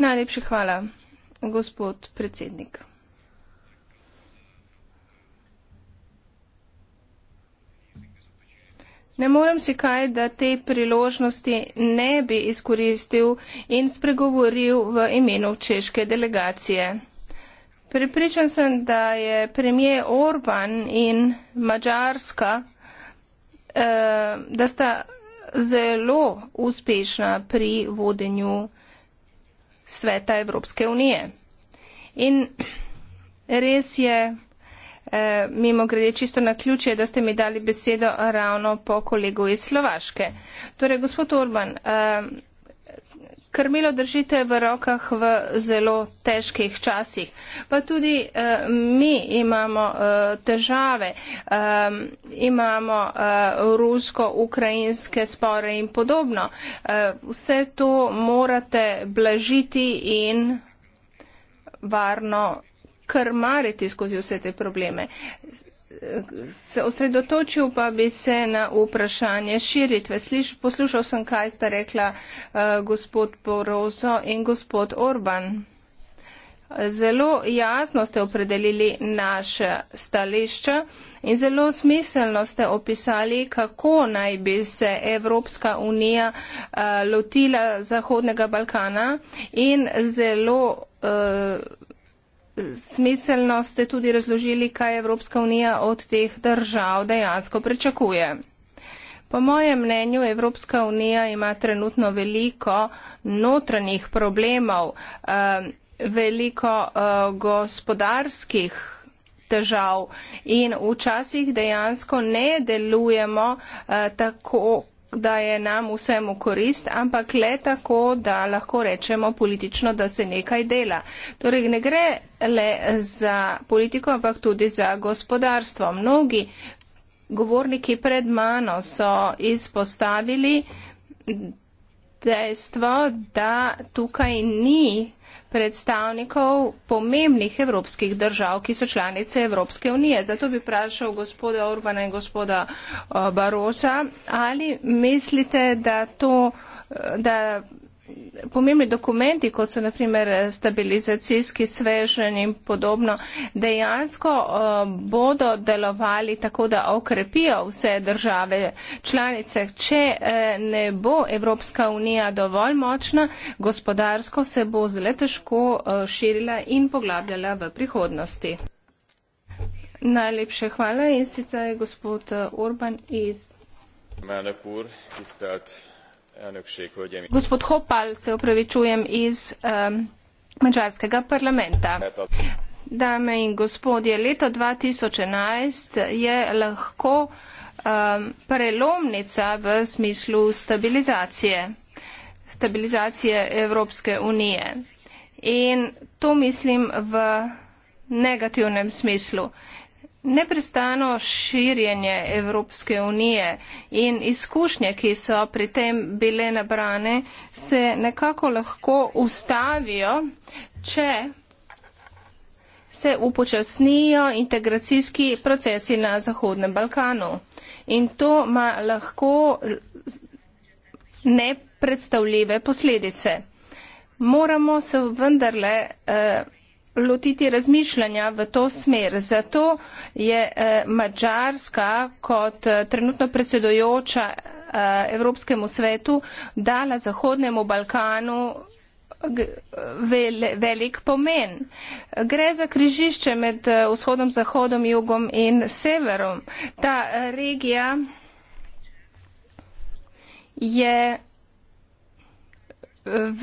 Najlepša hvala, gospod predsednik. Ne morem si kaj, da te priložnosti ne bi izkoristil in spregovoril v imenu češke delegacije. Pripričan sem, da je premije Orban in Mačarska, eh, da sta zelo uspešna pri vodenju sveta Evropske unije. In res je, Eh, mimo grede čisto na ključje, da ste mi dali besedo ravno po kolegu iz Slovaške. Torej, gospod Orban, eh, krmilo držite v rokah v zelo težkih časih, pa tudi eh, mi imamo težave, imamo rusko-ukrajinske spore in podobno. Vse to morate blažiti in varno krmariti skozi vse te probleme. Se osredotočil pa bi se na vprašanje širitve. Sliš, poslušal sem, kaj sta rekla uh, gospod Borozo in gospod Orban. Zelo jasno ste opredelili naše stališče in zelo smiselno ste opisali, kako naj bi se Evropska unija uh, lotila Zahodnega Balkana in zelo. Uh, smiselno ste tudi razložili, kaj Evropska unija od teh držav dejansko pričakuje. Po mojem mnenju Evropska unija ima trenutno veliko notranjih problemov, eh, veliko eh, gospodarskih težav in včasih dejansko ne delujemo eh, tako, da je nam vsem v korist, ampak le tako, da lahko rečemo politično, da se nekaj dela. Torej ne gre le za politiko, ampak tudi za gospodarstvo. Mnogi govorniki pred mano so izpostavili dejstvo, da tukaj ni predstavnikov pomembnih evropskih držav, ki so članice Evropske unije. Zato bi vprašal gospoda Urbana in gospoda eh, Barosa, ali mislite, da to, eh, da pomembni dokumenti, kot so naprimer stabilizacijski svežen in podobno, dejansko eh, bodo delovali tako, da okrepijo vse države članice. Če eh, ne bo Evropska unija dovolj močna, gospodarsko se bo zelo težko eh, širila in poglabljala v prihodnosti. Najlepše hvala in sicer je gospod Urban iz. Manakur, gospod hopal se opravičujem iz um, mačarskega parlamenta. Dame in gospodje, leto 2011 je lahko um, prelomnica v smislu stabilizacije, stabilizacije Evropske unije. In to mislim v negativnem smislu. Neprestano širjenje Evropske unije in izkušnje, ki so pri tem bile nabrane, se nekako lahko ustavijo, če se upočasnijo integracijski procesi na Zahodnem Balkanu. In to ima lahko nepredstavljive posledice. Moramo se vendarle. Eh, lotiti razmišljanja v to smer. Zato je eh, Mačarska kot eh, trenutno predsedojoča eh, Evropskemu svetu dala Zahodnemu Balkanu velik pomen. Gre za križišče med vzhodom, zahodom, jugom in severom. Ta regija je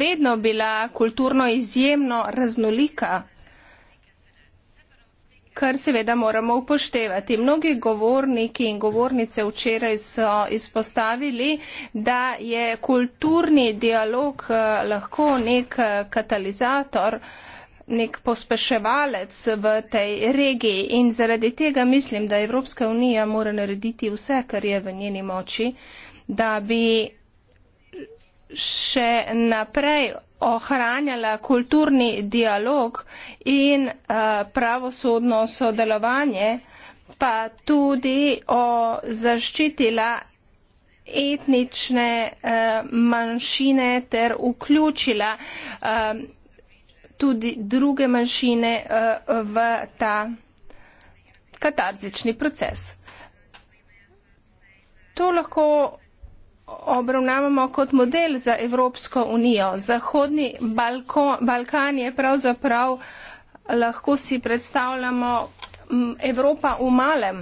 vedno bila kulturno izjemno raznolika kar seveda moramo upoštevati. Mnogi govorniki in govornice včeraj so izpostavili, da je kulturni dialog eh, lahko nek eh, katalizator nek pospeševalec v tej regiji in zaradi tega mislim, da Evropska unija mora narediti vse, kar je v njeni moči, da bi še naprej ohranjala kulturni dialog in eh, pravosodno sodelovanje, pa tudi o eh, zaščitila etnične eh, manjšine ter vključila tudi druge manjšine v ta katarzični proces. To lahko obravnavamo kot model za Evropsko unijo. Zahodni Balko, Balkan je pravzaprav, lahko si predstavljamo, Evropa v malem.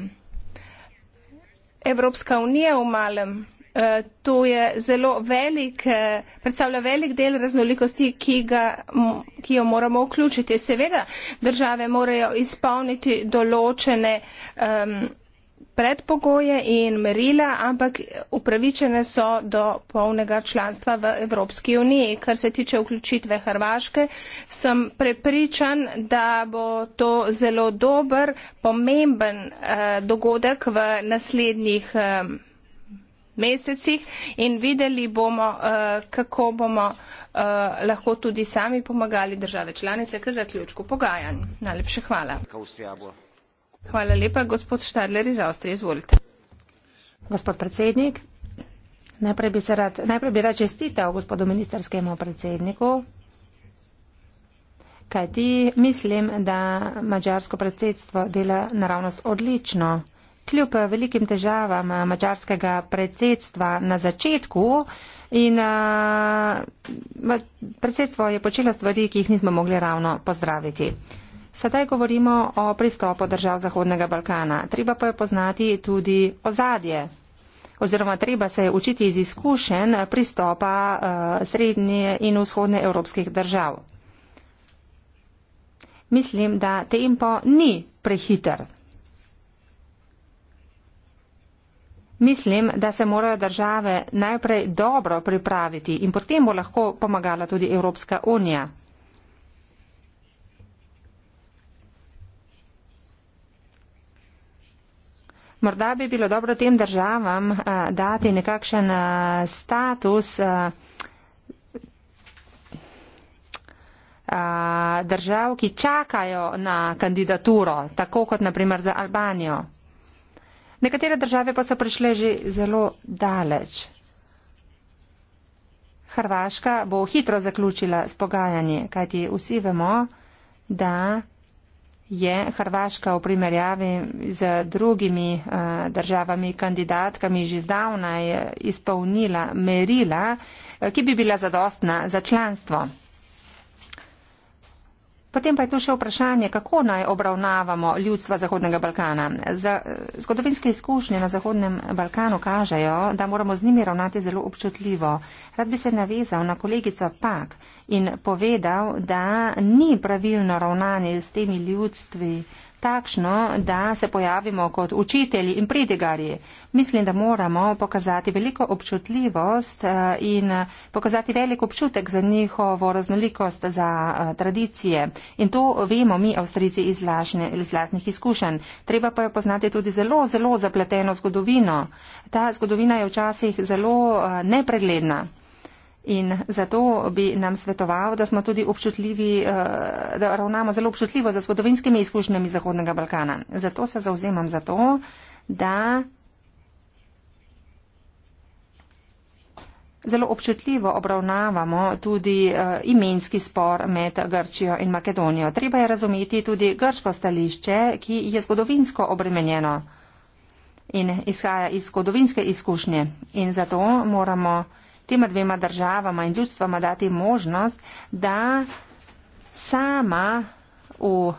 Evropska unija v malem. E, to je zelo velik, e, predstavlja velik del raznolikosti, ki, ga, ki jo moramo vključiti. Seveda, države morajo izpolniti določene. Um, predpogoje in merila, ampak upravičene so do polnega članstva v Evropski uniji. Kar se tiče vključitve Hrvaške, sem prepričan, da bo to zelo dober, pomemben eh, dogodek v naslednjih eh, mesecih in videli bomo, eh, kako bomo eh, lahko tudi sami pomagali države članice k zaključku pogajanj. Najlepše hvala gospod predsednik najprej bi se rad najprej bi rad čestital gospodu ministrskemu predsedniku kajti mislim da mađarsko predsedstvo dela naravnost odlično kljub velikim težavam mađarskega predsedstva na začetku In uh, predsedstvo je počelo stvari, ki jih nismo mogli ravno pozdraviti. Uh, Sedaj govorimo o pristopu držav Zahodnega Balkana. Treba pa je poznati tudi ozadje. Oziroma treba se je učiti iz izkušenj pristopa eh, srednje in vzhodne evropskih držav. Mislim, da tempo ni prehiter. Mislim, da se morajo države najprej dobro pripraviti in potem bo lahko pomagala tudi Evropska unija. Morda bi bilo dobro tem državam uh, dati nekakšen uh, status uh, uh, držav, ki čakajo na kandidaturo, tako kot naprimer za Albanijo. Nekatere države pa so prišle že zelo daleč. Hrvaška bo hitro zaključila s pogajanji, kajti vsi vemo, da je Hrvaška v primerjavi z drugimi eh, državami kandidatkami že zdavnaj eh, izpolnila merila, eh, ki bi bila zadostna za članstvo. Potem pa je tu še vprašanje, kako naj obravnavamo ljudstva Zahodnega Balkana. Zgodovinske izkušnje na Zahodnem Balkanu kažejo, da moramo z njimi ravnati zelo občutljivo. Rad bi se navezal na kolegico Pak in povedal, da ni pravilno ravnanje s temi ljudstvi takšno, da se pojavimo kot učitelji in pridigarji. Mislim, da moramo pokazati veliko občutljivost eh, in pokazati velik občutek za njihovo raznolikost, za eh, tradicije. In to vemo mi, avstrici, iz, lažne, iz lasnih izkušenj. Treba pa jo poznati tudi zelo, zelo zapleteno zgodovino. Ta zgodovina je včasih zelo eh, nepregledna. In zato bi nam svetoval, da smo tudi občutljivi, eh, da ravnamo zelo občutljivo za zgodovinskimi izkušnjami Zahodnega Balkana. Zato se zauzemam za to, da zelo občutljivo obravnavamo tudi eh, imenski spor med Grčijo in Makedonijo. Treba je razumeti tudi grško stališče, ki je zgodovinsko obremenjeno in izhaja iz zgodovinske izkušnje. In zato moramo tema dvema državama in ljudstvama dati možnost, da sama v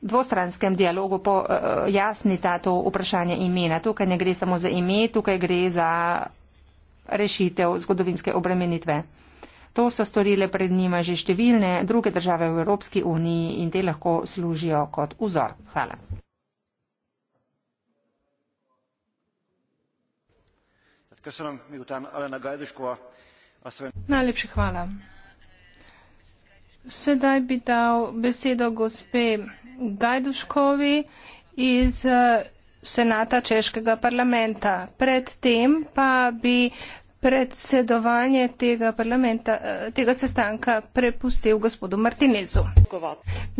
dvostranskem dialogu pojasnita to vprašanje imena. Tukaj ne gre samo za ime, tukaj gre za rešitev zgodovinske obremenitve. To so storile pred njima že številne druge države v Evropski uniji in te lahko služijo kot vzor. Hvala. Najlepša hvala. Sedaj bi dal besedo gospe Gajduškovi iz eh, Senata Češkega parlamenta. Pred tem pa bi predsedovanje tega parlamenta, eh, tega sestanka prepustil gospodu Martinezu.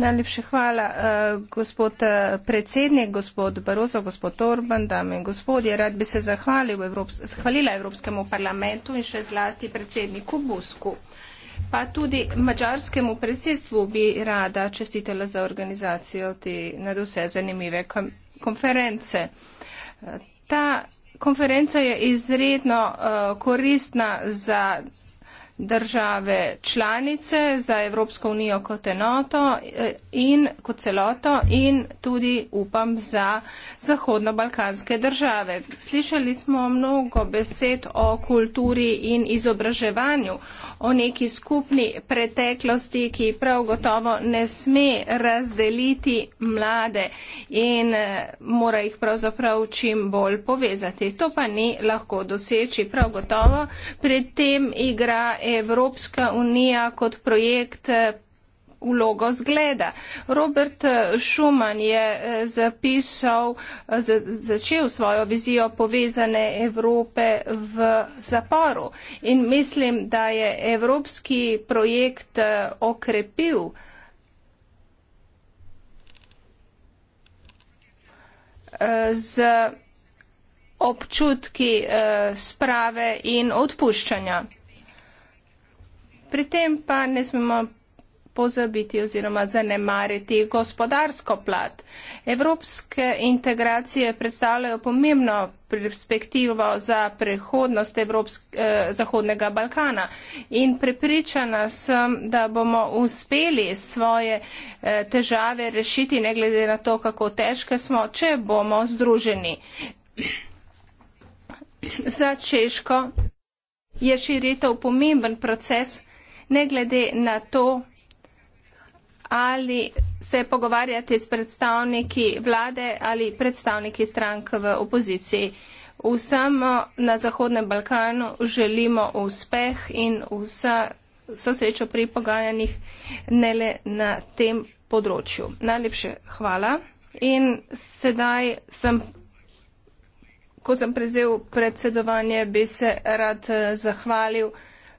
Najlepše hvala, eh, gospod eh, predsednik, gospod Barozo, gospod Orban, dame in gospodje. Rad bi se zahvalil Evrops zahvalila Evropskemu parlamentu in še zlasti predsedniku Busku. Pa tudi mačarskemu predsedstvu bi rada čestitela za organizacijo te nadose zanimive konference. Ta konferenca je izredno eh, koristna za države članice, za Evropsko unijo kot enoto eh, in kot celoto in tudi upam za zahodno-balkanske države. Slišali smo mnogo besed o kulturi in izobraževanju, o neki skupni preteklosti, ki prav gotovo ne sme razdeliti mlade in eh, mora jih pravzaprav čim bolj povezati. To pa ni lahko doseči. Prav gotovo pri tem igra Evropska unija kot projekt eh, vlogo zgleda. Robert eh, Schuman je eh, zapisal, začel svojo vizijo povezane Evrope v zaporu in mislim, da je evropski projekt okrepil z občutki sprave in odpuščanja. Pri tem pa ne smemo pozabiti oziroma zanemariti gospodarsko plat. Evropske integracije predstavljajo pomembno perspektivo za prihodnost Evropsk, eh, Zahodnega Balkana in prepričana sem, da bomo uspeli svoje eh, težave rešiti, ne glede na to, kako težke smo, če bomo združeni. za Češko je širitev pomemben proces ne glede na to, ali se pogovarjate s predstavniki vlade ali predstavniki strank v opoziciji. Vsem na Zahodnem Balkanu želimo uspeh in vsa sosrečo pri pogajanjih ne le na tem področju. Najlepše hvala. In sedaj sem, ko sem prezel predsedovanje, bi se rad eh, zahvalil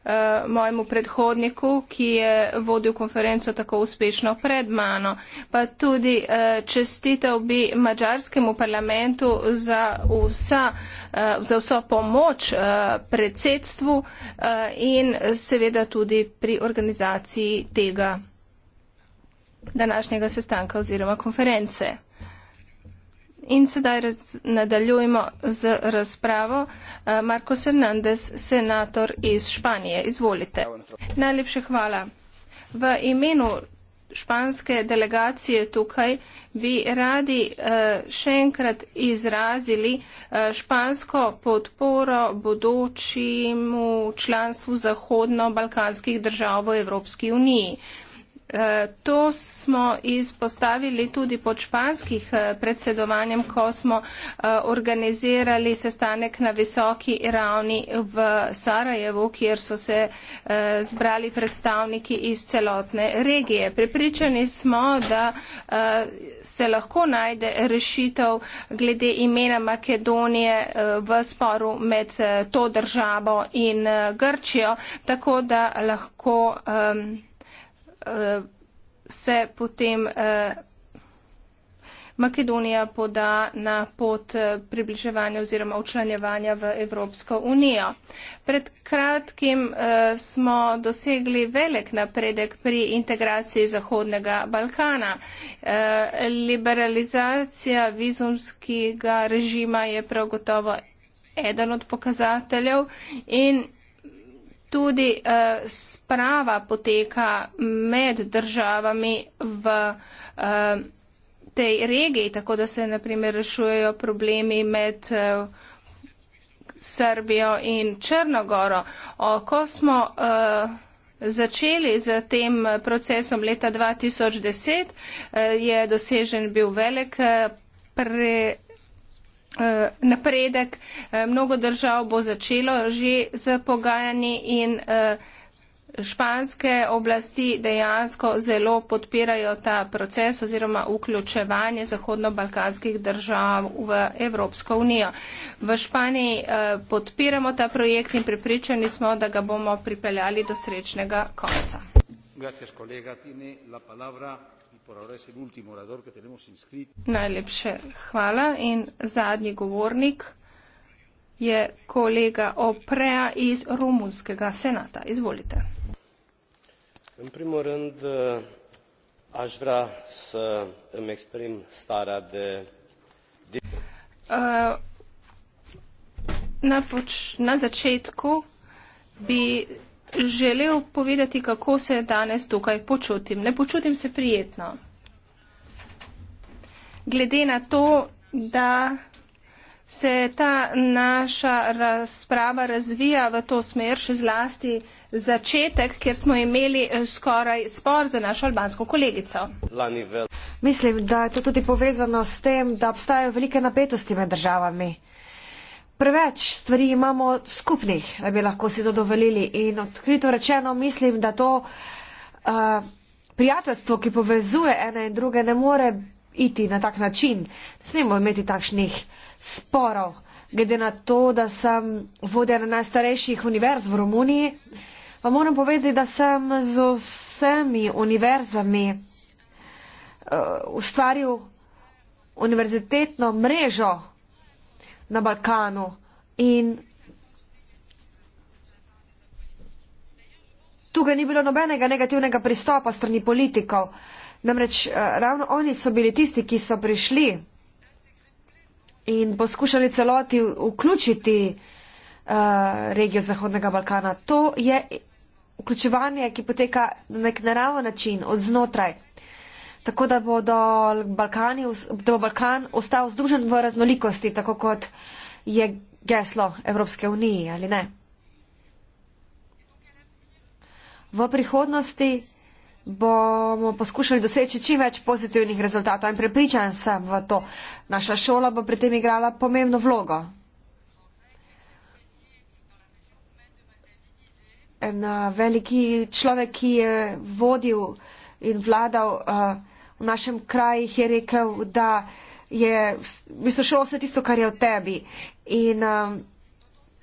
Eh, mojemu predhodniku, ki je vodil konferenco tako uspešno pred mano. Pa tudi uh, čestitev bi mađarskemu parlamentu za, vsa, uh, za vso pomoč uh, predsedstvu uh, in seveda tudi pri organizaciji tega današnjega sestanka oziroma konference. In sedaj nadaljujemo z razpravo. Eh, Marcos Hernandez, senator iz Španije. Izvolite. Najlepše hvala. V imenu španske delegacije tukaj bi radi eh, še enkrat izrazili eh, špansko podporo bodočimu članstvu Zahodno-Balkanskih držav v Evropski uniji. Eh, to smo izpostavili tudi pod španskih eh, predsedovanjem, ko smo eh, organizirali sestanek na visoki ravni v Sarajevu, kjer so se zbrali predstavniki iz celotne regije. Pripričani smo, da se lahko najde rešitev glede imena Makedonije v sporu med to državo in Grčijo, tako da lahko. Ehm, uh, se potem uh, Makedonija poda na pot uh, približevanja oziroma učlanjevanja v Evropsko unijo. Pred kratkim uh, smo dosegli velik napredek pri integraciji Zahodnega Balkana. Uh, liberalizacija vizumskega režima je prav gotovo eden od pokazateljev in tudi uh, sprava poteka med državami v uh, tej regiji, tako da se naprimer rešujejo problemi med uh, Srbijo in Črnogoro. O, ko smo uh, Začeli z tem procesom leta 2010 je dosežen bil velik pre, Eh, napredek. Eh, mnogo držav bo začelo že z pogajanji in eh, španske oblasti dejansko zelo podpirajo ta proces oziroma vključevanje zahodno-balkanskih držav v Evropsko unijo. V Španiji podpiramo ta projekt in pripričani smo, da ga bomo pripeljali do srečnega konca. Gracias, Najlepše hvala in zadnji govornik je kolega Oprea iz Romunskega senata. Izvolite. În primul rând, aș vrea să îmi exprim starea de... de... Uh, na, poč, na, začetku bi želel povedati, kako se danes tukaj počutim. Ne počutim se prijetno. Glede na to, da se ta naša razprava razvija v to smer, še zlasti začetek, kjer smo imeli eh, skoraj spor za našo albansko kolegico. Mislim, da je to tudi povezano s tem, da obstajajo velike napetosti med državami. Preveč stvari imamo skupnih, da bi lahko si to dovolili in odkrito rečeno mislim, da to uh, prijateljstvo, ki povezuje ene in druge, ne more iti na tak način. Ne smemo imeti takšnih sporov, glede na to, da sem vodja na najstarejših univerz v Romuniji, pa moram povedati, da sem z vsemi univerzami uh, ustvaril univerzitetno mrežo na Balkanu in tukaj ni bilo nobenega negativnega pristopa strani politikov. Namreč eh, ravno oni so bili tisti, ki so prišli in poskušali celoti vključiti eh, regijo Zahodnega Balkana. To je vključevanje, ki poteka na nek naravo način, od znotraj tako da, Balkani, da bo Balkan ostal združen v raznolikosti, tako kot je geslo Evropske unije, ali ne? V prihodnosti bomo poskušali doseči čim več pozitivnih rezultatov in prepričan sem v to. Naša šola bo pri tem igrala pomembno vlogo. En veliki človek, ki je vodil in vladal uh, v našem kraju je rekel, da je vislušalo vse tisto, kar je v tebi. In um,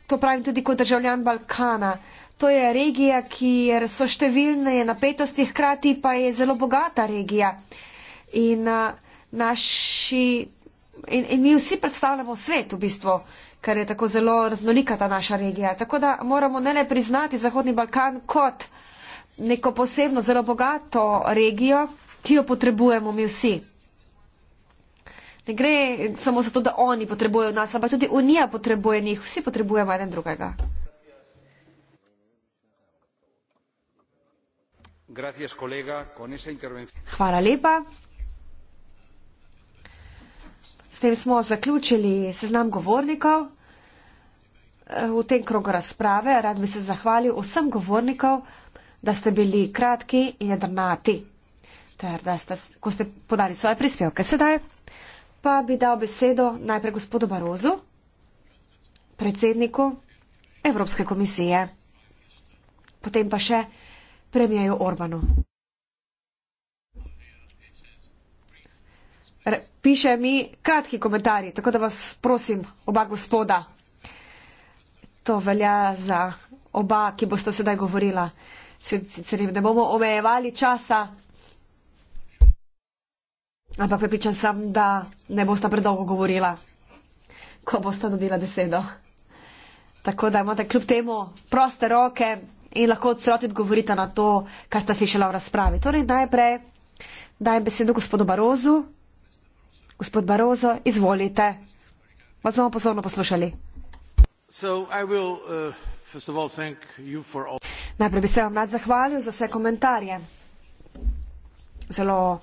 to pravim tudi kot državljan Balkana. To je regija, kjer so številne napetosti, hkrati pa je zelo bogata regija. In, uh, naši, in, in mi vsi predstavljamo svet, v bistvu, ker je tako zelo raznolika ta naša regija. Tako da moramo ne le priznati Zahodni Balkan kot neko posebno zelo bogato regijo, ki jo potrebujemo mi vsi. Ne gre samo zato, da oni potrebujejo nas, ampak tudi Unija potrebuje njih, vsi potrebujemo enega drugega. Gracias, kolega, con esa Hvala lepa. S tem smo zaključili seznam govornikov eh, v tem krogu razprave. Rad bi se zahvalil vsem govornikov, da ste bili kratki in jedrnati ter da ste, ko ste podali svoje prispevke sedaj, pa bi dal besedo najprej gospodu Barozu, predsedniku Evropske komisije, potem pa še premijeju Orbanu. Re, piše mi kratki komentarji, tako da vas prosim, oba gospoda, to velja za oba, ki boste sedaj govorila. Sicer ne bomo omejevali časa, ampak prepričan sem, da ne bosta predolgo govorila, ko bosta dobila besedo. Tako da imate kljub temu proste roke in lahko celoti odgovorite na to, kar ste slišali v razpravi. Torej, najprej dajem besedo gospodu Barozu. Gospod Barozo, izvolite. Vas bomo pozorno poslušali. So, will, uh, all, all... Najprej bi se vam rad zahvalil za vse komentarje. Zelo uh,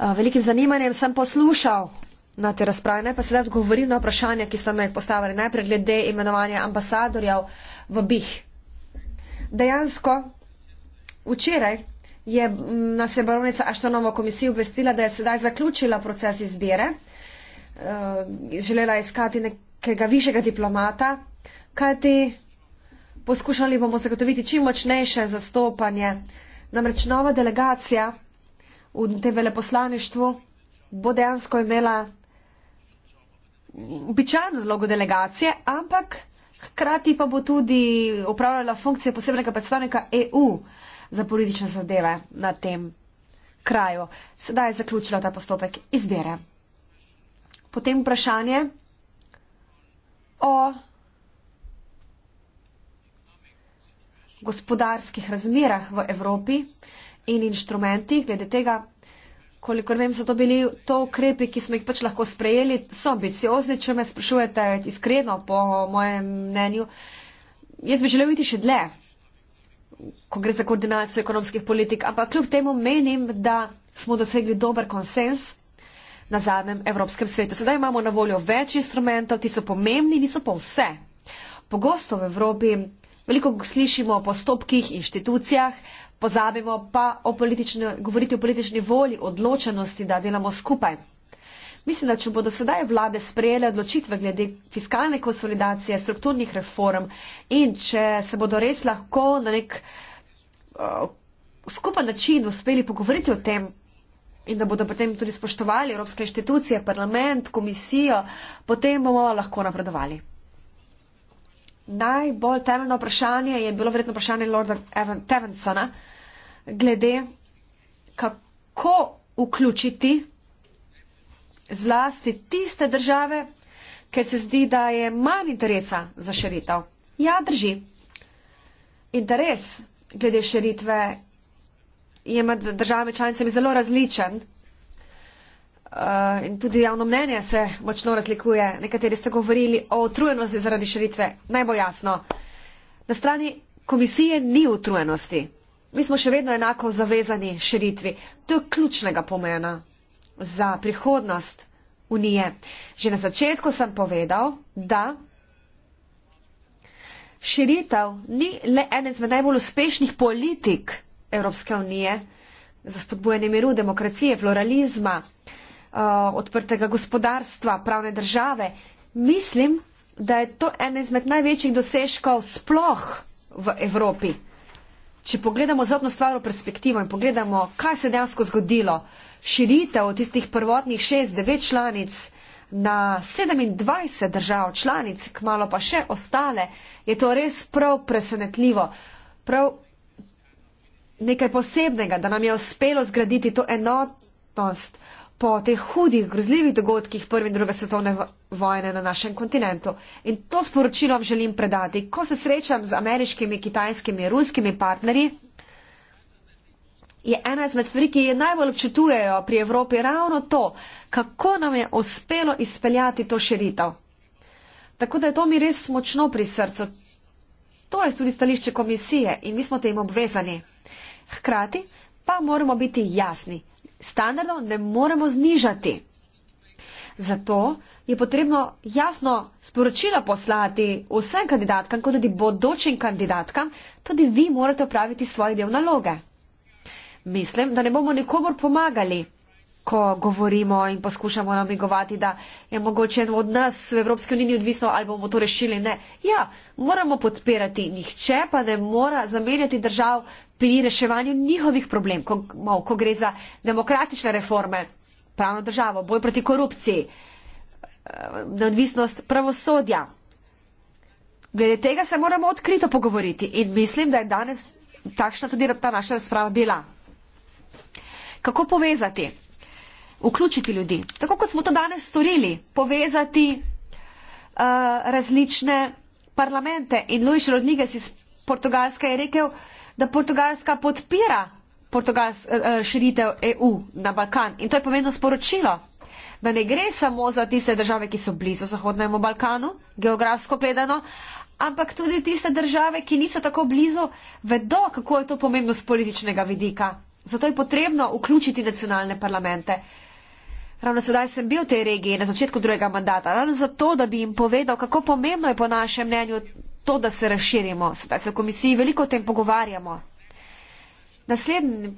Eh, velikim zanimanjem sem poslušal na te razprave. Naj pa sedaj odgovorim na vprašanja, ki ste me postavili. Najprej glede imenovanja ambasadorjev v BIH. Dejansko včeraj je mm, nas je baronica Aštonova komisija obvestila, da je sedaj zaključila proces izbire. Eh, želela je iskati nekega višjega diplomata, kajti poskušali bomo zagotoviti čim močnejše zastopanje. Namreč nova delegacija v tem veleposlaništvu, bo dejansko imela običajno vlogo delegacije, ampak hkrati pa bo tudi upravljala funkcijo posebnega predstavnika EU za politične zadeve na tem kraju. Sedaj je zaključila ta postopek izbire. Potem vprašanje o gospodarskih razmerah v Evropi in inštrumenti, glede tega, kolikor vem, so to bili to ukrepi, ki smo jih pač lahko sprejeli, so ambiciozni, če me sprašujete iskreno, po mojem mnenju. Jaz bi želel iti še dlje, ko gre za koordinacijo ekonomskih politik, ampak kljub temu menim, da smo dosegli dober konsens na zadnjem Evropskem svetu. Sedaj imamo na voljo več instrumentov, ti so pomembni, niso pa vse. Pogosto v Evropi veliko slišimo o postopkih, inštitucijah, pozabimo pa o govoriti o politični volji, odločenosti, da delamo skupaj. Mislim, da če bodo sedaj vlade sprejele odločitve glede fiskalne konsolidacije, strukturnih reform in če se bodo res lahko na nek uh, skupen način uspeli pogovoriti o tem in da bodo potem tudi spoštovali evropske inštitucije, parlament, komisijo, potem bomo lahko napredovali. Najbolj temeljno vprašanje je bilo verjetno vprašanje Lorda Evan Tevensona glede kako vključiti zlasti tiste države, ker se zdi, da je manj interesa za širitev. Ja, drži. Interes glede širitve je med državami članicami zelo različen eh, in tudi javno mnenje se močno razlikuje. Nekateri ste govorili o utrujenosti zaradi širitve. Naj bo jasno. Na strani komisije ni utrujenosti. Mi smo še vedno enako zavezani širitvi. To je ključnega pomena za prihodnost Unije. Že na začetku sem povedal, da širitev ni le en izmed najbolj uspešnih politik Evropske unije za spodbujanje miru, demokracije, pluralizma, uh, odprtega gospodarstva, pravne države. Mislim, da je to en izmed največjih dosežkov sploh v Evropi če pogledamo zadnjo stvar v perspektivo in pogledamo, kaj se dejansko zgodilo, širitev tistih prvotnih 6-9 članic na 27 držav članic, kmalo pa še ostale, je to res prav presenetljivo. Prav nekaj posebnega, da nam je uspelo zgraditi to enotnost, po teh hudih, grozljivih dogodkih prve in druge svetovne vojne na našem kontinentu. In to sporočilo želim predati. Ko se srečam z ameriškimi, kitajskimi, ruskimi partnerji, je ena izmed stvari, ki je najbolj občutujejo pri Evropi ravno to, kako nam je uspelo izpeljati to širitev. Tako da je to mi res močno pri srcu. To je tudi stališče komisije in mi smo tem obvezani. Hkrati pa moramo biti jasni standardov ne moremo znižati. Zato je potrebno jasno sporočilo poslati vsem kandidatkam, kot tudi bodočim kandidatkam, tudi vi morate opraviti svoje del naloge. Mislim, da ne bomo nikomor pomagali, ko govorimo in poskušamo namigovati, da je mogoče od nas v Evropski uniji odvisno, ali bomo to rešili. Ne. Ja, moramo podpirati njihče, pa ne mora zamenjati držav pri reševanju njihovih problem, ko, ko gre za demokratične reforme, pravno državo, boj proti korupciji, eh, neodvisnost pravosodja. Glede tega se moramo odkrito pogovoriti in mislim, da je danes takšna tudi ta naša razprava bila. Kako povezati? vključiti ljudi. Tako kot smo to danes storili, povezati uh, različne parlamente. In Luiš Rodriguez iz Portugalske je rekel, da Portugalska podpira Portugals, uh, eh, eh, širitev EU na Balkan. In to je pomembno sporočilo, da ne gre samo za tiste države, ki so blizu Zahodnemu Balkanu, geografsko gledano, ampak tudi tiste države, ki niso tako blizu, vedo, kako je to pomembno z političnega vidika. Zato je potrebno vključiti nacionalne parlamente. Ravno sedaj sem bil v tej regiji na začetku drugega mandata, ravno zato, da bi jim povedal, kako pomembno je po našem mnenju to, da se razširimo. Sedaj se v komisiji veliko o tem pogovarjamo. Naslednji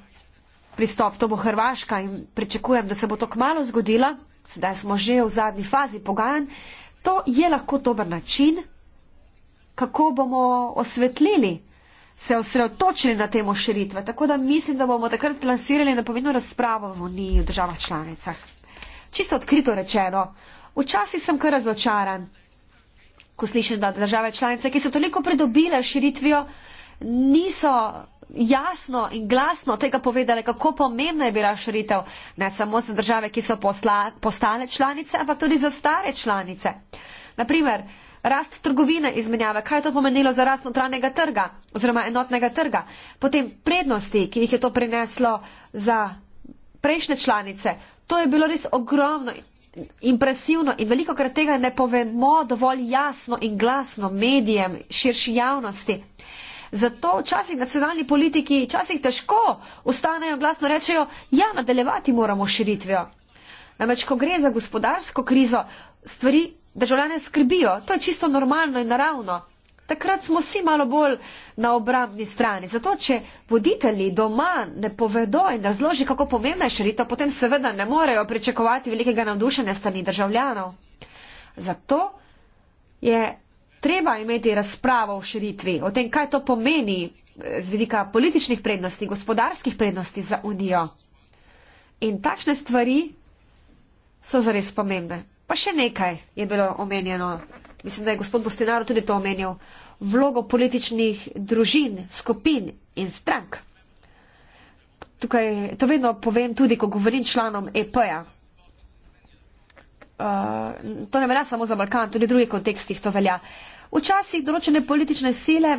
pristop, to bo Hrvaška in pričakujem, da se bo to kmalo zgodilo, sedaj smo že v zadnji fazi pogajanj, to je lahko dober način, kako bomo osvetlili, se osredotočili na temo širitve. Tako da mislim, da bomo takrat lansirali napomeno razpravo v Uniji v državah članicah. Čisto odkrito rečeno, včasih sem kar razočaran, ko slišim, da države članice, ki so toliko pridobile širitvijo, niso jasno in glasno tega povedali, kako pomembna je bila širitev ne samo za države, ki so posla, postale članice, ampak tudi za stare članice. Naprimer, rast trgovine izmenjave, kaj je to pomenilo za rast notranjega trga oziroma enotnega trga, potem prednosti, ki jih je to prineslo za prejšnje članice. To je bilo res ogromno impresivno in veliko krat tega ne povemo dovolj jasno in glasno medijem, širši javnosti. Zato včasih nacionalni politiki včasih težko ustanejo glasno rečejo, ja, nadaljevati moramo širitvijo. Namreč, ko gre za gospodarsko krizo, stvari državljane skrbijo. To je čisto normalno in naravno takrat smo vsi malo bolj na obrambni strani. Zato, če voditelji doma ne povedo in razloži, kako pomembna je širitev, potem seveda ne morejo pričakovati velikega navdušenja strani državljanov. Zato je treba imeti razpravo o širitvi, o tem, kaj to pomeni eh, z vidika političnih prednosti, gospodarskih prednosti za Unijo. In takšne stvari so zares pomembne. Pa še nekaj je bilo omenjeno mislim, da je gospod Bostinaro tudi to omenil, vlogo političnih družin, skupin in strank. Tukaj to vedno povem tudi, ko govorim članom EP-ja. Uh, to ne velja samo za Balkan, tudi v drugih kontekstih to velja. Včasih določene politične sile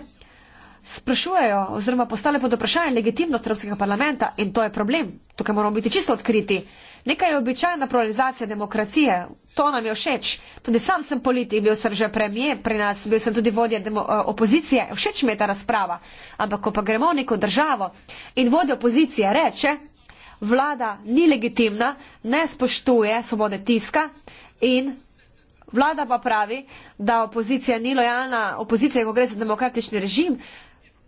sprašujejo oziroma postale pod vprašanje legitimnost Evropskega parlamenta in to je problem. Tukaj moramo biti čisto odkriti. Nekaj je običajna pluralizacija demokracije, to nam je všeč. Tudi sam sem politik, bil sem že premije pri nas, bil sem tudi vodja demo, eh, opozicije, všeč mi je ta razprava. Ampak ko pa gremo v neko državo in vodja opozicije reče, vlada ni legitimna, ne spoštuje svobode tiska in. Vlada pa pravi, da opozicija ni lojalna, opozicija, ko gre za demokratični režim,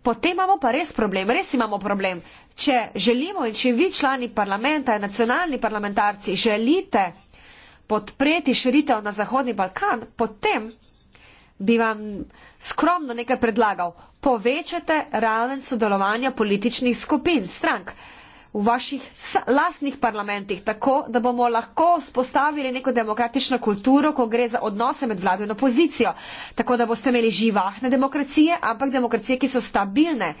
potem imamo pa res problem, res imamo problem. Če želimo in če vi člani parlamenta, nacionalni parlamentarci želite podpreti širitev na Zahodni Balkan, potem bi vam skromno nekaj predlagal. Povečate raven sodelovanja političnih skupin, strank v vaših lasnih parlamentih, tako da bomo lahko spostavili neko demokratično kulturo, ko gre za odnose med vlado in opozicijo, tako da boste imeli živahne demokracije, ampak demokracije, ki so stabilne.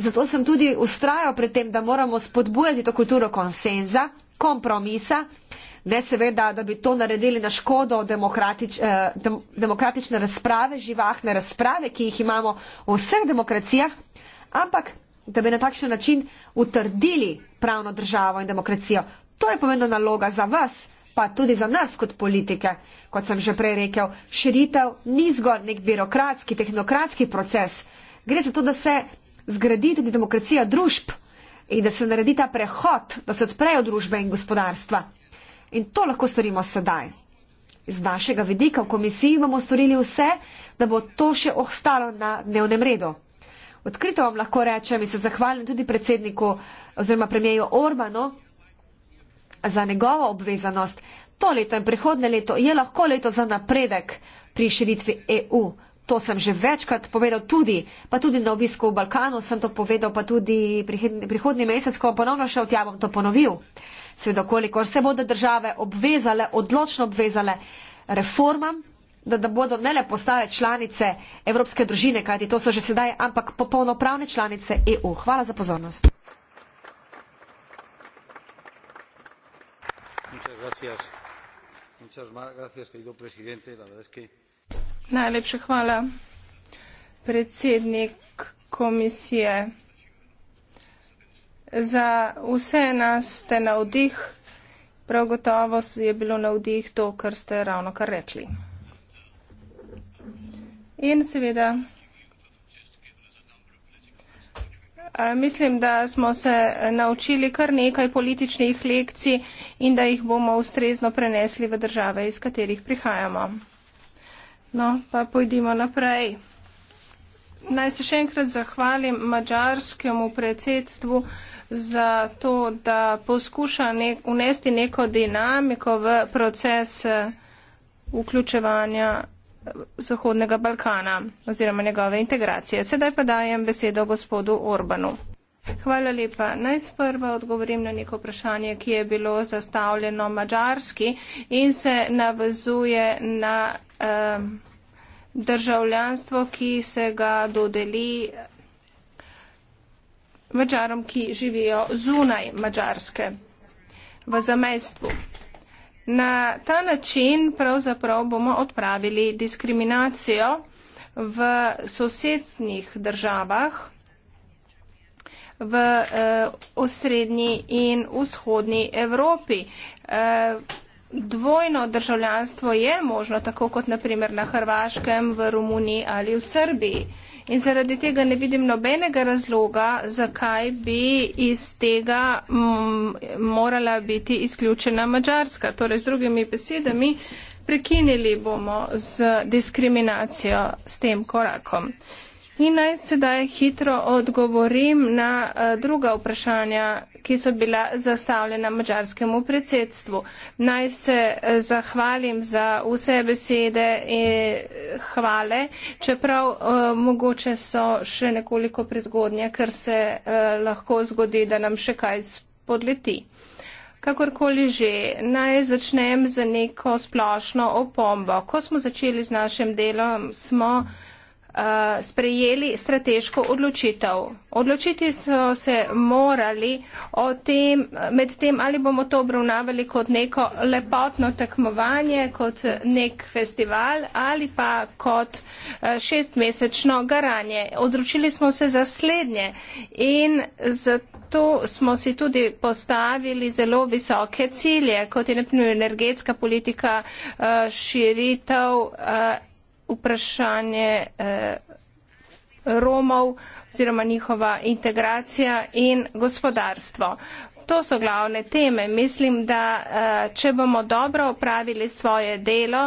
Zato sem tudi ustrajal pred tem, da moramo spodbujati to kulturo konsenza, kompromisa, ne seveda, da bi to naredili na škodo demokratič, eh, dem, demokratične razprave, živahne razprave, ki jih imamo v vseh demokracijah, ampak da bi na takšen način utrdili pravno državo in demokracijo. To je pomembna naloga za vas, pa tudi za nas kot politike. Kot sem že prej rekel, širitev ni zgolj nek birokratski, tehnokratski proces. Gre za to, da se zgradi tudi demokracija družb in da se naredi ta prehod, da se odprejo družbe in gospodarstva. In to lahko storimo sedaj. Z našega vidika v komisiji bomo storili vse, da bo to še ostalo na dnevnem redu. Odkrito vam lahko rečem in se zahvalim tudi predsedniku oziroma premijeju Ormanu za njegovo obvezanost. To leto in prihodne leto je lahko leto za napredek pri širitvi EU. To sem že večkrat povedal tudi, pa tudi na obisku v Balkanu sem to povedal, pa tudi prihodni mesec, ko bom ponovno šel tja, bom to ponovil. Sveda, koliko se bodo države obvezale, odločno obvezale reformam, da, da bodo ne le postale članice Evropske družine, kajti to so že sedaj, ampak popolnopravne članice EU. Hvala za pozornost. Najlepša hvala, predsednik komisije. Za vse nas ste na vdih, prav gotovo je bilo na vdih to, kar ste ravno kar rekli. In seveda, mislim, da smo se naučili kar nekaj političnih lekcij in da jih bomo ustrezno prenesli v države, iz katerih prihajamo. No, pa pojdimo naprej. Naj se še enkrat zahvalim mađarskemu predsedstvu za to, da poskuša nek, unesti neko dinamiko v proces eh, vključevanja Zahodnega Balkana oziroma njegove integracije. Sedaj pa dajem besedo gospodu Orbanu. Hvala lepa. Naj sprva odgovorim na neko vprašanje, ki je bilo zastavljeno mađarski in se navezuje na um, državljanstvo, ki se ga dodeli mađarom, ki živijo zunaj mađarske v zamestvu. Na ta način pravzaprav bomo odpravili diskriminacijo v sosednjih državah, v eh, osrednji in vzhodni Evropi. Eh, dvojno državljanstvo je možno, tako kot naprimer na Hrvaškem, v Romuniji ali v Srbiji. Eh, In zaradi tega ne vidim nobenega razloga, zakaj bi iz tega mm, morala biti izključena Mačarska. Torej, z drugimi besedami, prekinili bomo z diskriminacijo s tem korakom. In naj sedaj hitro odgovorim na eh, druga vprašanja, ki so bila zastavljena mačarskemu predsedstvu. Naj se eh, zahvalim za vse besede in eh, hvale, čeprav mogoče so še nekoliko prezgodnje, ker se lahko zgodi, da nam še kaj spodleti. Kakorkoli že, naj začnem z neko splošno opombo. Ko smo začeli z našim delom, smo. Eh, sprejeli strateško odločitev. Odločiti so se morali o tem, med tem, ali bomo to obravnavali kot neko lepotno tekmovanje, kot nek festival ali pa kot eh, šestmesečno garanje. Odločili smo se za slednje in zato smo si tudi postavili zelo visoke cilje, kot je naprimer energetska politika, eh, širitev vprašanje eh, Romov oziroma njihova integracija in gospodarstvo. To so glavne teme. Mislim, da eh, če bomo dobro opravili svoje delo,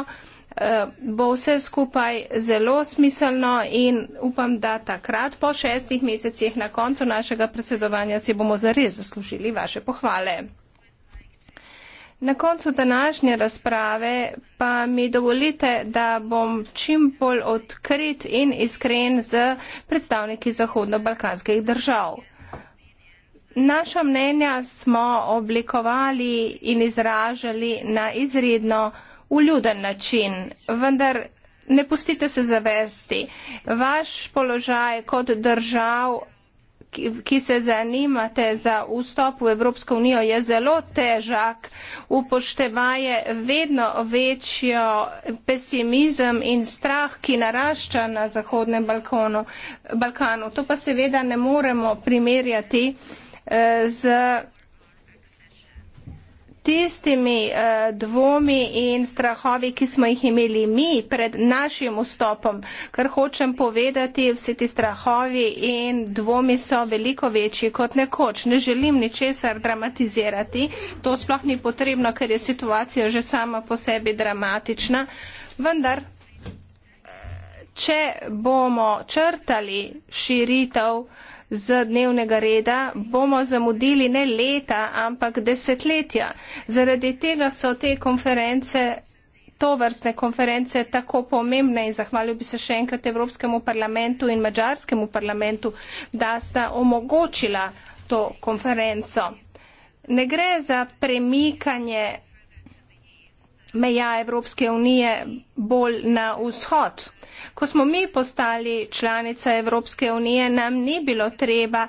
eh, bo vse skupaj zelo smiselno in upam, da takrat po šestih mesecih na koncu našega predsedovanja si bomo zares zaslužili vaše pohvale. Na koncu današnje razprave pa mi dovolite, da bom čim bolj odkrit in iskren z predstavniki zahodno-balkanskih držav. Naša mnenja smo oblikovali in izražali na izredno uljuden način, vendar ne pustite se zavesti. Vaš položaj kot držav ki se zanimate za vstop v Evropsko unijo, je zelo težak, upoštevaje vedno večjo pesimizem in strah, ki narašča na Zahodnem Balkonu. Balkanu. To pa seveda ne moremo primerjati eh, z. Eh, tistimi uh, dvomi in strahovi, ki smo jih imeli mi pred našim vstopom. Ker hočem povedati, vsi ti strahovi in dvomi so veliko večji kot nekoč. Ne želim ničesar dramatizirati, to sploh ni potrebno, ker je situacija že sama po sebi dramatična. Vendar, eh, če bomo črtali širitev, uh, z dnevnega reda, bomo zamudili ne leta, ampak desetletja. Zaradi tega so te konference, to vrstne konference, tako pomembne in zahvalil bi se še enkrat Evropskemu parlamentu in Mačarskemu parlamentu, da sta omogočila to konferenco. Ne gre za premikanje meja Evropske unije bolj na vzhod. Ko smo mi postali članica Evropske unije, nam ni bilo treba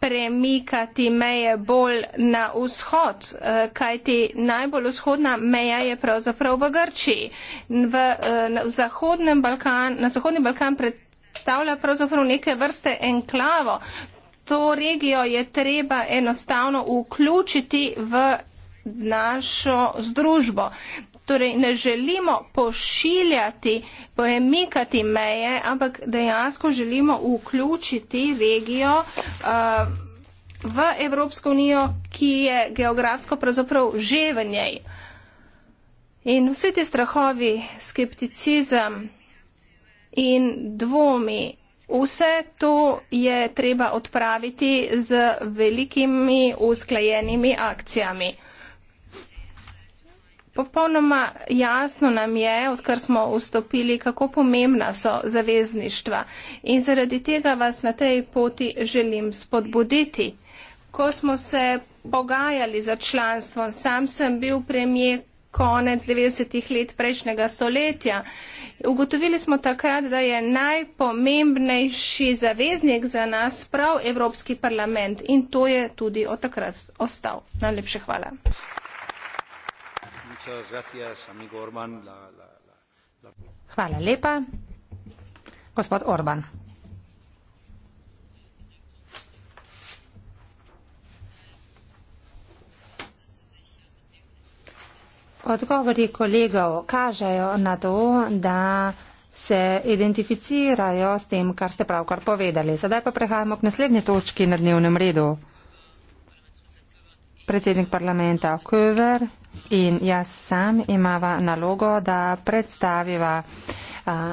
premikati meje bolj na vzhod, eh, kajti najbolj vzhodna meja je pravzaprav v Grčiji. V, eh, na, Balkan, na Zahodni Balkan predstavlja pravzaprav neke vrste enklavo. To regijo je treba enostavno vključiti v našo združbo torej ne želimo pošiljati, pojemikati meje, ampak dejansko želimo vključiti regijo uh, v Evropsko unijo, ki je geografsko pravzaprav že v njej. In vsi ti strahovi, skepticizem in dvomi, vse to je treba odpraviti z velikimi usklajenimi akcijami. Popolnoma jasno nam je, odkar smo vstopili, kako pomembna so zavezništva in zaradi tega vas na tej poti želim spodbuditi. Ko smo se pogajali za članstvo, sam sem bil premijer konec 90-ih let prejšnjega stoletja. Ugotovili smo takrat, da je najpomembnejši zaveznik za nas prav Evropski parlament in to je tudi od takrat ostal. Najlepše hvala. Hvala lepa. Gospod Orban. Odgovori kolegov kažejo na to, da se identificirajo s tem, kar ste pravkar povedali. Sedaj pa prehajamo k naslednji točki na dnevnem redu. Predsednik parlamenta Kuver, in jaz sam imava nalogo, da predstaviva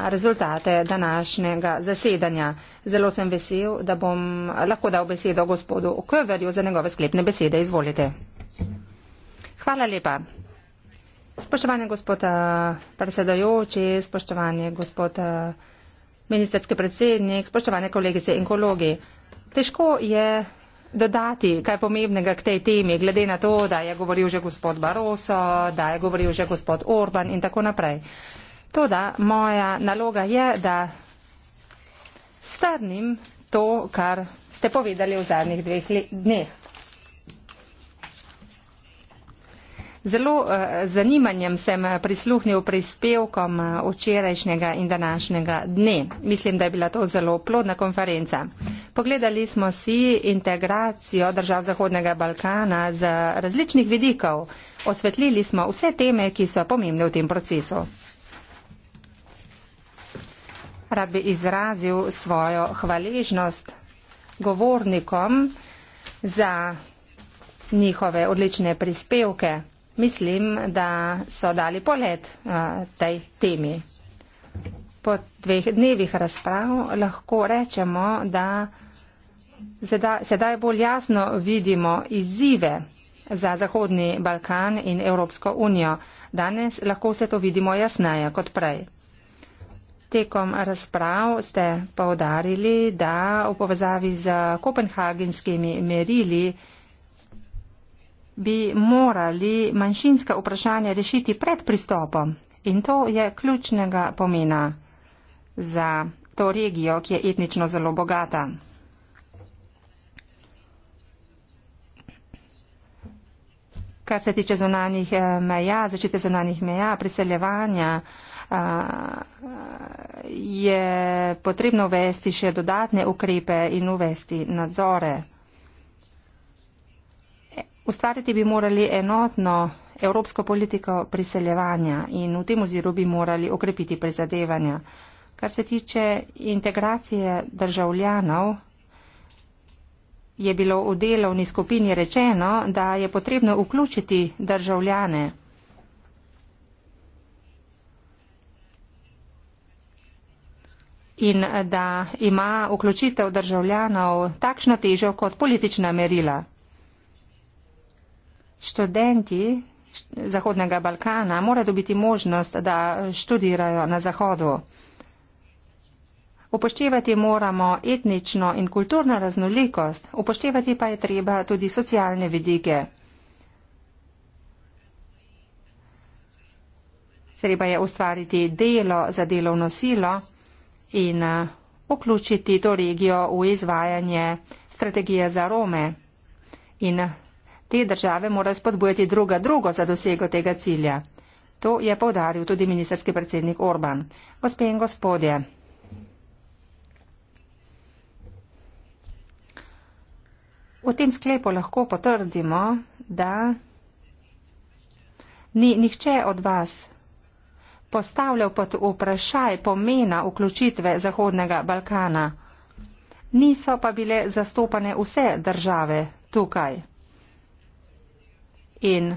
rezultate današnjega zasedanja. Zelo sem vesel, da bom lahko dal besedo gospodu Okverju za njegove sklepne besede. Izvolite. Hvala lepa. Spoštovani gospod predsedajoči, spoštovani gospod ministerski predsednik, spoštovane kolegice in kolegi. Težko je dodati kaj pomembnega k tej temi, glede na to, da je govoril že gospod Baroso, da je govoril že gospod Orban in tako naprej. Toda moja naloga je, da strnim to, kar ste povedali v zadnjih dveh dneh. Zelo eh, zanimanjem sem eh, prisluhnil prispevkom eh, včerajšnjega in današnjega dne. Mislim, da je bila to zelo plodna konferenca. Pogledali smo si integracijo držav Zahodnega Balkana z različnih vidikov. Osvetlili smo vse teme, ki so pomembne v tem procesu. Rad bi izrazil svojo hvaležnost govornikom za njihove odlične prispevke mislim, da so dali polet eh, tej temi. Po dveh dnevih razprav lahko rečemo, da sedaj bolj jasno vidimo izzive za Zahodni Balkan in Evropsko unijo. Danes lahko vse to vidimo jasneje kot prej. Tekom razprav ste povdarili, da v povezavi z kopenhagenskimi merili bi morali manjšinska vprašanja rešiti pred pristopom in to je ključnega pomena za to regijo, ki je etnično zelo bogata. Kar se tiče zonanih eh, meja, zaščite zonanih meja, priseljevanja, eh, je potrebno uvesti še dodatne ukrepe in uvesti nadzore. Ustvariti bi morali enotno evropsko politiko priseljevanja in v tem oziru bi morali okrepiti prizadevanja. Kar se tiče integracije državljanov, je bilo v delovni skupini rečeno, da je potrebno vključiti državljane. In da ima vključitev državljanov takšno težo kot politična merila študenti Zahodnega Balkana morajo dobiti možnost, da študirajo na Zahodu. Upoštevati moramo etnično in kulturno raznolikost, upoštevati pa je treba tudi socialne vidike. Treba je ustvariti delo za delovno silo in eh, vključiti to regijo v izvajanje strategije za Rome in te države morajo spodbujati druga drugo za dosego tega cilja. To je povdaril tudi ministerski predsednik Orban. Gospe in gospodje. V tem sklepu lahko potrdimo, da ni nihče od vas postavljal pod vprašaj pomena vključitve Zahodnega Balkana. Niso pa bile zastopane vse države tukaj in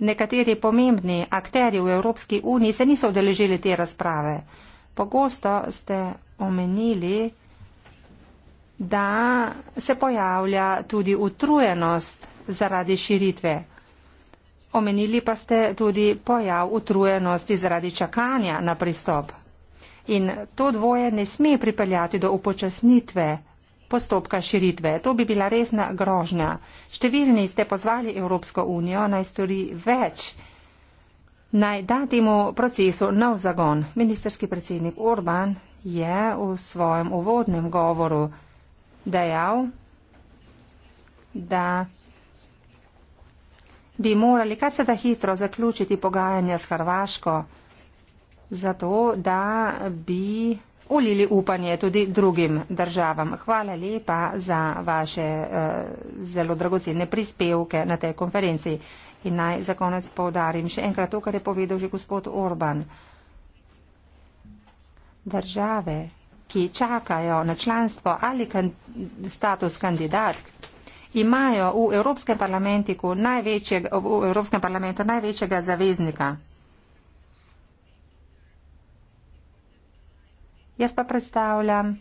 nekateri pomembni akteri v Evropski uniji se niso odeležili te razprave. Pogosto ste omenili, da se pojavlja tudi utrujenost zaradi širitve. Omenili pa ste tudi pojav utrujenosti zaradi čakanja na pristop. In to dvoje ne sme pripeljati do upočasnitve postopka širitve. To bi bila resna grožnja. Številni ste pozvali Evropsko unijo naj stori več, naj da temu procesu nov zagon. Ministerski predsednik Orban je v svojem uvodnem govoru dejal, da bi morali kar se da hitro zaključiti pogajanja s Hrvaško, zato da bi ulili upanje tudi drugim državam. Hvala lepa za vaše uh, zelo dragocene prispevke na tej konferenci. In naj za konec povdarim še enkrat to, kar je povedal že gospod Orban. Države, ki čakajo na članstvo ali kan status kandidatk, imajo v Evropskem parlamentu največjega, največjega zaveznika. Jaz pa predstavljam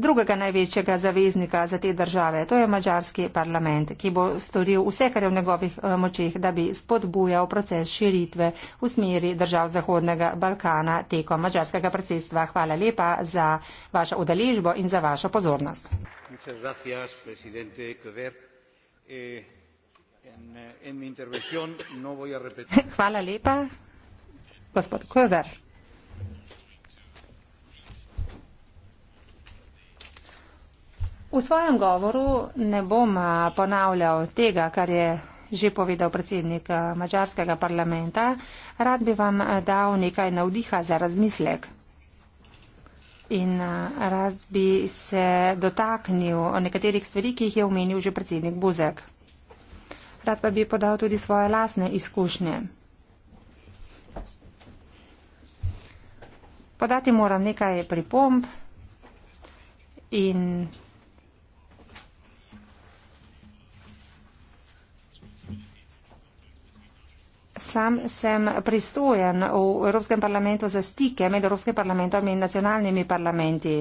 drugega največjega zaveznika za te države, to je mačarski parlament, ki bo storil vse, kar je v njegovih eh, močeh, da bi spodbujal proces širitve v smeri držav Zahodnega Balkana tekom mačarskega predsedstva. Hvala lepa za vašo udeležbo in za vašo pozornost. Eh, eh, no Hvala lepa, gospod Kover. V svojem govoru ne bom ponavljal tega, kar je že povedal predsednik mačarskega parlamenta. Rad bi vam dal nekaj navdiha za razmislek. In rad bi se dotaknil o nekaterih stvari, ki jih je omenil že predsednik Buzek. Rad pa bi podal tudi svoje lasne izkušnje. Podati moram nekaj pripomb in sam sem pristojen v Evropskem parlamentu za stike med Evropskim parlamentom in nacionalnimi parlamenti.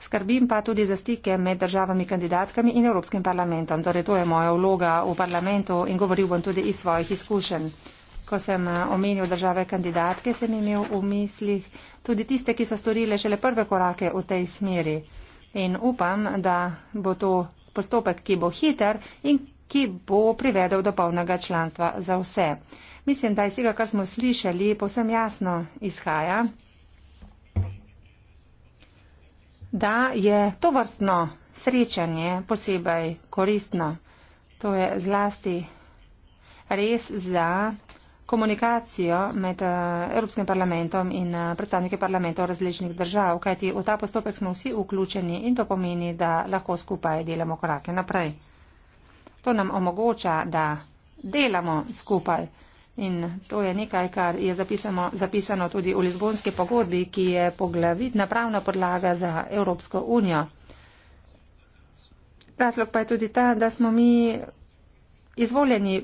Skrbim pa tudi za stike med državami kandidatkami in Evropskim parlamentom. Torej, to je moja vloga v parlamentu in govoril bom tudi iz svojih izkušenj. Ko sem eh, omenil države kandidatke, sem imel v mislih tudi tiste, ki so storile šele prve korake v tej smeri. In upam, da bo to postopek, ki bo hiter in ki bo privedel do polnega članstva za vse. Mislim, da iz tega, kar smo slišali, povsem jasno izhaja, da je to vrstno srečanje posebej koristno. To je zlasti res za komunikacijo med eh, Evropskim parlamentom in eh, predstavniki parlamentov različnih držav, kajti v ta postopek smo vsi vključeni in to pomeni, da lahko skupaj delamo korake naprej. To nam omogoča, da delamo skupaj. In to je nekaj, kar je zapisano, zapisano tudi v Lizbonski pogodbi, ki je poglavitna pravna podlaga za Evropsko unijo. Razlog pa je tudi ta, da smo mi izvoljeni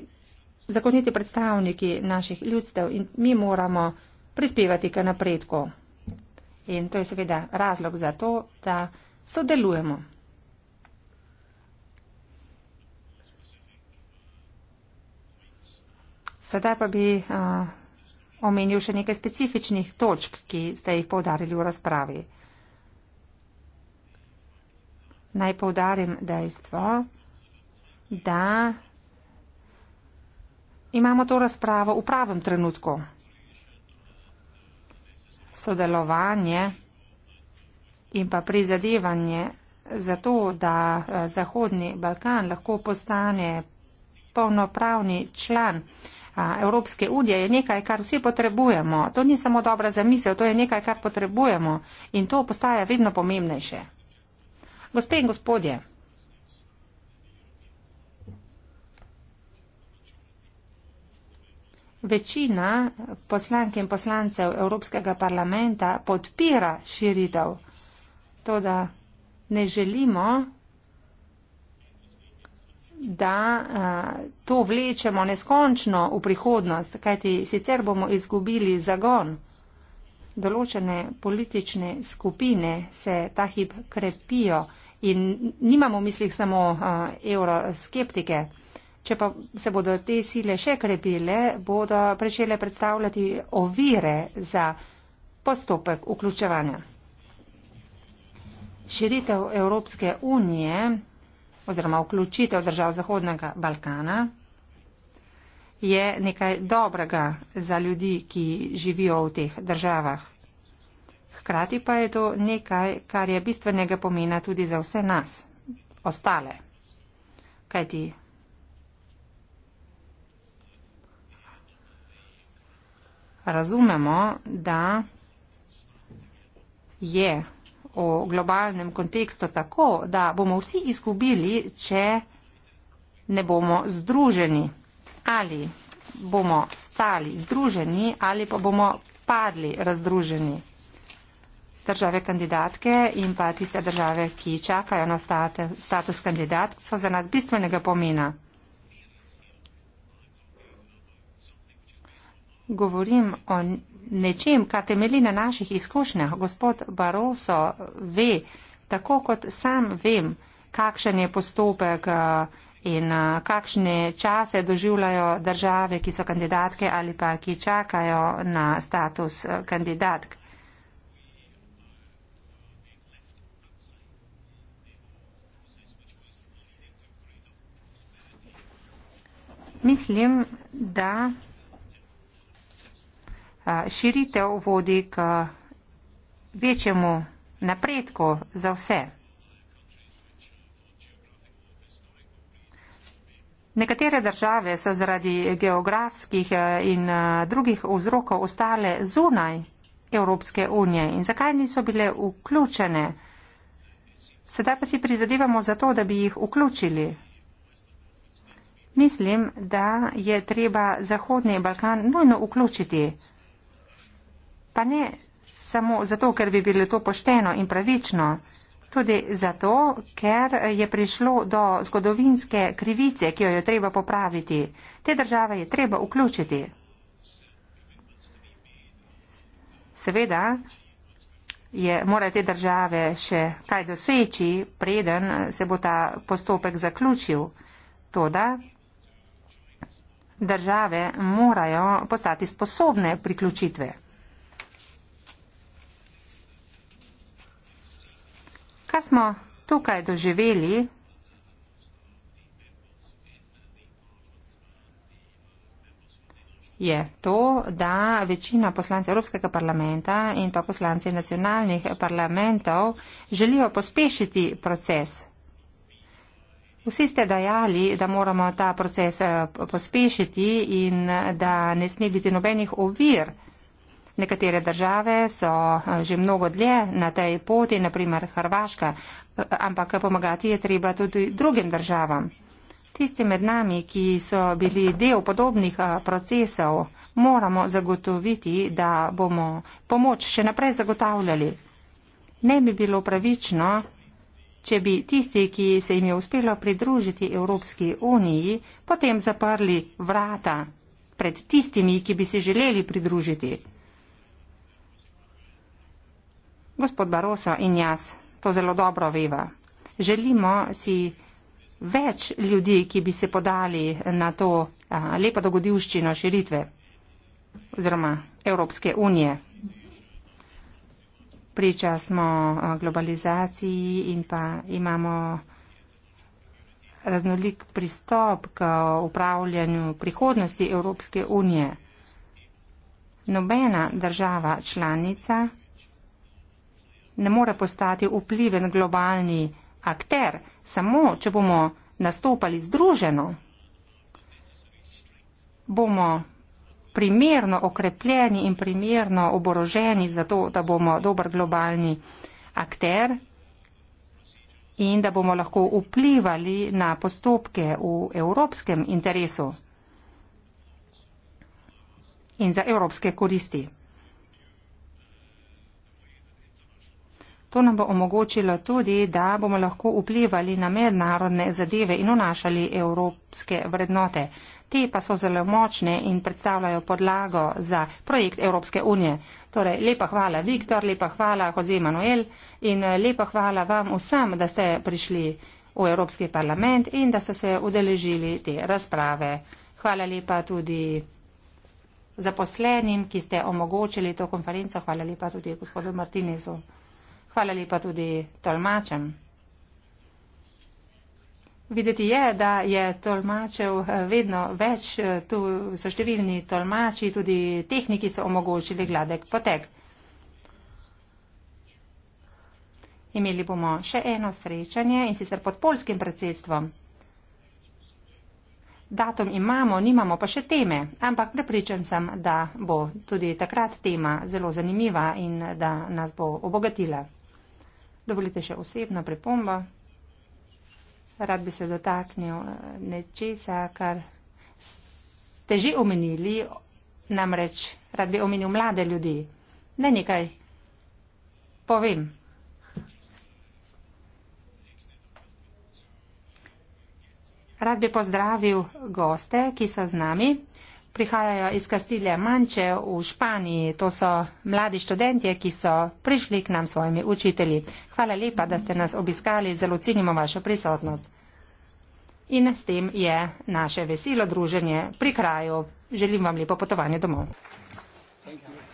zakoniti predstavniki naših ljudstev in mi moramo prispevati k napredku. In to je seveda razlog za to, da sodelujemo. Sedaj pa bi a, eh, omenil še nekaj specifičnih točk, ki ste jih povdarili v razpravi. Naj povdarim dejstvo, da imamo to razpravo v pravem trenutku. Sodelovanje in pa prizadevanje za to, da eh, Zahodni Balkan lahko postane polnopravni član Evropske unije je nekaj, kar vsi potrebujemo. To ni samo dobra zamisel, to je nekaj, kar potrebujemo in to postaja vedno pomembnejše. Gospe in gospodje, večina poslank in poslancev Evropskega parlamenta podpira širitev, to da ne želimo da a, eh, to vlečemo neskončno v prihodnost, kajti sicer bomo izgubili zagon. Določene politične skupine se ta hip krepijo in nimamo v mislih samo a, eh, euroskeptike. Če pa se bodo te sile še krepile, bodo prešele predstavljati ovire za postopek vključevanja. Širitev Evropske unije oziroma vključitev držav Zahodnega Balkana je nekaj dobrega za ljudi, ki živijo v teh državah. Hkrati pa je to nekaj, kar je bistvenega pomena tudi za vse nas, ostale. Kajti razumemo, da je o globalnem kontekstu tako, da bomo vsi izgubili, če ne bomo združeni. Ali bomo stali združeni ali pa bomo padli razdruženi. Države kandidatke in pa tiste države, ki čakajo na status kandidat, so za nas bistvenega pomena. Govorim o nečem, kar temeli na naših izkušnjah. Gospod Baroso ve, tako kot sam vem, kakšen je postopek eh, in eh, kakšne čase doživljajo države, ki so kandidatke ali pa ki čakajo na status eh, kandidatk. Mislim, da širitev vodi k večjemu napredku za vse. Nekatere države so zaradi geografskih e, in e, drugih vzrokov ostale zunaj Evropske unije in zakaj niso bile vključene. Sedaj pa si prizadevamo za to, da bi jih vključili. Mislim, da je treba Zahodni Balkan nujno vključiti pa ne samo zato, ker bi bilo to pošteno in pravično, tudi zato, ker je prišlo do zgodovinske krivice, ki jo je treba popraviti. Te države je treba vključiti. Seveda je, mora te države še kaj doseči, preden se bo ta postopek zaključil. Toda države morajo postati sposobne priključitve. kaj smo tukaj doživeli? je to, da večina poslancev Evropskega parlamenta in pa poslanci nacionalnih parlamentov želijo pospešiti proces. Vsi ste dajali, da moramo ta proces eh, pospešiti in da ne sme biti nobenih ovir, Nekatere države so eh, že mnogo dlje na tej poti, naprimer Hrvaška, eh, ampak pomagati je treba tudi drugim državam. Tisti med nami, ki so bili del podobnih eh, procesov, moramo zagotoviti, da bomo pomoč še naprej zagotavljali. Ne bi bilo pravično, če bi tisti, ki se jim je uspelo pridružiti Evropski uniji, potem zaprli vrata pred tistimi, ki bi se želeli pridružiti. Gospod Barosa in jaz to zelo dobro veva. Želimo si več ljudi, ki bi se podali na to a, lepo dogodivščino širitve oziroma Evropske unije. Priča smo globalizaciji in pa imamo raznolik pristop k upravljanju prihodnosti Evropske unije. Nobena država članica ne more postati vpliven globalni akter, samo če bomo nastopali združeno, bomo primerno okrepljeni in primerno oboroženi za to, da bomo dober globalni akter in da bomo lahko vplivali na postopke v evropskem interesu in za evropske koristi. To nam bo omogočilo tudi, da bomo lahko vplivali na mednarodne zadeve in vnašali evropske vrednote. Te pa so zelo močne in predstavljajo podlago za projekt Evropske unije. Torej, lepa hvala Viktor, lepa hvala Jose Manuel in eh, lepa hvala vam vsem, da ste prišli v Evropski parlament in da ste se udeležili te razprave. Hvala lepa tudi zaposlenim, ki ste omogočili to konferenco. Hvala lepa tudi gospodu Martinezu. Hvala lepa tudi tolmačem. Videti je, da je tolmačev eh, vedno več, eh, tu so številni tolmači, tudi tehniki so omogočili gladek potek. Imeli bomo še eno srečanje in sicer pod polskim predsedstvom. Datum imamo, nimamo pa še teme, ampak prepričan sem, da bo tudi takrat tema zelo zanimiva in da nas bo obogatila. Dovolite še osebno pripombo. Rad bi se dotaknil eh, nečesa, kar ste že omenili, namreč rad bi omenil mlade ljudi. Ne nekaj povem. Rad bi pozdravil goste, ki so z nami prihajajo iz Kastilje Manče v Španiji. To so mladi študentje, ki so prišli k nam svojimi učitelji. Hvala lepa, da ste nas obiskali. Zelo cenimo vašo prisotnost. In s tem je naše veselo druženje pri kraju. Želim vam lepo potovanje domov. Thank you.